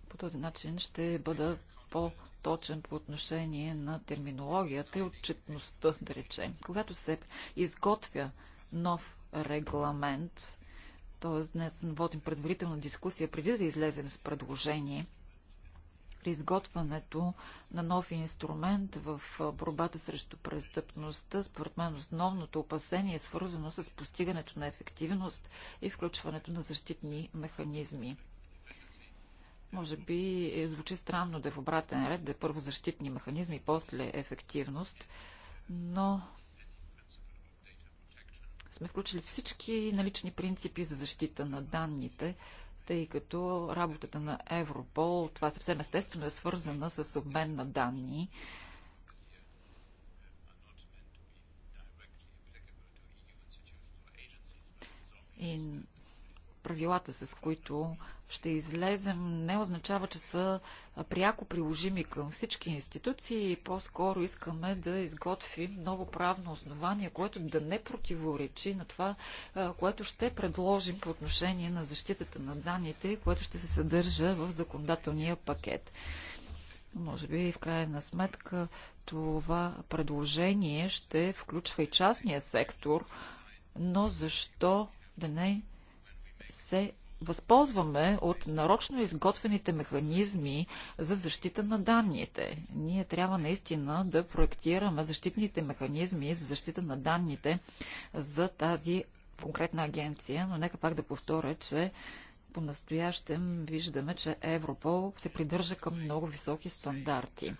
По този начин ще бъда по-точен по отношение на терминологията и отчетността, да речем. Когато се изготвя нов регламент, т.е. днес водим предварителна дискусия преди да излезем с предложение – при изготвянето на нов инструмент в борбата срещу престъпността. Според мен основното опасение е свързано с постигането на ефективност и включването на защитни механизми. Може би е, звучи странно да е в обратен ред, да е първо защитни механизми после ефективност, но сме включили всички налични принципи за защита на данните тъй като работата на Европол, това съвсем естествено е свързана с обмен на данни. И правилата, с които ще излезем, не означава, че са пряко приложими към всички институции и по-скоро искаме да изготвим ново правно основание, което да не противоречи на това, което ще предложим по отношение на защитата на данните, което ще се съдържа в законодателния пакет. Може би в крайна сметка това предложение ще включва и частния сектор, но защо да не се възползваме от нарочно изготвените механизми за защита на данните. Ние трябва наистина да проектираме защитните механизми за защита на данните за тази конкретна агенция, но нека пак да повторя, че по-настоящем виждаме, че Европол се придържа към много високи стандарти.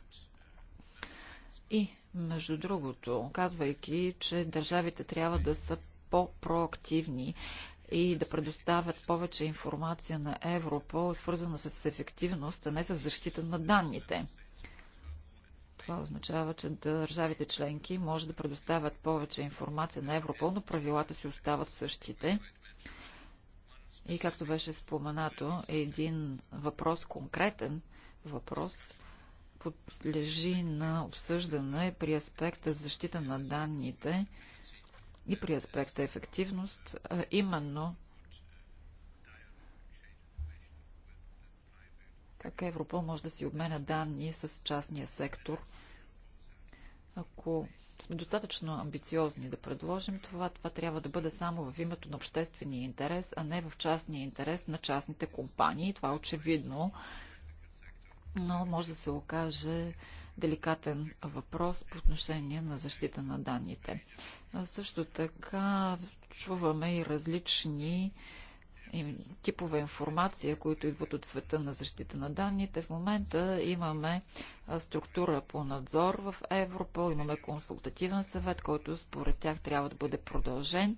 И, между другото, казвайки, че държавите трябва да са по-проактивни и да предоставят повече информация на Европол, свързана с ефективност, а не с защита на данните. Това означава, че държавите членки може да предоставят повече информация на Европол, но правилата си остават същите. И както беше споменато, един въпрос, конкретен въпрос, подлежи на обсъждане при аспекта защита на данните и при аспекта ефективност, а именно как Европол може да си обменя данни с частния сектор. Ако сме достатъчно амбициозни да предложим това, това трябва да бъде само в името на обществения интерес, а не в частния интерес на частните компании. Това е очевидно, но може да се окаже деликатен въпрос по отношение на защита на данните. А също така чуваме и различни типове информация, които идват от света на защита на данните. В момента имаме структура по надзор в Европол, имаме консултативен съвет, който според тях трябва да бъде продължен.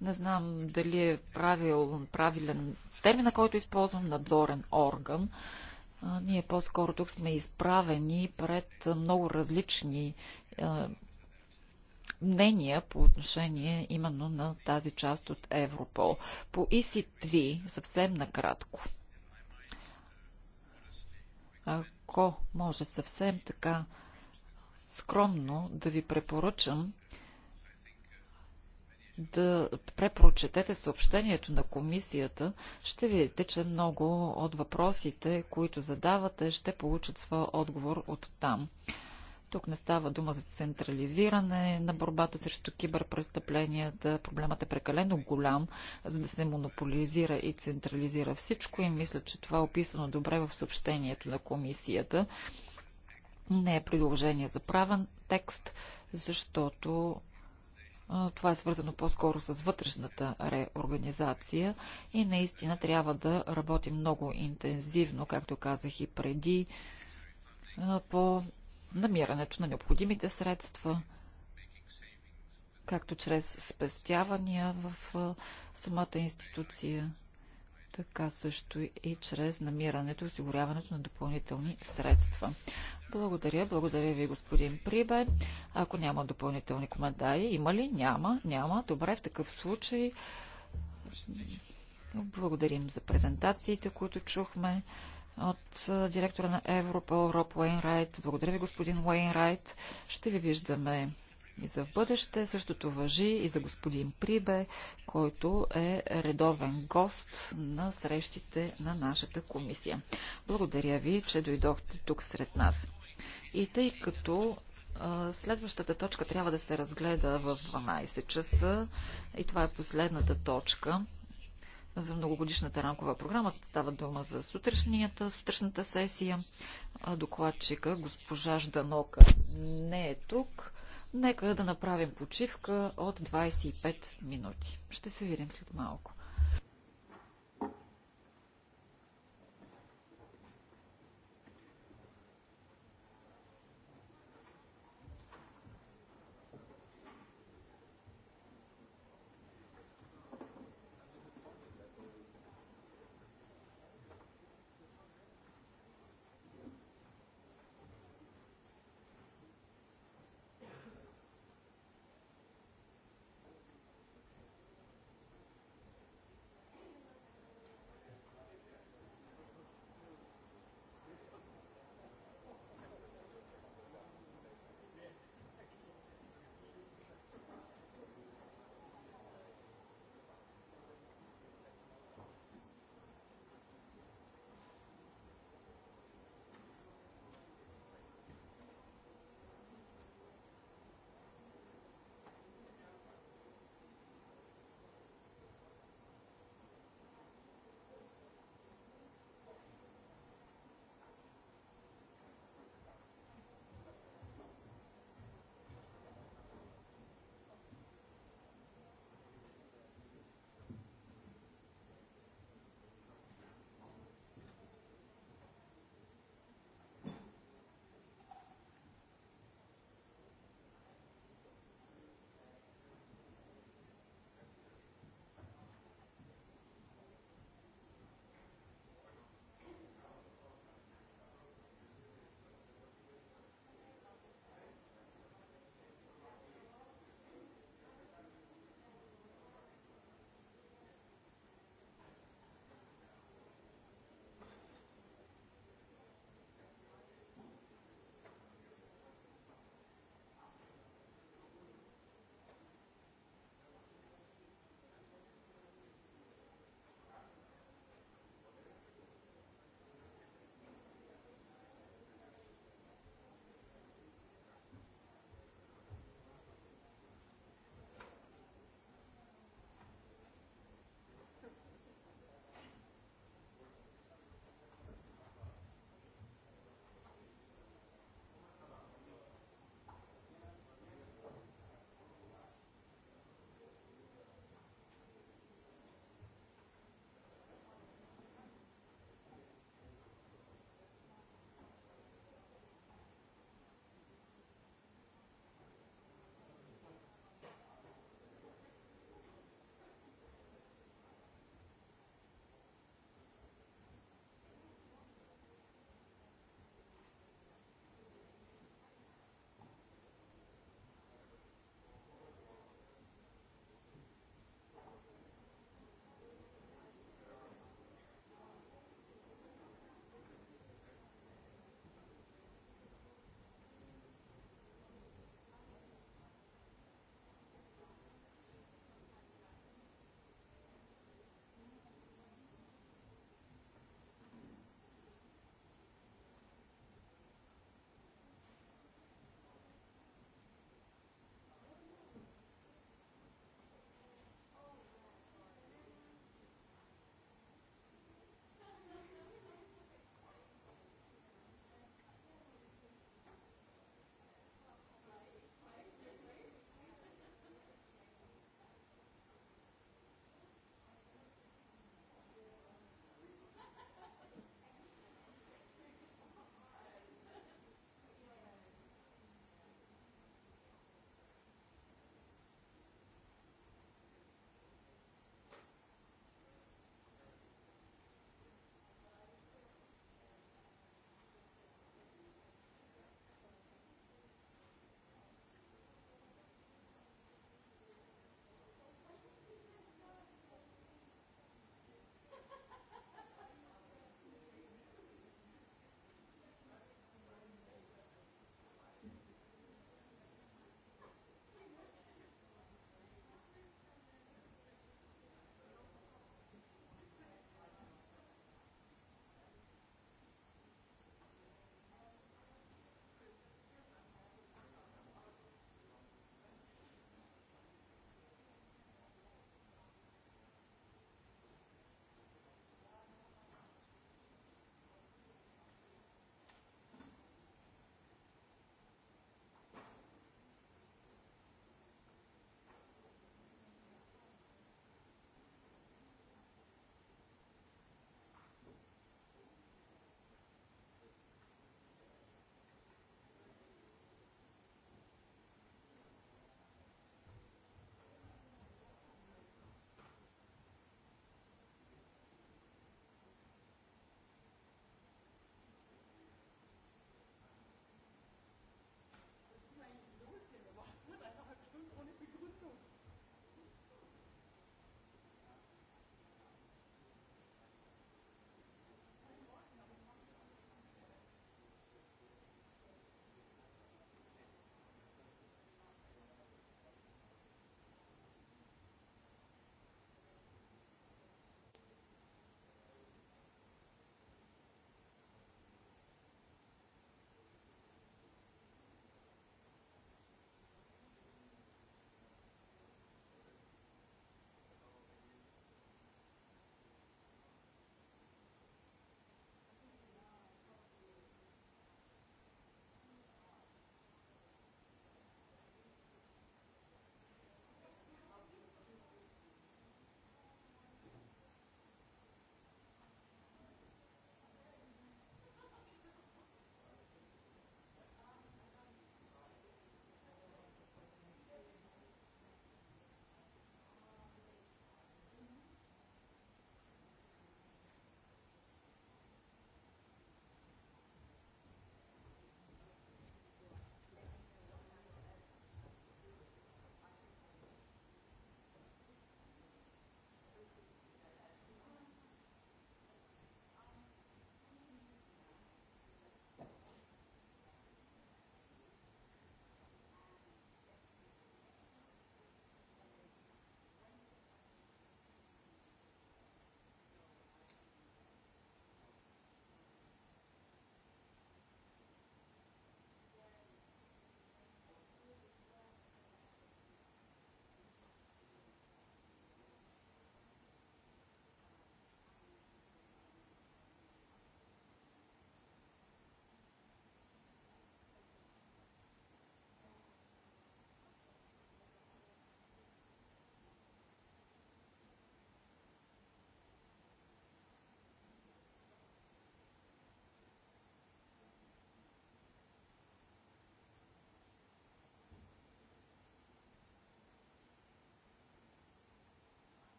Не знам дали е правил, правилен термина, който използвам, надзорен орган. Ние по-скоро тук сме изправени пред много различни мнения по отношение именно на тази част от Европол. По ec 3 съвсем накратко. Ако може съвсем така скромно да ви препоръчам да препрочетете съобщението на комисията, ще видите, че много от въпросите, които задавате, ще получат своя отговор от там. Тук не става дума за централизиране на борбата срещу киберпрестъпленията. Проблемът е прекалено голям, за да се монополизира и централизира всичко и мисля, че това е описано добре в съобщението на комисията. Не е предложение за правен текст, защото това е свързано по-скоро с вътрешната реорганизация и наистина трябва да работим много интензивно, както казах и преди, по намирането на необходимите средства, както чрез спестявания в самата институция, така също и чрез намирането и осигуряването на допълнителни средства. Благодаря, благодаря ви, господин Прибе. Ако няма допълнителни коментари, има ли? Няма, няма. Добре, в такъв случай благодарим за презентациите, които чухме от директора на Европол Роб Уейнрайт. Благодаря ви, господин Уейнрайт. Ще ви виждаме и за бъдеще. Същото въжи и за господин Прибе, който е редовен гост на срещите на нашата комисия. Благодаря ви, че дойдохте тук сред нас. И тъй като Следващата точка трябва да се разгледа в 12 часа и това е последната точка за многогодишната рамкова програма. Става дума за сутрешнията, сутрешната сесия. Докладчика госпожа Жданока не е тук. Нека да направим почивка от 25 минути. Ще се видим след малко.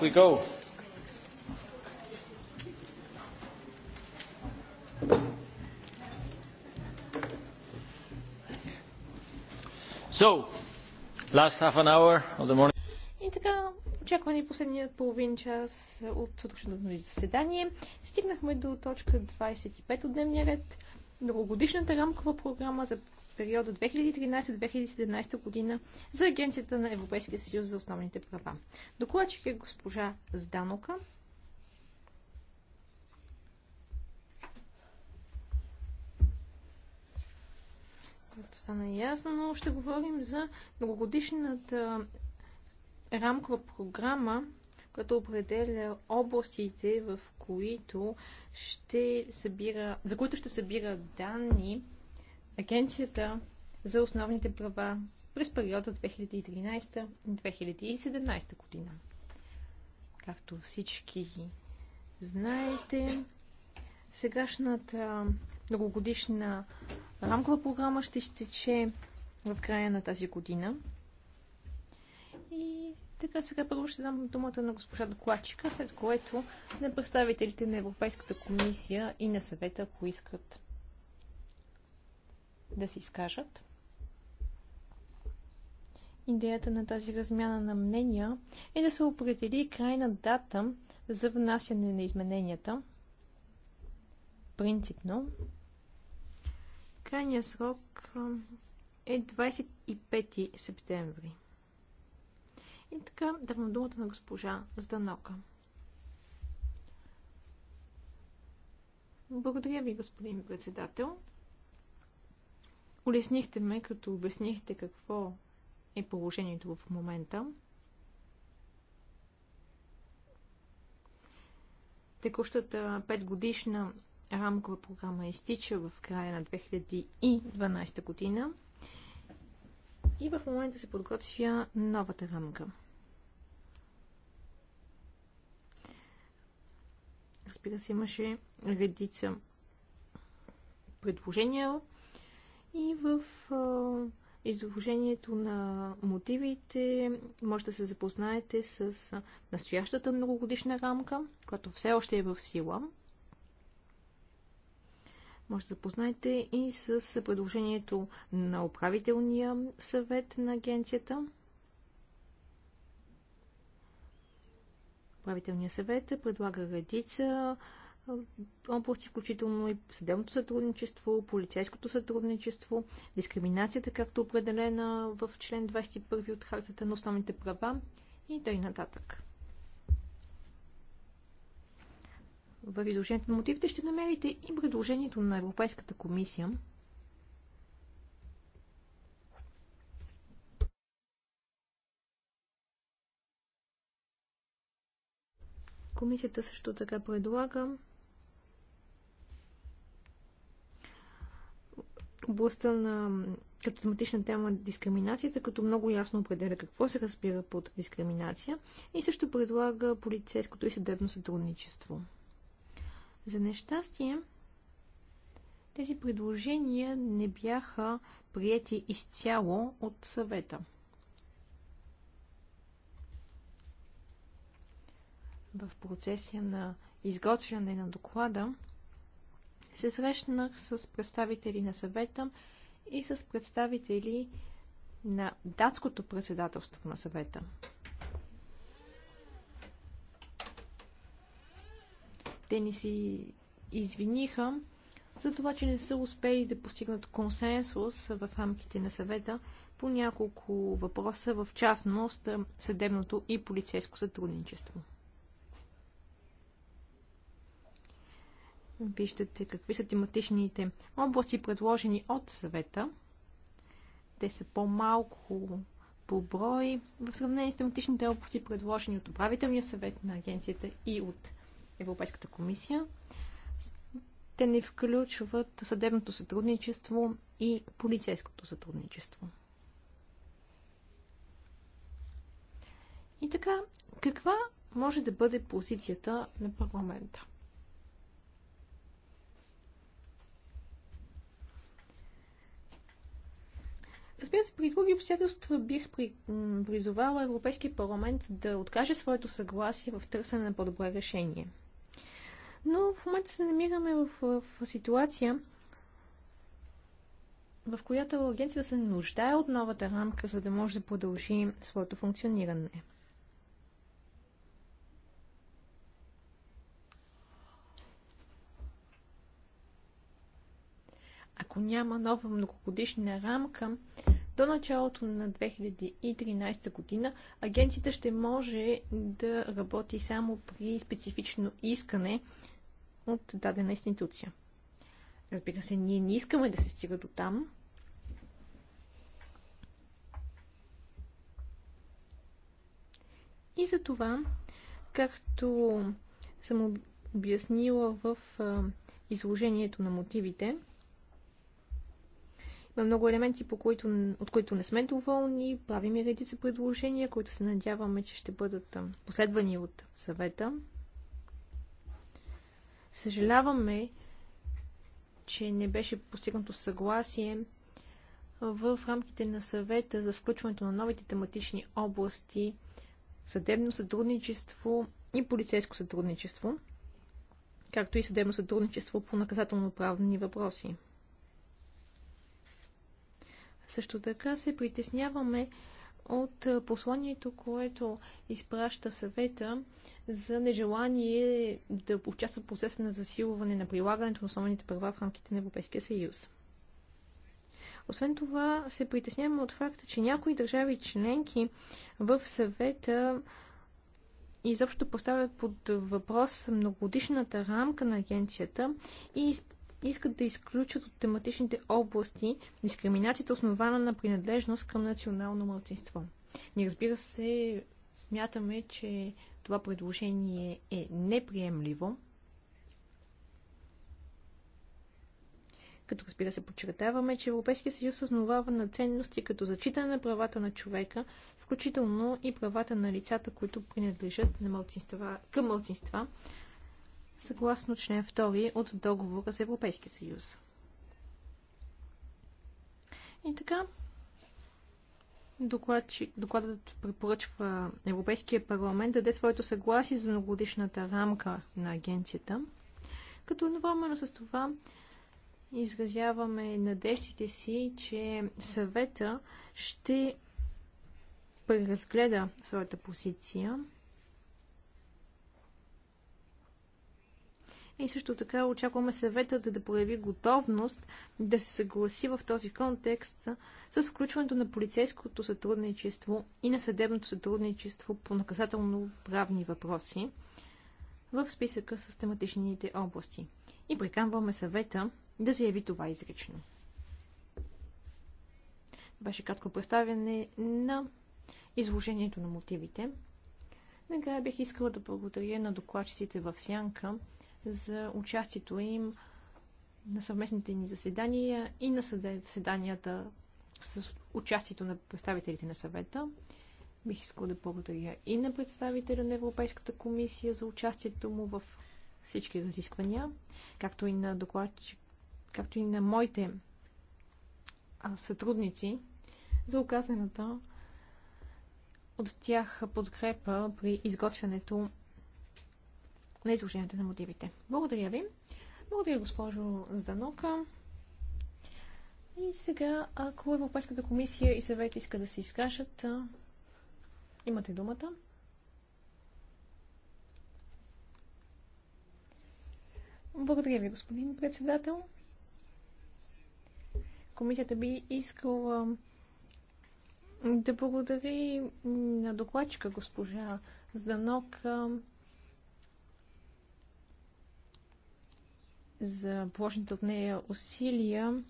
we go. So, last half an hour of the morning. И така, очаква ни последният половин час от утрешното ни заседание. Стигнахме до точка 25 от дневния ред. Многогодишната рамкова програма за периода 2013-2017 година за Агенцията на Европейския съюз за основните права. Докладчик е госпожа Зданока. Както стана ясно, ще говорим за многогодишната рамкова програма като определя областите, в които ще събира, за които ще събира данни Агенцията за основните права през периода 2013-2017 година. Както всички знаете, сегашната многогодишна рамкова програма ще изтече в края на тази година. И така сега първо ще дам думата на госпожа докладчика, след което на представителите на Европейската комисия и на съвета поискат да се изкажат. Идеята на тази размяна на мнения е да се определи крайна дата за внасяне на измененията. Принципно, крайният срок е 25 септември. И така давам думата на госпожа Зданока. Благодаря ви, господин председател. Улеснихте ме, като обяснихте какво е положението в момента. Текущата 5 годишна рамкова програма изтича в края на 2012 година и в момента се подготвя новата рамка. Разбира се, имаше редица предложения, и в изложението на мотивите може да се запознаете с настоящата многогодишна рамка, която все още е в сила. Може да запознаете и с предложението на управителния съвет на агенцията. Управителният съвет предлага редица области, включително и съдебното сътрудничество, полицейското сътрудничество, дискриминацията, както определена в член 21 от Хартата на основните права и т.н. В изложението на мотивите ще намерите и предложението на Европейската комисия, Комисията също така предлага областта на като тематична тема дискриминацията, като много ясно определя какво се разбира под дискриминация и също предлага полицейското и съдебно сътрудничество. За нещастие, тези предложения не бяха прияти изцяло от съвета. В процесия на изготвяне на доклада, се срещнах с представители на съвета и с представители на датското председателство на съвета. Те ни си извиниха за това, че не са успели да постигнат консенсус в рамките на съвета по няколко въпроса, в частност съдебното и полицейско сътрудничество. Виждате какви са тематичните области, предложени от съвета. Те са по-малко по брой в сравнение с тематичните области, предложени от управителния съвет на агенцията и от Европейската комисия. Те не включват съдебното сътрудничество и полицейското сътрудничество. И така, каква може да бъде позицията на парламента? Разбира се, при други обстоятелства бих при, призовала Европейския парламент да откаже своето съгласие в търсене на по добро решение. Но в момента се намираме в, в, в ситуация, в която агенцията се нуждае от новата рамка, за да може да продължи своето функциониране. Ако няма нова многогодишна рамка, до началото на 2013 година агенцията ще може да работи само при специфично искане от дадена институция. Разбира се, ние не искаме да се стига до там. И за това, както съм обяснила в изложението на мотивите, има много елементи, по които, от които не сме доволни. Правим и редица предложения, които се надяваме, че ще бъдат последвани от съвета. Съжаляваме, че не беше постигнато съгласие в рамките на съвета за включването на новите тематични области съдебно сътрудничество и полицейско сътрудничество, както и съдебно сътрудничество по наказателно-правни въпроси. Също така се притесняваме от посланието, което изпраща съвета за нежелание да участва в процеса на засилване на прилагането на основните права в рамките на Европейския съюз. Освен това, се притесняваме от факта, че някои държави членки в съвета изобщо поставят под въпрос многогодишната рамка на агенцията и искат да изключат от тематичните области дискриминацията основана на принадлежност към национално младсинство. Ние разбира се смятаме, че това предложение е неприемливо, като разбира се подчертаваме, че Европейския съюз основава на ценности като зачитане на правата на човека, включително и правата на лицата, които принадлежат на мълцинства, към мълцинства, съгласно член 2 от договора с Европейския съюз. И така, доклад, докладът препоръчва Европейския парламент да даде своето съгласие за многогодишната рамка на агенцията, като едновременно с това изразяваме надеждите си, че съвета ще преразгледа своята позиция И също така очакваме съвета да, да прояви готовност да се съгласи в този контекст с включването на полицейското сътрудничество и на съдебното сътрудничество по наказателно-правни въпроси в списъка с тематичните области. И приканваме съвета да заяви това изрично. Беше кратко представяне на изложението на мотивите. Накрая бих искала да благодаря на докладчиците в Сянка за участието им на съвместните ни заседания и на заседанията с участието на представителите на съвета. Бих искал да благодаря и на представителя на Европейската комисия за участието му в всички разисквания, както и на доклад, както и на моите сътрудници за оказаната от тях подкрепа при изготвянето на изложението на мотивите. Благодаря ви. Благодаря, госпожо Зданока. И сега, ако Европейската комисия и съвет иска да се изкажат, имате думата. Благодаря ви, господин председател. Комисията би искала да благодари на докладчика госпожа Зданок за положените от нея усилия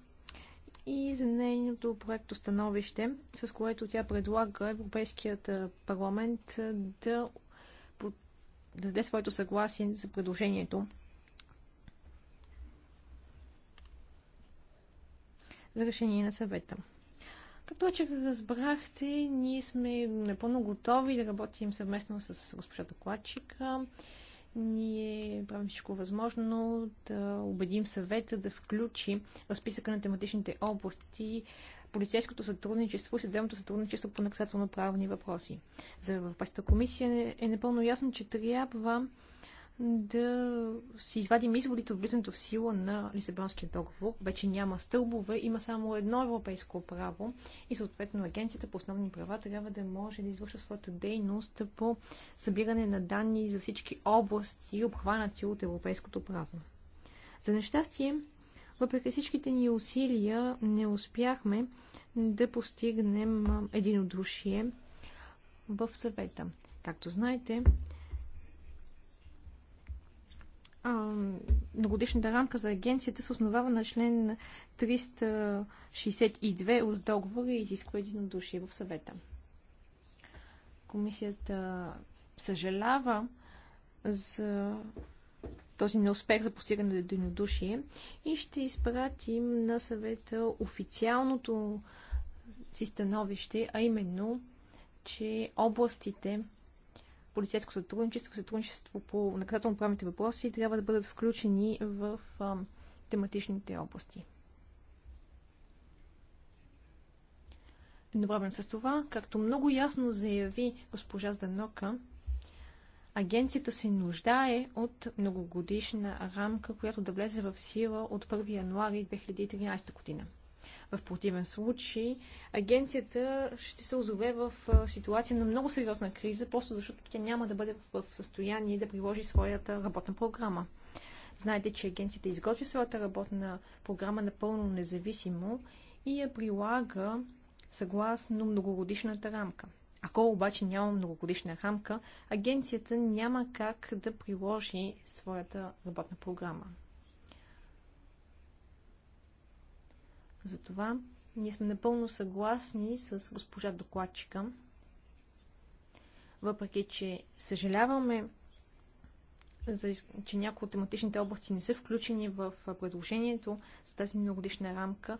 и за нейното проекто становище, с което тя предлага Европейският парламент да, даде своето съгласие за предложението. за решение на съвета. Както че разбрахте, ние сме напълно готови да работим съвместно с госпожа докладчика ние правим всичко възможно да убедим съвета да включи в списъка на тематичните области полицейското сътрудничество и съдебното сътрудничество по наказателно-правни въпроси. За Европейската комисия е, е напълно ясно, че трябва да си извадим изводите от влизането в сила на Лисабонския договор. Вече няма стълбове, има само едно европейско право и съответно Агенцията по основни права трябва да може да извършва своята дейност по събиране на данни за всички области, обхванати от европейското право. За нещастие, въпреки всичките ни усилия, не успяхме да постигнем единодушие в съвета. Както знаете, многодишната рамка за агенцията се основава на член 362 от договора и изисква единодушие в съвета. Комисията съжалява за този неуспех за постигане на единодушие и ще изпратим на съвета официалното си становище, а именно, че областите, полицейско сътрудничество, сътрудничество по наказателно-правните въпроси трябва да бъдат включени в тематичните области. Едновременно с това, както много ясно заяви госпожа Зданока, агенцията се нуждае от многогодишна рамка, която да влезе в сила от 1 януари 2013 година. В противен случай агенцията ще се озове в ситуация на много сериозна криза, просто защото тя няма да бъде в състояние да приложи своята работна програма. Знаете, че агенцията изготви своята работна програма напълно независимо и я прилага съгласно многогодишната рамка. Ако обаче няма многогодишна рамка, агенцията няма как да приложи своята работна програма. Затова ние сме напълно съгласни с госпожа докладчика, въпреки че съжаляваме, за, че някои от тематичните области не са включени в предложението с тази многодишна рамка,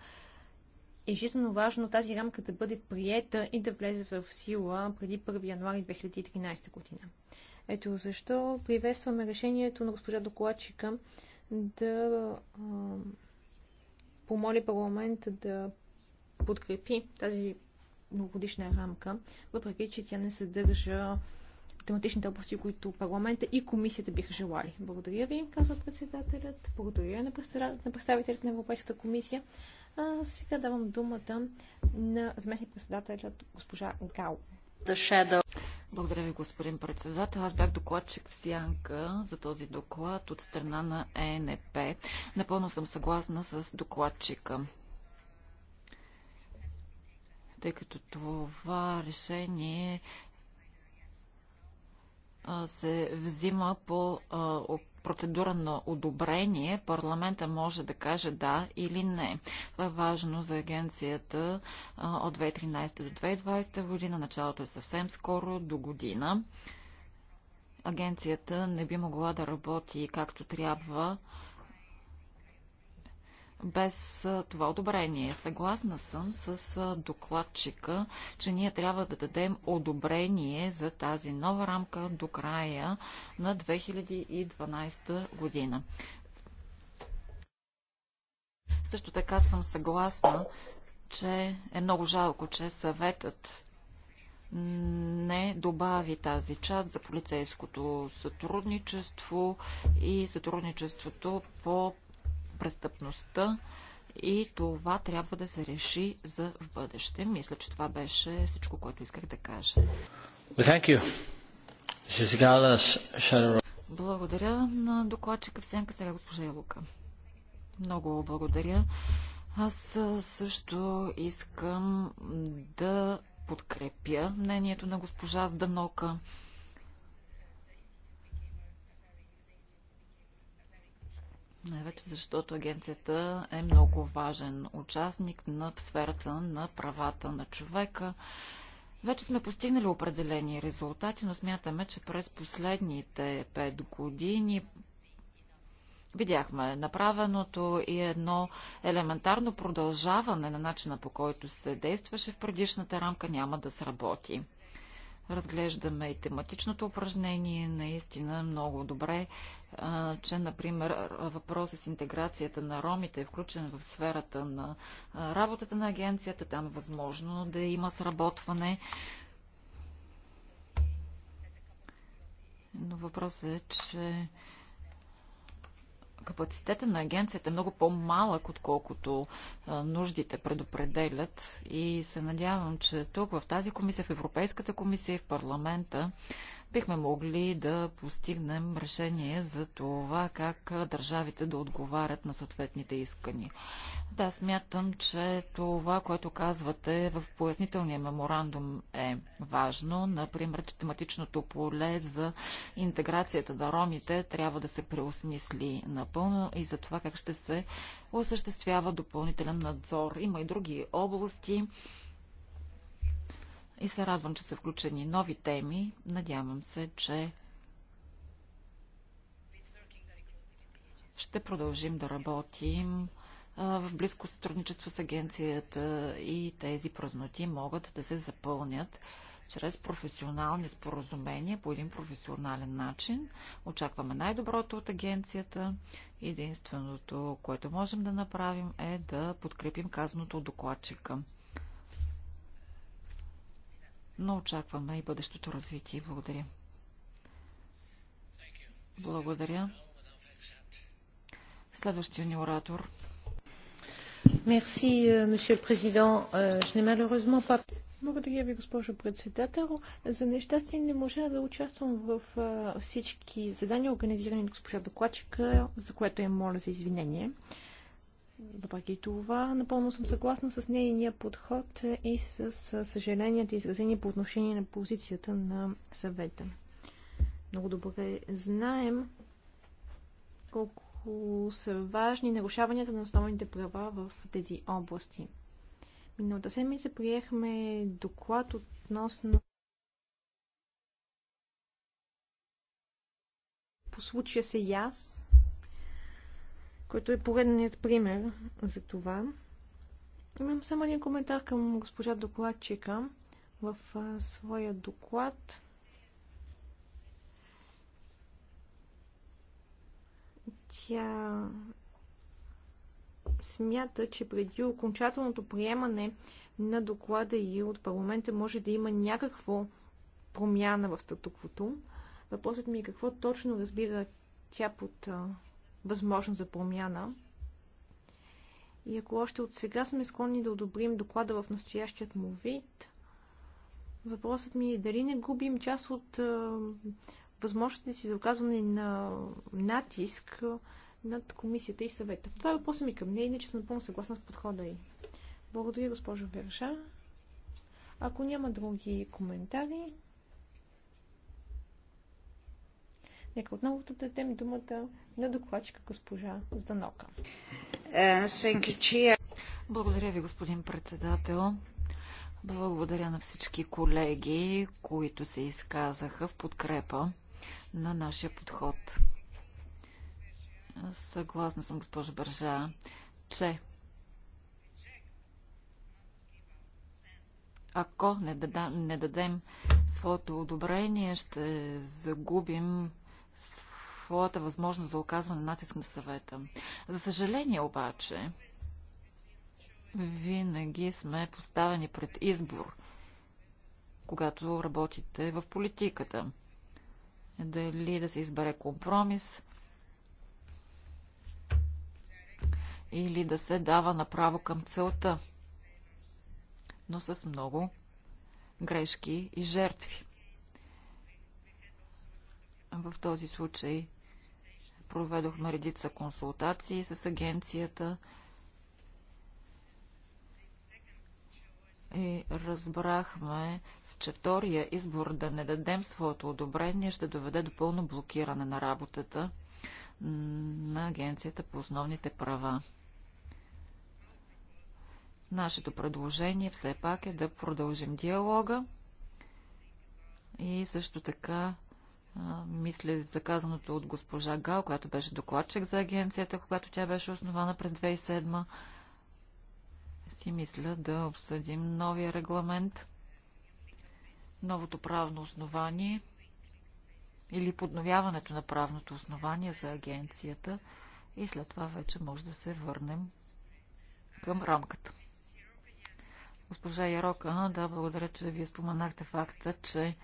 е жизненно важно тази рамка да бъде приета и да влезе в сила преди 1 януари 2013 година. Ето защо приветстваме решението на госпожа докладчика да помоли парламент да подкрепи тази многогодишна рамка, въпреки че тя не съдържа тематичните области, които парламента и комисията биха желали. Благодаря ви, казва председателят. Благодаря на, представителите на Европейската комисия. А сега давам думата на заместник председателят госпожа Гао. Благодаря ви, господин председател. Аз бях докладчик в Сянка за този доклад от страна на ЕНП. Напълно съм съгласна с докладчика. Тъй като това решение се взима по процедура на одобрение, парламента може да каже да или не. Това е важно за агенцията от 2013 до 2020 година. Началото е съвсем скоро, до година. Агенцията не би могла да работи както трябва, без това одобрение. Съгласна съм с докладчика, че ние трябва да дадем одобрение за тази нова рамка до края на 2012 година. Също така съм съгласна, че е много жалко, че съветът не добави тази част за полицейското сътрудничество и сътрудничеството по престъпността и това трябва да се реши за в бъдеще. Мисля, че това беше всичко, което исках да кажа. Благодаря на докладчика в сянка сега госпожа Ялука. Много благодаря. Аз също искам да подкрепя мнението на госпожа Сданока. Най-вече защото агенцията е много важен участник на сферата на правата на човека. Вече сме постигнали определени резултати, но смятаме, че през последните пет години видяхме направеното и едно елементарно продължаване на начина по който се действаше в предишната рамка няма да сработи разглеждаме и тематичното упражнение. Наистина много добре, че, например, въпросът с интеграцията на ромите е включен в сферата на работата на агенцията. Там е възможно да има сработване. Но въпросът е, че капацитета на агенцията е много по-малък, отколкото нуждите предопределят и се надявам, че тук в тази комисия, в Европейската комисия и в парламента бихме могли да постигнем решение за това как държавите да отговарят на съответните искания. Да, смятам, че това, което казвате в пояснителния меморандум е важно. Например, че тематичното поле за интеграцията на ромите трябва да се преосмисли напълно и за това как ще се осъществява допълнителен надзор. Има и други области, и се радвам, че са включени нови теми. Надявам се, че ще продължим да работим в близко сътрудничество с агенцията и тези празноти могат да се запълнят чрез професионални споразумения по един професионален начин. Очакваме най-доброто от агенцията. Единственото, което можем да направим е да подкрепим казаното от докладчика но очакваме и бъдещото развитие. Благодаря. Благодаря. Следващия ни оратор. Merci, euh, monsieur le euh, Благодаря ви, госпожо председател. За нещастие не можа да участвам в всички задания, организирани от госпожа докладчика, за което я моля за извинение. Въпреки това, напълно съм съгласна с нейния подход и с съжаленията, изразени по отношение на позицията на съвета. Много добре знаем колко са важни нарушаванията на основните права в тези области. Миналата седмица приехме доклад относно по случая се яс който е поредният пример за това. Имам само един коментар към госпожа докладчика в а, своя доклад. Тя смята, че преди окончателното приемане на доклада и от парламента може да има някакво промяна в статуквото. Въпросът ми е какво точно разбира тя под възможност за промяна. И ако още от сега сме склонни да одобрим доклада в настоящият му вид, въпросът ми е дали не губим част от е, възможностите си за оказване на натиск над комисията и съвета. Това е въпросът ми към нея, иначе съм напълно съгласна с подхода й. Благодаря, госпожо Верша. Ако няма други коментари, Нека отново да дадем думата на докладчика госпожа Занока. Е, Благодаря ви, господин председател. Благодаря на всички колеги, които се изказаха в подкрепа на нашия подход. Съгласна съм, госпожа Бържа, че ако не, не дадем своето одобрение, ще загубим своята възможност за оказване натиск на съвета. За съжаление обаче, винаги сме поставени пред избор, когато работите в политиката. Дали да се избере компромис или да се дава направо към целта, но с много грешки и жертви. В този случай проведохме редица консултации с агенцията и разбрахме, че втория избор да не дадем своето одобрение ще доведе до пълно блокиране на работата на Агенцията по основните права. Нашето предложение все пак е да продължим диалога и също така мисля за казаното от госпожа Гал, която беше докладчик за агенцията, когато тя беше основана през 2007 си мисля да обсъдим новия регламент, новото правно основание или подновяването на правното основание за агенцията и след това вече може да се върнем към рамката. Госпожа Ярока, да, благодаря, че вие споменахте факта, че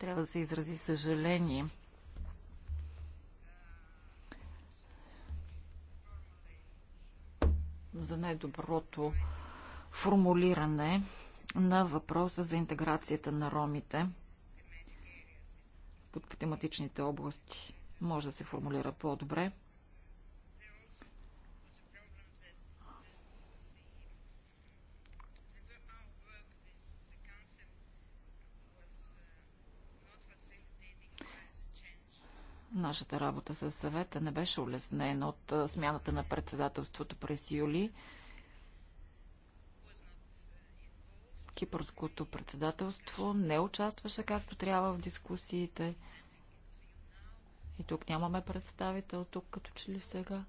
трябва да се изрази съжаление. за най-доброто формулиране на въпроса за интеграцията на ромите под тематичните области. Може да се формулира по-добре. Нашата работа със съвета не беше улеснена от смяната на председателството през юли. Кипърското председателство не участваше както трябва в дискусиите. И тук нямаме представител, тук като че ли сега.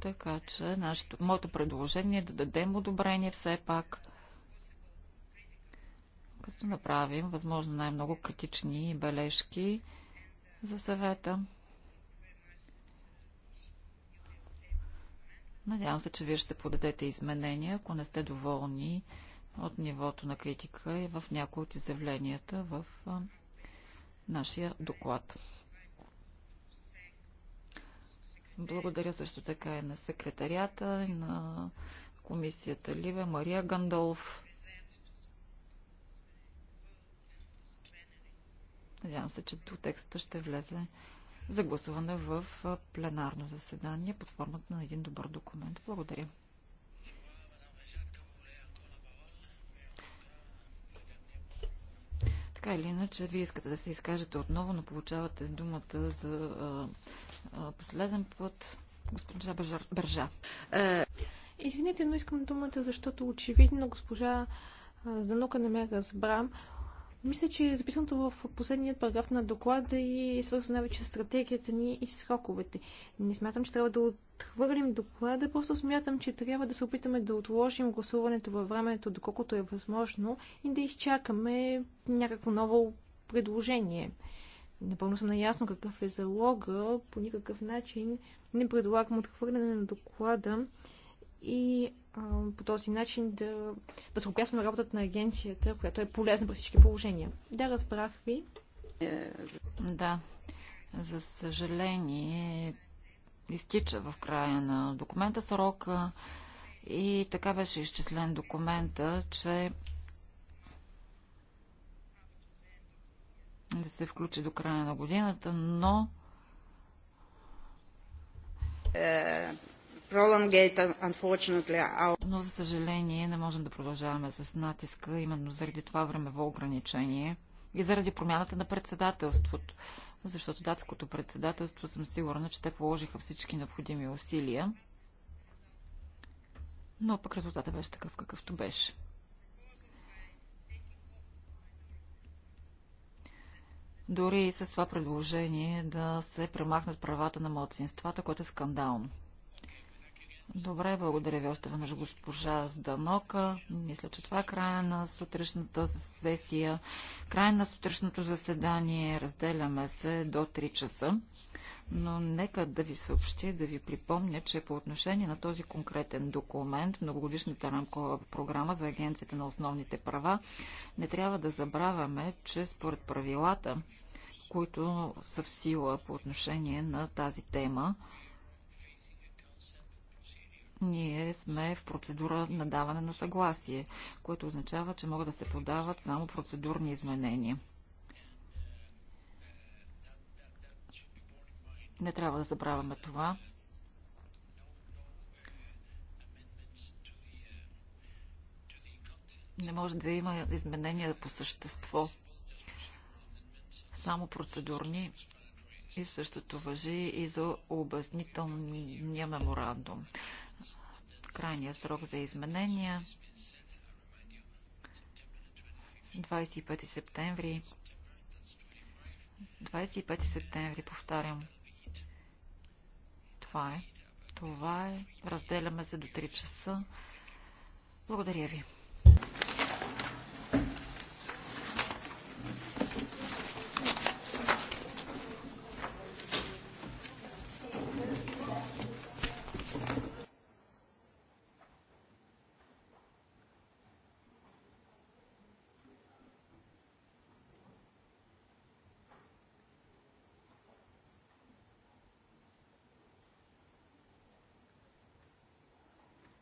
Така че нашето, моето предложение е да дадем одобрение все пак – като направим възможно най-много критични бележки за съвета. Надявам се, че вие ще подадете изменения, ако не сте доволни от нивото на критика и в някои от изявленията в нашия доклад. Благодаря също така и на секретарията, и на комисията Ливе, Мария Гандолф Надявам се, че до текста ще влезе за гласуване в пленарно заседание под формата на един добър документ. Благодаря. Така или иначе, вие искате да се изкажете отново, но получавате думата за а, а, последен път. Госпожа Бържа. Е... Извинете, но искам думата, защото очевидно госпожа Зданука не ме разбра. Мисля, че записаното в последният параграф на доклада и е свързано най-вече с стратегията ни и сроковете. Не смятам, че трябва да отхвърлим доклада, просто смятам, че трябва да се опитаме да отложим гласуването във времето, доколкото е възможно и да изчакаме някакво ново предложение. Напълно съм наясно какъв е залога, по никакъв начин не предлагам отхвърляне на доклада и по този начин да възпрепятстваме работата на агенцията, която е полезна при всички положения. Да, разбрах ви. Да, за съжаление, изтича в края на документа срока и така беше изчислен документа, че да се включи до края на годината, но е, но, за съжаление, не можем да продължаваме с натиска, именно заради това времево ограничение и заради промяната на председателството. Защото датското председателство съм сигурна, че те положиха всички необходими усилия. Но пък резултата беше такъв, какъвто беше. Дори и с това предложение да се премахнат правата на младсинствата, което е скандално. Добре, благодаря ви още веднъж госпожа Зданока. Мисля, че това е края на сутрешната сесия, края на сутрешното заседание. Разделяме се до 3 часа. Но нека да ви съобщи, да ви припомня, че по отношение на този конкретен документ, многогодишната рамкова програма за Агенцията на основните права, не трябва да забравяме, че според правилата, които са в сила по отношение на тази тема, ние сме в процедура на даване на съгласие, което означава, че могат да се подават само процедурни изменения. Не трябва да забравяме това. Не може да има изменения по същество. Само процедурни и същото въжи и за обяснителния меморандум. Крайния срок за изменения 25 септември 25 септември, повтарям. Това е. Това е. Разделяме се до 3 часа. Благодаря ви.